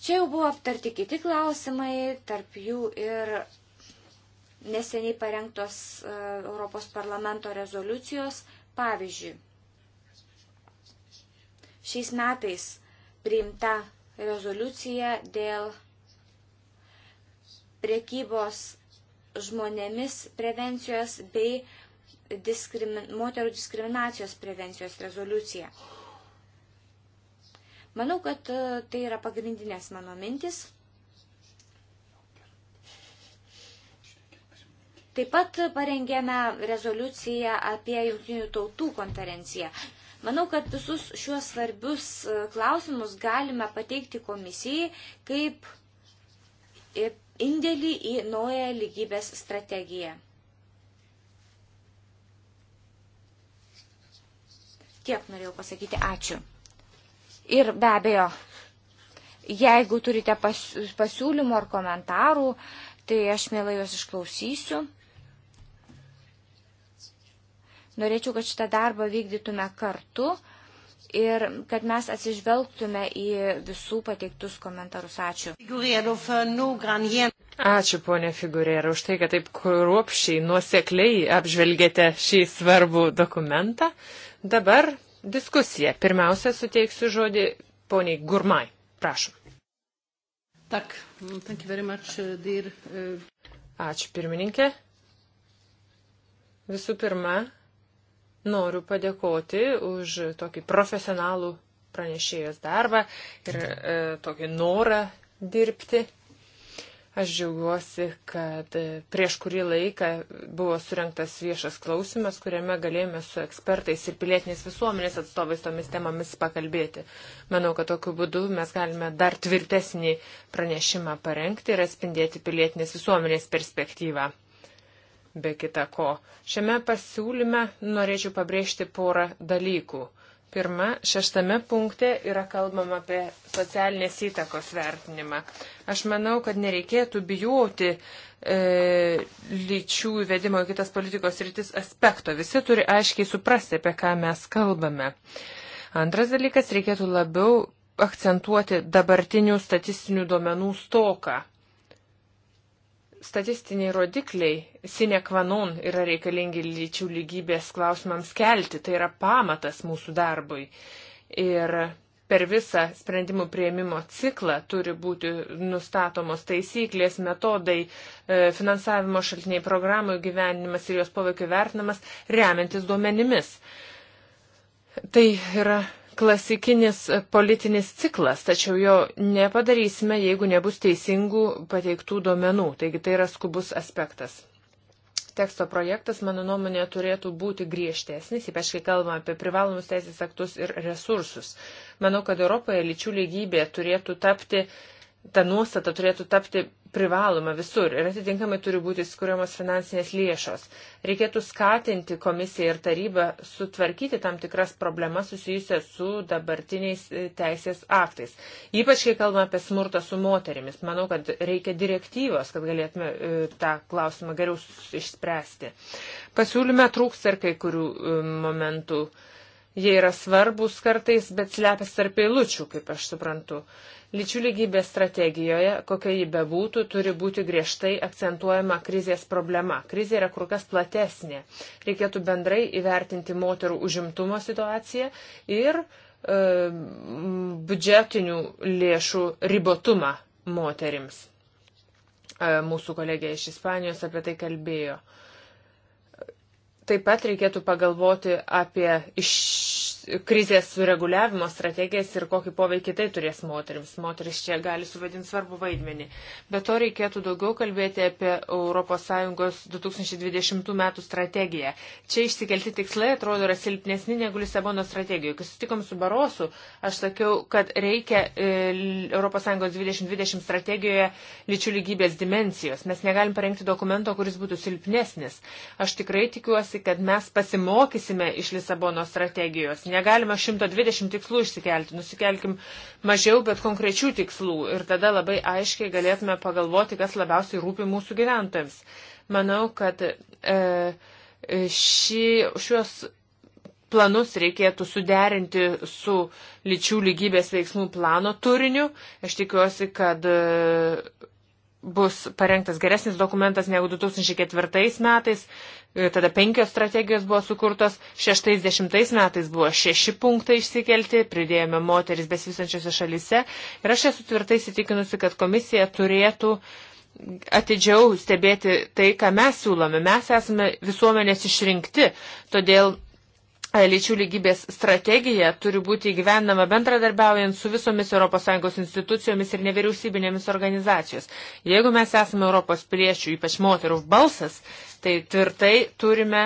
Čia jau buvo aptarti kiti klausimai, tarp jų ir neseniai parengtos e, Europos parlamento rezoliucijos. Pavyzdžiui, šiais metais priimta rezoliucija dėl priekybos žmonėmis prevencijos bei diskrimin, moterų diskriminacijos prevencijos rezoliucija. Manau, kad e, tai yra pagrindinės mano mintis. Taip pat parengėme rezoliuciją apie Junktinių tautų konferenciją. Manau, kad visus šiuos svarbius e, klausimus galime pateikti komisijai kaip e, indėlį į naują lygybės strategiją. Tiek norėjau pasakyti ačiū. Ir be abejo, jeigu turite pasiūlymų ar komentarų, tai aš mielai juos išklausysiu. Norėčiau, kad šitą darbą vykdytume kartu ir kad mes atsižvelgtume į visų pateiktus komentarus. Ačiū.
Nu, Ačiū, ponė Figurėra, už tai, kad taip kruopšiai, nuosekliai apžvelgėte šį svarbų dokumentą. Dabar diskusija. Pirmiausia, suteiksiu žodį poniai Gurmai. Prašom. Tak, mm, thank you very much, uh, dear. Uh, Ačiū, pirmininkė. Visų pirma, Noriu padėkoti už tokį profesionalų pranešėjos darbą ir e, tokį norą dirbti. Aš džiaugiuosi, kad e, prieš kurį laiką buvo surinktas viešas klausimas, kuriame galėjome su ekspertais ir pilietinės visuomenės atstovais tomis temomis pakalbėti. Manau, kad tokiu būdu mes galime dar tvirtesnį pranešimą parengti ir atspindėti pilietinės visuomenės perspektyvą be kita ko. Šiame pasiūlyme norėčiau pabrėžti porą dalykų. Pirma, šeštame punkte yra kalbama apie socialinės įtakos vertinimą. Aš manau, kad nereikėtų bijoti e, lyčių įvedimo į kitas politikos rytis aspekto. Visi turi aiškiai suprasti, apie ką mes kalbame. Antras dalykas, reikėtų labiau akcentuoti dabartinių statistinių duomenų stoką statistiniai rodikliai sine qua non yra reikalingi lyčių lygybės klausimams kelti, tai yra pamatas mūsų darbui. Ir per visą sprendimų prieimimo ciklą turi būti nustatomos taisyklės, metodai, e, finansavimo šaltiniai, programų gyvenimas ir jos poveikio vertinamas remiantis duomenimis. Tai yra klasikinis politinis ciklas, tačiau jo nepadarysime, jeigu nebus teisingų pateiktų duomenų. Taigi tai yra skubus aspektas. Teksto projektas, mano nuomonė, turėtų būti griežtesnis, ypač kai kalbame apie privalomus teisės aktus ir resursus. Manau, kad Europoje lyčių lygybė turėtų tapti, ta nuostata turėtų tapti privaloma visur ir atitinkamai turi būti skuriamos finansinės lėšos. Reikėtų skatinti komisiją ir tarybą sutvarkyti tam tikras problemas susijusias su dabartiniais e, teisės aktais. Ypač, kai kalbame apie smurtą su moterimis. Manau, kad reikia direktyvos, kad galėtume e, tą klausimą geriau išspręsti. Pasiūlyme trūks ir kai kurių e, momentų. Jie yra svarbus kartais, bet slepiasi tarp eilučių, kaip aš suprantu. Lyčių lygybės strategijoje, kokia ji bebūtų, turi būti griežtai akcentuojama krizės problema. Krizė yra kur kas platesnė. Reikėtų bendrai įvertinti moterų užimtumo situaciją ir e, biudžetinių lėšų ribotumą moterims. E, mūsų kolegė iš Ispanijos apie tai kalbėjo. Taip pat reikėtų pagalvoti apie iš krizės sureguliavimo strategijas ir kokį poveikį tai turės moteriams. Moteris čia gali suvaidinti svarbu vaidmenį. Be to reikėtų daugiau kalbėti apie ES 2020 metų strategiją. Čia išsikelti tikslai atrodo yra silpnesni negu Lisabono strategijoje. Kai sutikom su Barosu, aš sakiau, kad reikia e, ES 2020 strategijoje lyčių lygybės dimensijos. Mes negalim parengti dokumento, kuris būtų silpnesnis. Aš tikrai tikiuosi, kad mes pasimokysime iš Lisabono strategijos nusikelti. Negalima 120 tikslų išsikelti. Nusikelkim mažiau, bet konkrečių tikslų. Ir tada labai aiškiai galėtume pagalvoti, kas labiausiai rūpi mūsų gyventojams. Manau, kad e, ši, šios planus reikėtų suderinti su lyčių lygybės veiksmų plano turiniu. Aš tikiuosi, kad e, bus parengtas geresnis dokumentas negu 2004 metais E, tada penkios strategijos buvo sukurtos, 60 metais buvo šeši punktai išsikelti, pridėjome moteris besivysančiose šalise ir aš esu tvirtai įsitikinusi, kad komisija turėtų atidžiau stebėti tai, ką mes siūlome. Mes esame visuomenės išrinkti, todėl lyčių lygybės strategija turi būti įgyvendama bendradarbiaujant su visomis ES institucijomis ir nevyriausybinėmis organizacijos. Jeigu mes esame Europos piliečių, ypač moterų balsas, tai tvirtai turime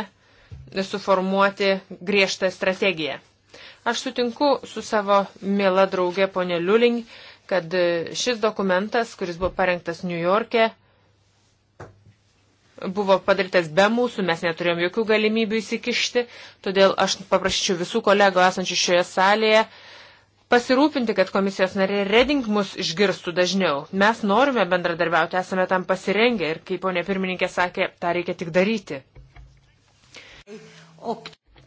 suformuoti griežtą strategiją. Aš sutinku su savo mėla drauge ponė Liuling, kad šis dokumentas, kuris buvo parengtas New York'e, buvo padarytas be mūsų, mes neturėjom jokių galimybių įsikišti, todėl aš paprašyčiau visų kolegų esančių šioje salėje pasirūpinti, kad komisijos narė Reding mus išgirstų dažniau. Mes norime bendradarbiauti, esame tam pasirengę ir, kaip ponė pirmininkė sakė, tą reikia tik daryti.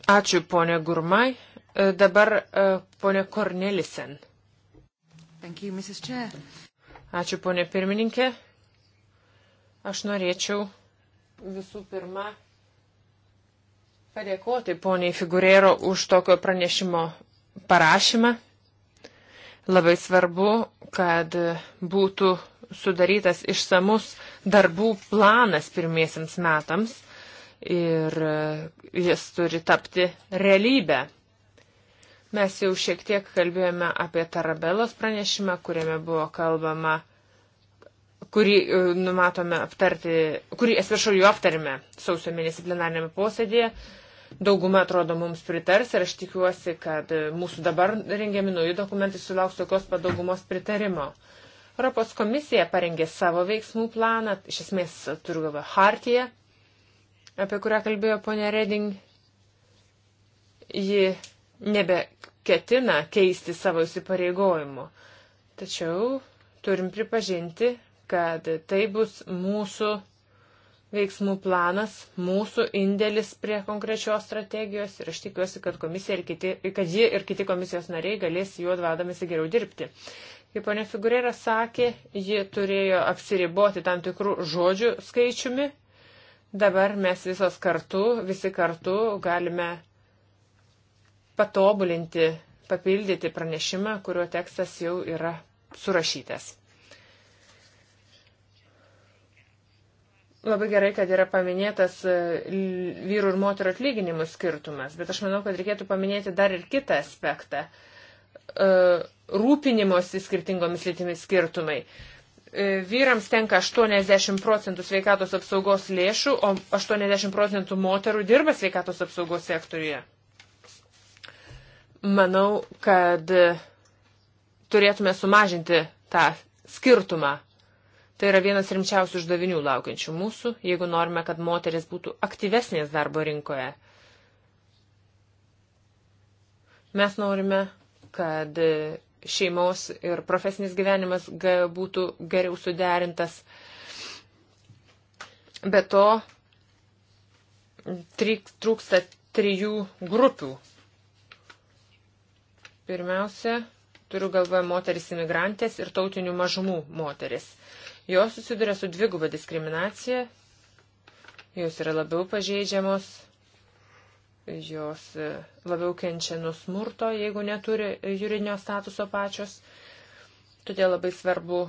Ačiū, ponė Gurmai. E, dabar e, ponė Kornelisen. Ačiū, ponė pirmininkė. Aš norėčiau visų pirma padėkoti poniai Figurėro už tokio pranešimo parašymą. Labai svarbu, kad būtų sudarytas išsamus darbų planas pirmiesiams metams ir jis turi tapti realybę. Mes jau šiek tiek kalbėjome apie Tarabelos pranešimą, kuriame buvo kalbama kurį e, numatome aptarti, kurį, atsiprašau, jau aptarime sausio mėnesį plenarnėme posėdėje. Dauguma atrodo mums pritars ir aš tikiuosi, kad e, mūsų dabar rengiami nauji dokumentai sulauks tokios padaugumos pritarimo. Europos komisija parengė savo veiksmų planą, iš esmės turiu galvą Hartiją, apie kurią kalbėjo ponė Reding. Ji nebeketina keisti savo įsipareigojimų. Tačiau turim pripažinti, kad tai bus mūsų veiksmų planas, mūsų indėlis prie konkrečios strategijos ir aš tikiuosi, kad, ir kiti, kad ji ir kiti komisijos nariai galės juo vadamasi geriau dirbti. Kaip ponia Figurėra sakė, ji turėjo apsiriboti tam tikrų žodžių skaičiumi. Dabar mes visos kartu, visi kartu galime patobulinti, papildyti pranešimą, kurio tekstas jau yra surašytas. Labai gerai, kad yra paminėtas e, vyrų ir moterų atlyginimų skirtumas, bet aš manau, kad reikėtų paminėti dar ir kitą aspektą e, - rūpinimosi skirtingomis lytimis skirtumai. E, vyrams tenka 80 procentų sveikatos apsaugos lėšų, o 80 procentų moterų dirba sveikatos apsaugos sektoriuje. Manau, kad turėtume sumažinti tą skirtumą Tai yra vienas rimčiausių uždavinių laukiančių mūsų, jeigu norime, kad moteris būtų aktyvesnės darbo rinkoje. Mes norime, kad šeimos ir profesinis gyvenimas būtų geriau suderintas. Be to, trūksta trijų grupių. Pirmiausia, turiu galvoje moteris imigrantės ir tautinių mažumų moteris. Jos susiduria su dviguba diskriminacija, jos yra labiau pažeidžiamos, jos e, labiau kenčia nuo smurto, jeigu neturi e, juridinio statuso pačios. Todėl labai svarbu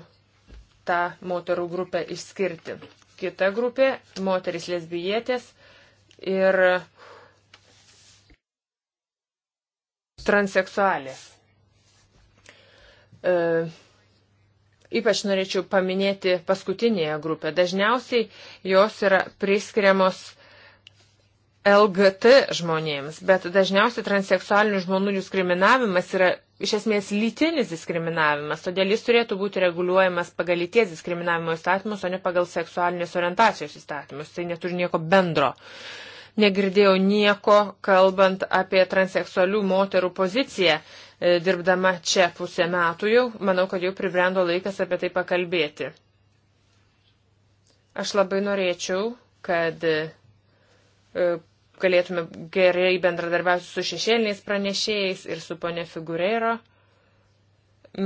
tą moterų grupę išskirti. Kita grupė - moteris lesbijietės ir transseksualės. E, Ypač norėčiau paminėti paskutinėje grupę. Dažniausiai jos yra priskiriamos LGT žmonėms, bet dažniausiai transseksualinių žmonių diskriminavimas yra iš esmės lytinis diskriminavimas, todėl jis turėtų būti reguliuojamas pagal lyties diskriminavimo įstatymus, o ne pagal seksualinės orientacijos įstatymus. Tai neturi nieko bendro. Negirdėjau nieko, kalbant apie transseksualių moterų poziciją E, dirbdama čia pusę metų jau, manau, kad jau pribrendo laikas apie tai pakalbėti. Aš labai norėčiau, kad e, e, galėtume gerai bendradarbiauti su šešėliniais pranešėjais ir su ponė Figureiro.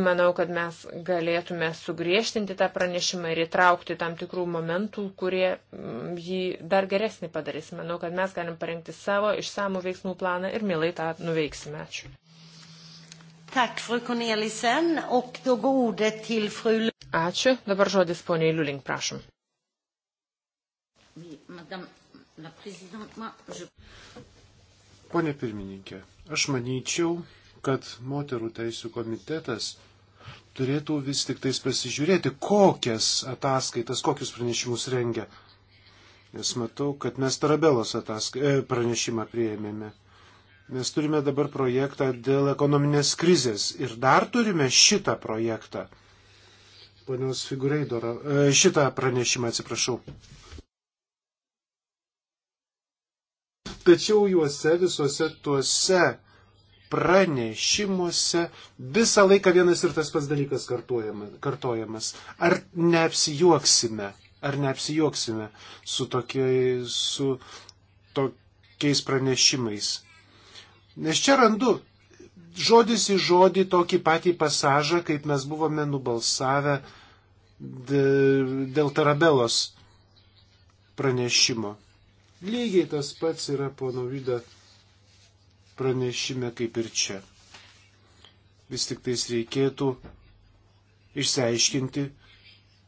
Manau, kad mes galėtume sugriežtinti tą pranešimą ir įtraukti tam tikrų momentų, kurie mm, jį dar geresnį padarys. Manau, kad mes galim parengti savo išsamų veiksmų planą ir mielai tą nuveiksime. Ačiū. Tak, fru Cornelisen, och då går ordet till fru... Ačiū, dabar žodis poniai Liulink, prašom.
Pone pirmininkė, aš manyčiau, kad moterų teisų komitetas turėtų vis tik tais pasižiūrėti, kokias ataskaitas, kokius pranešimus rengia. Nes matau, kad mes Tarabelos atask... E, pranešimą prieėmėme. Mes turime dabar projektą dėl ekonominės krizės ir dar turime šitą projektą. Ponios figurai, dora, e, šitą pranešimą atsiprašau. Tačiau juose visuose tuose pranešimuose visą laiką vienas ir tas pats dalykas kartojamas. Ar neapsijuoksime, ar neapsijuoksime su, tokiai, su tokiais pranešimais? Nes čia randu žodis į žodį tokį patį pasažą, kaip mes buvome nubalsavę dėl Tarabelos pranešimo. Lygiai tas pats yra pono Vida pranešime kaip ir čia. Vis tik tais reikėtų išsiaiškinti,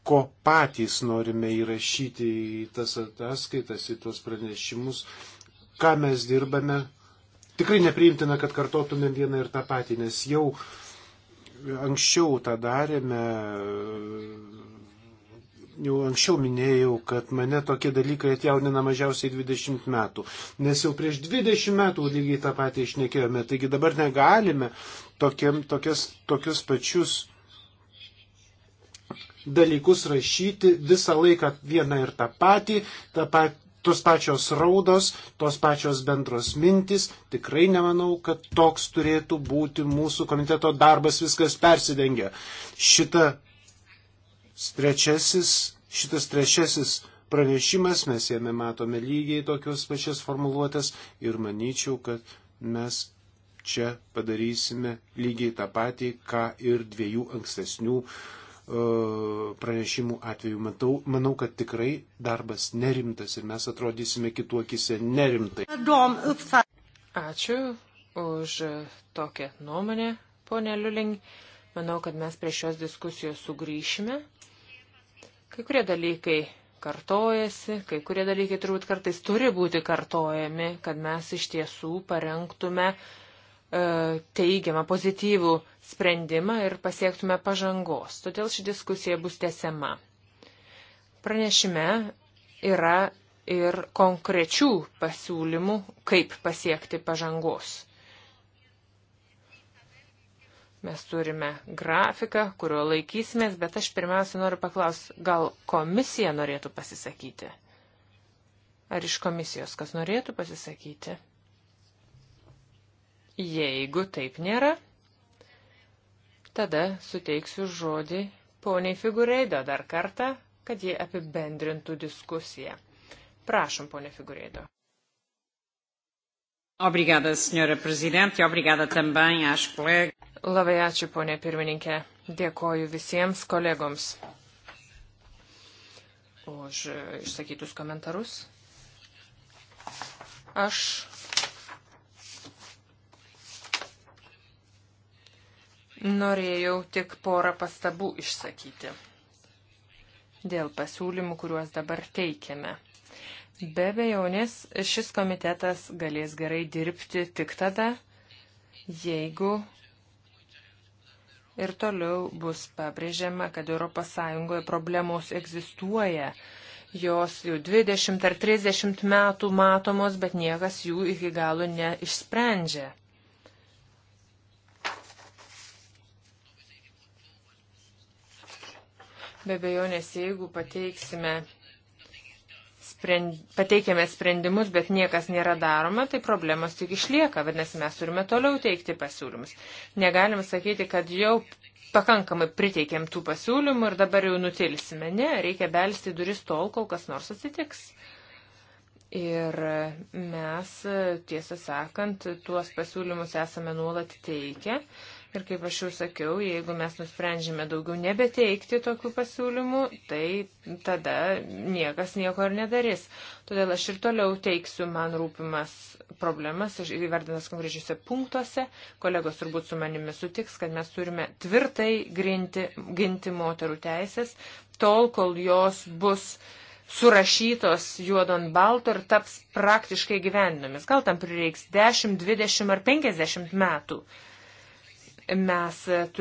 ko patys norime įrašyti į tas ataskaitas, į tuos pranešimus, ką mes dirbame, tikrai nepriimtina, kad kartotumėm vieną ir tą patį, nes jau anksčiau tą darėme, jau anksčiau minėjau, kad mane tokie dalykai atjaunina mažiausiai 20 metų, nes jau prieš 20 metų lygiai tą patį išnekėjome, taigi dabar negalime tokiem, tokias, tokius pačius dalykus rašyti visą laiką vieną ir tą patį, tą patį tos pačios raudos, tos pačios bendros mintis. Tikrai nemanau, kad toks turėtų būti mūsų komiteto darbas, viskas persidengia. Šita trečiasis, šitas trečiasis pranešimas, mes jame matome lygiai tokios pačias formuluotės ir manyčiau, kad mes čia padarysime lygiai tą patį, ką ir dviejų ankstesnių uh, E, pranešimų atveju. Matau, manau, kad tikrai darbas nerimtas ir mes atrodysime kituokise nerimtai.
Ačiū už tokią nuomonę, ponė Liuling. Manau, kad mes prie šios diskusijos sugrįšime. Kai kurie dalykai kartojasi, kai kurie dalykai turbūt kartais turi būti kartojami, kad mes iš tiesų parengtume uh, E, teigiamą, pozityvų sprendimą ir pasiektume pažangos. Todėl ši diskusija bus tęsiama. Pranešime yra ir konkrečių pasiūlymų, kaip pasiekti pažangos. Mes turime grafiką, kurio laikysimės, bet aš pirmiausia noriu paklausti, gal komisija norėtų pasisakyti? Ar iš komisijos kas norėtų pasisakyti? Jeigu taip nėra, tada suteiksiu žodį poniai Figureido dar kartą, kad jie apibendrintų diskusiją. Prašom, ponė Figureido.
Obrigada, senhora
prezidentė, e obrigada também às colegas. Labai ačiū, ponė pirmininkė. Dėkoju visiems kolegoms už išsakytus komentarus. Aš Norėjau tik porą pastabų išsakyti dėl pasiūlymų, kuriuos dabar teikiame. Be bejonės, šis komitetas galės gerai dirbti tik tada, jeigu ir toliau bus pabrėžiama, kad ES problemos egzistuoja. Jos jau 20 ar 30 metų matomos, bet niekas jų iki galo neišsprendžia. Be abejo, nes jeigu pateiksime sprend, pateikėme sprendimus, bet niekas nėra daroma, tai problemos tik išlieka, vadinasi, mes turime toliau teikti pasiūlymus. Negalim sakyti, kad jau pakankamai priteikėm tų pasiūlymų ir dabar jau nutilsime. Ne, reikia belsti duris tol, kol kas nors atsitiks. Ir mes, tiesą sakant, tuos pasiūlymus esame nuolat teikę. Uh, Ir kaip aš jau sakiau, jeigu mes nusprendžiame daugiau nebeteikti tokių pasiūlymų, tai tada niekas nieko ir nedarys. Todėl aš ir toliau teiksiu man rūpimas problemas, įvardinęs konkrečiuose punktuose. Kolegos turbūt su manimi sutiks, kad mes turime tvirtai grinti, ginti moterų teisės, tol, kol jos bus surašytos juodon balto ir taps praktiškai gyvendinomis. Gal tam prireiks 10, 20 ar 50 metų mes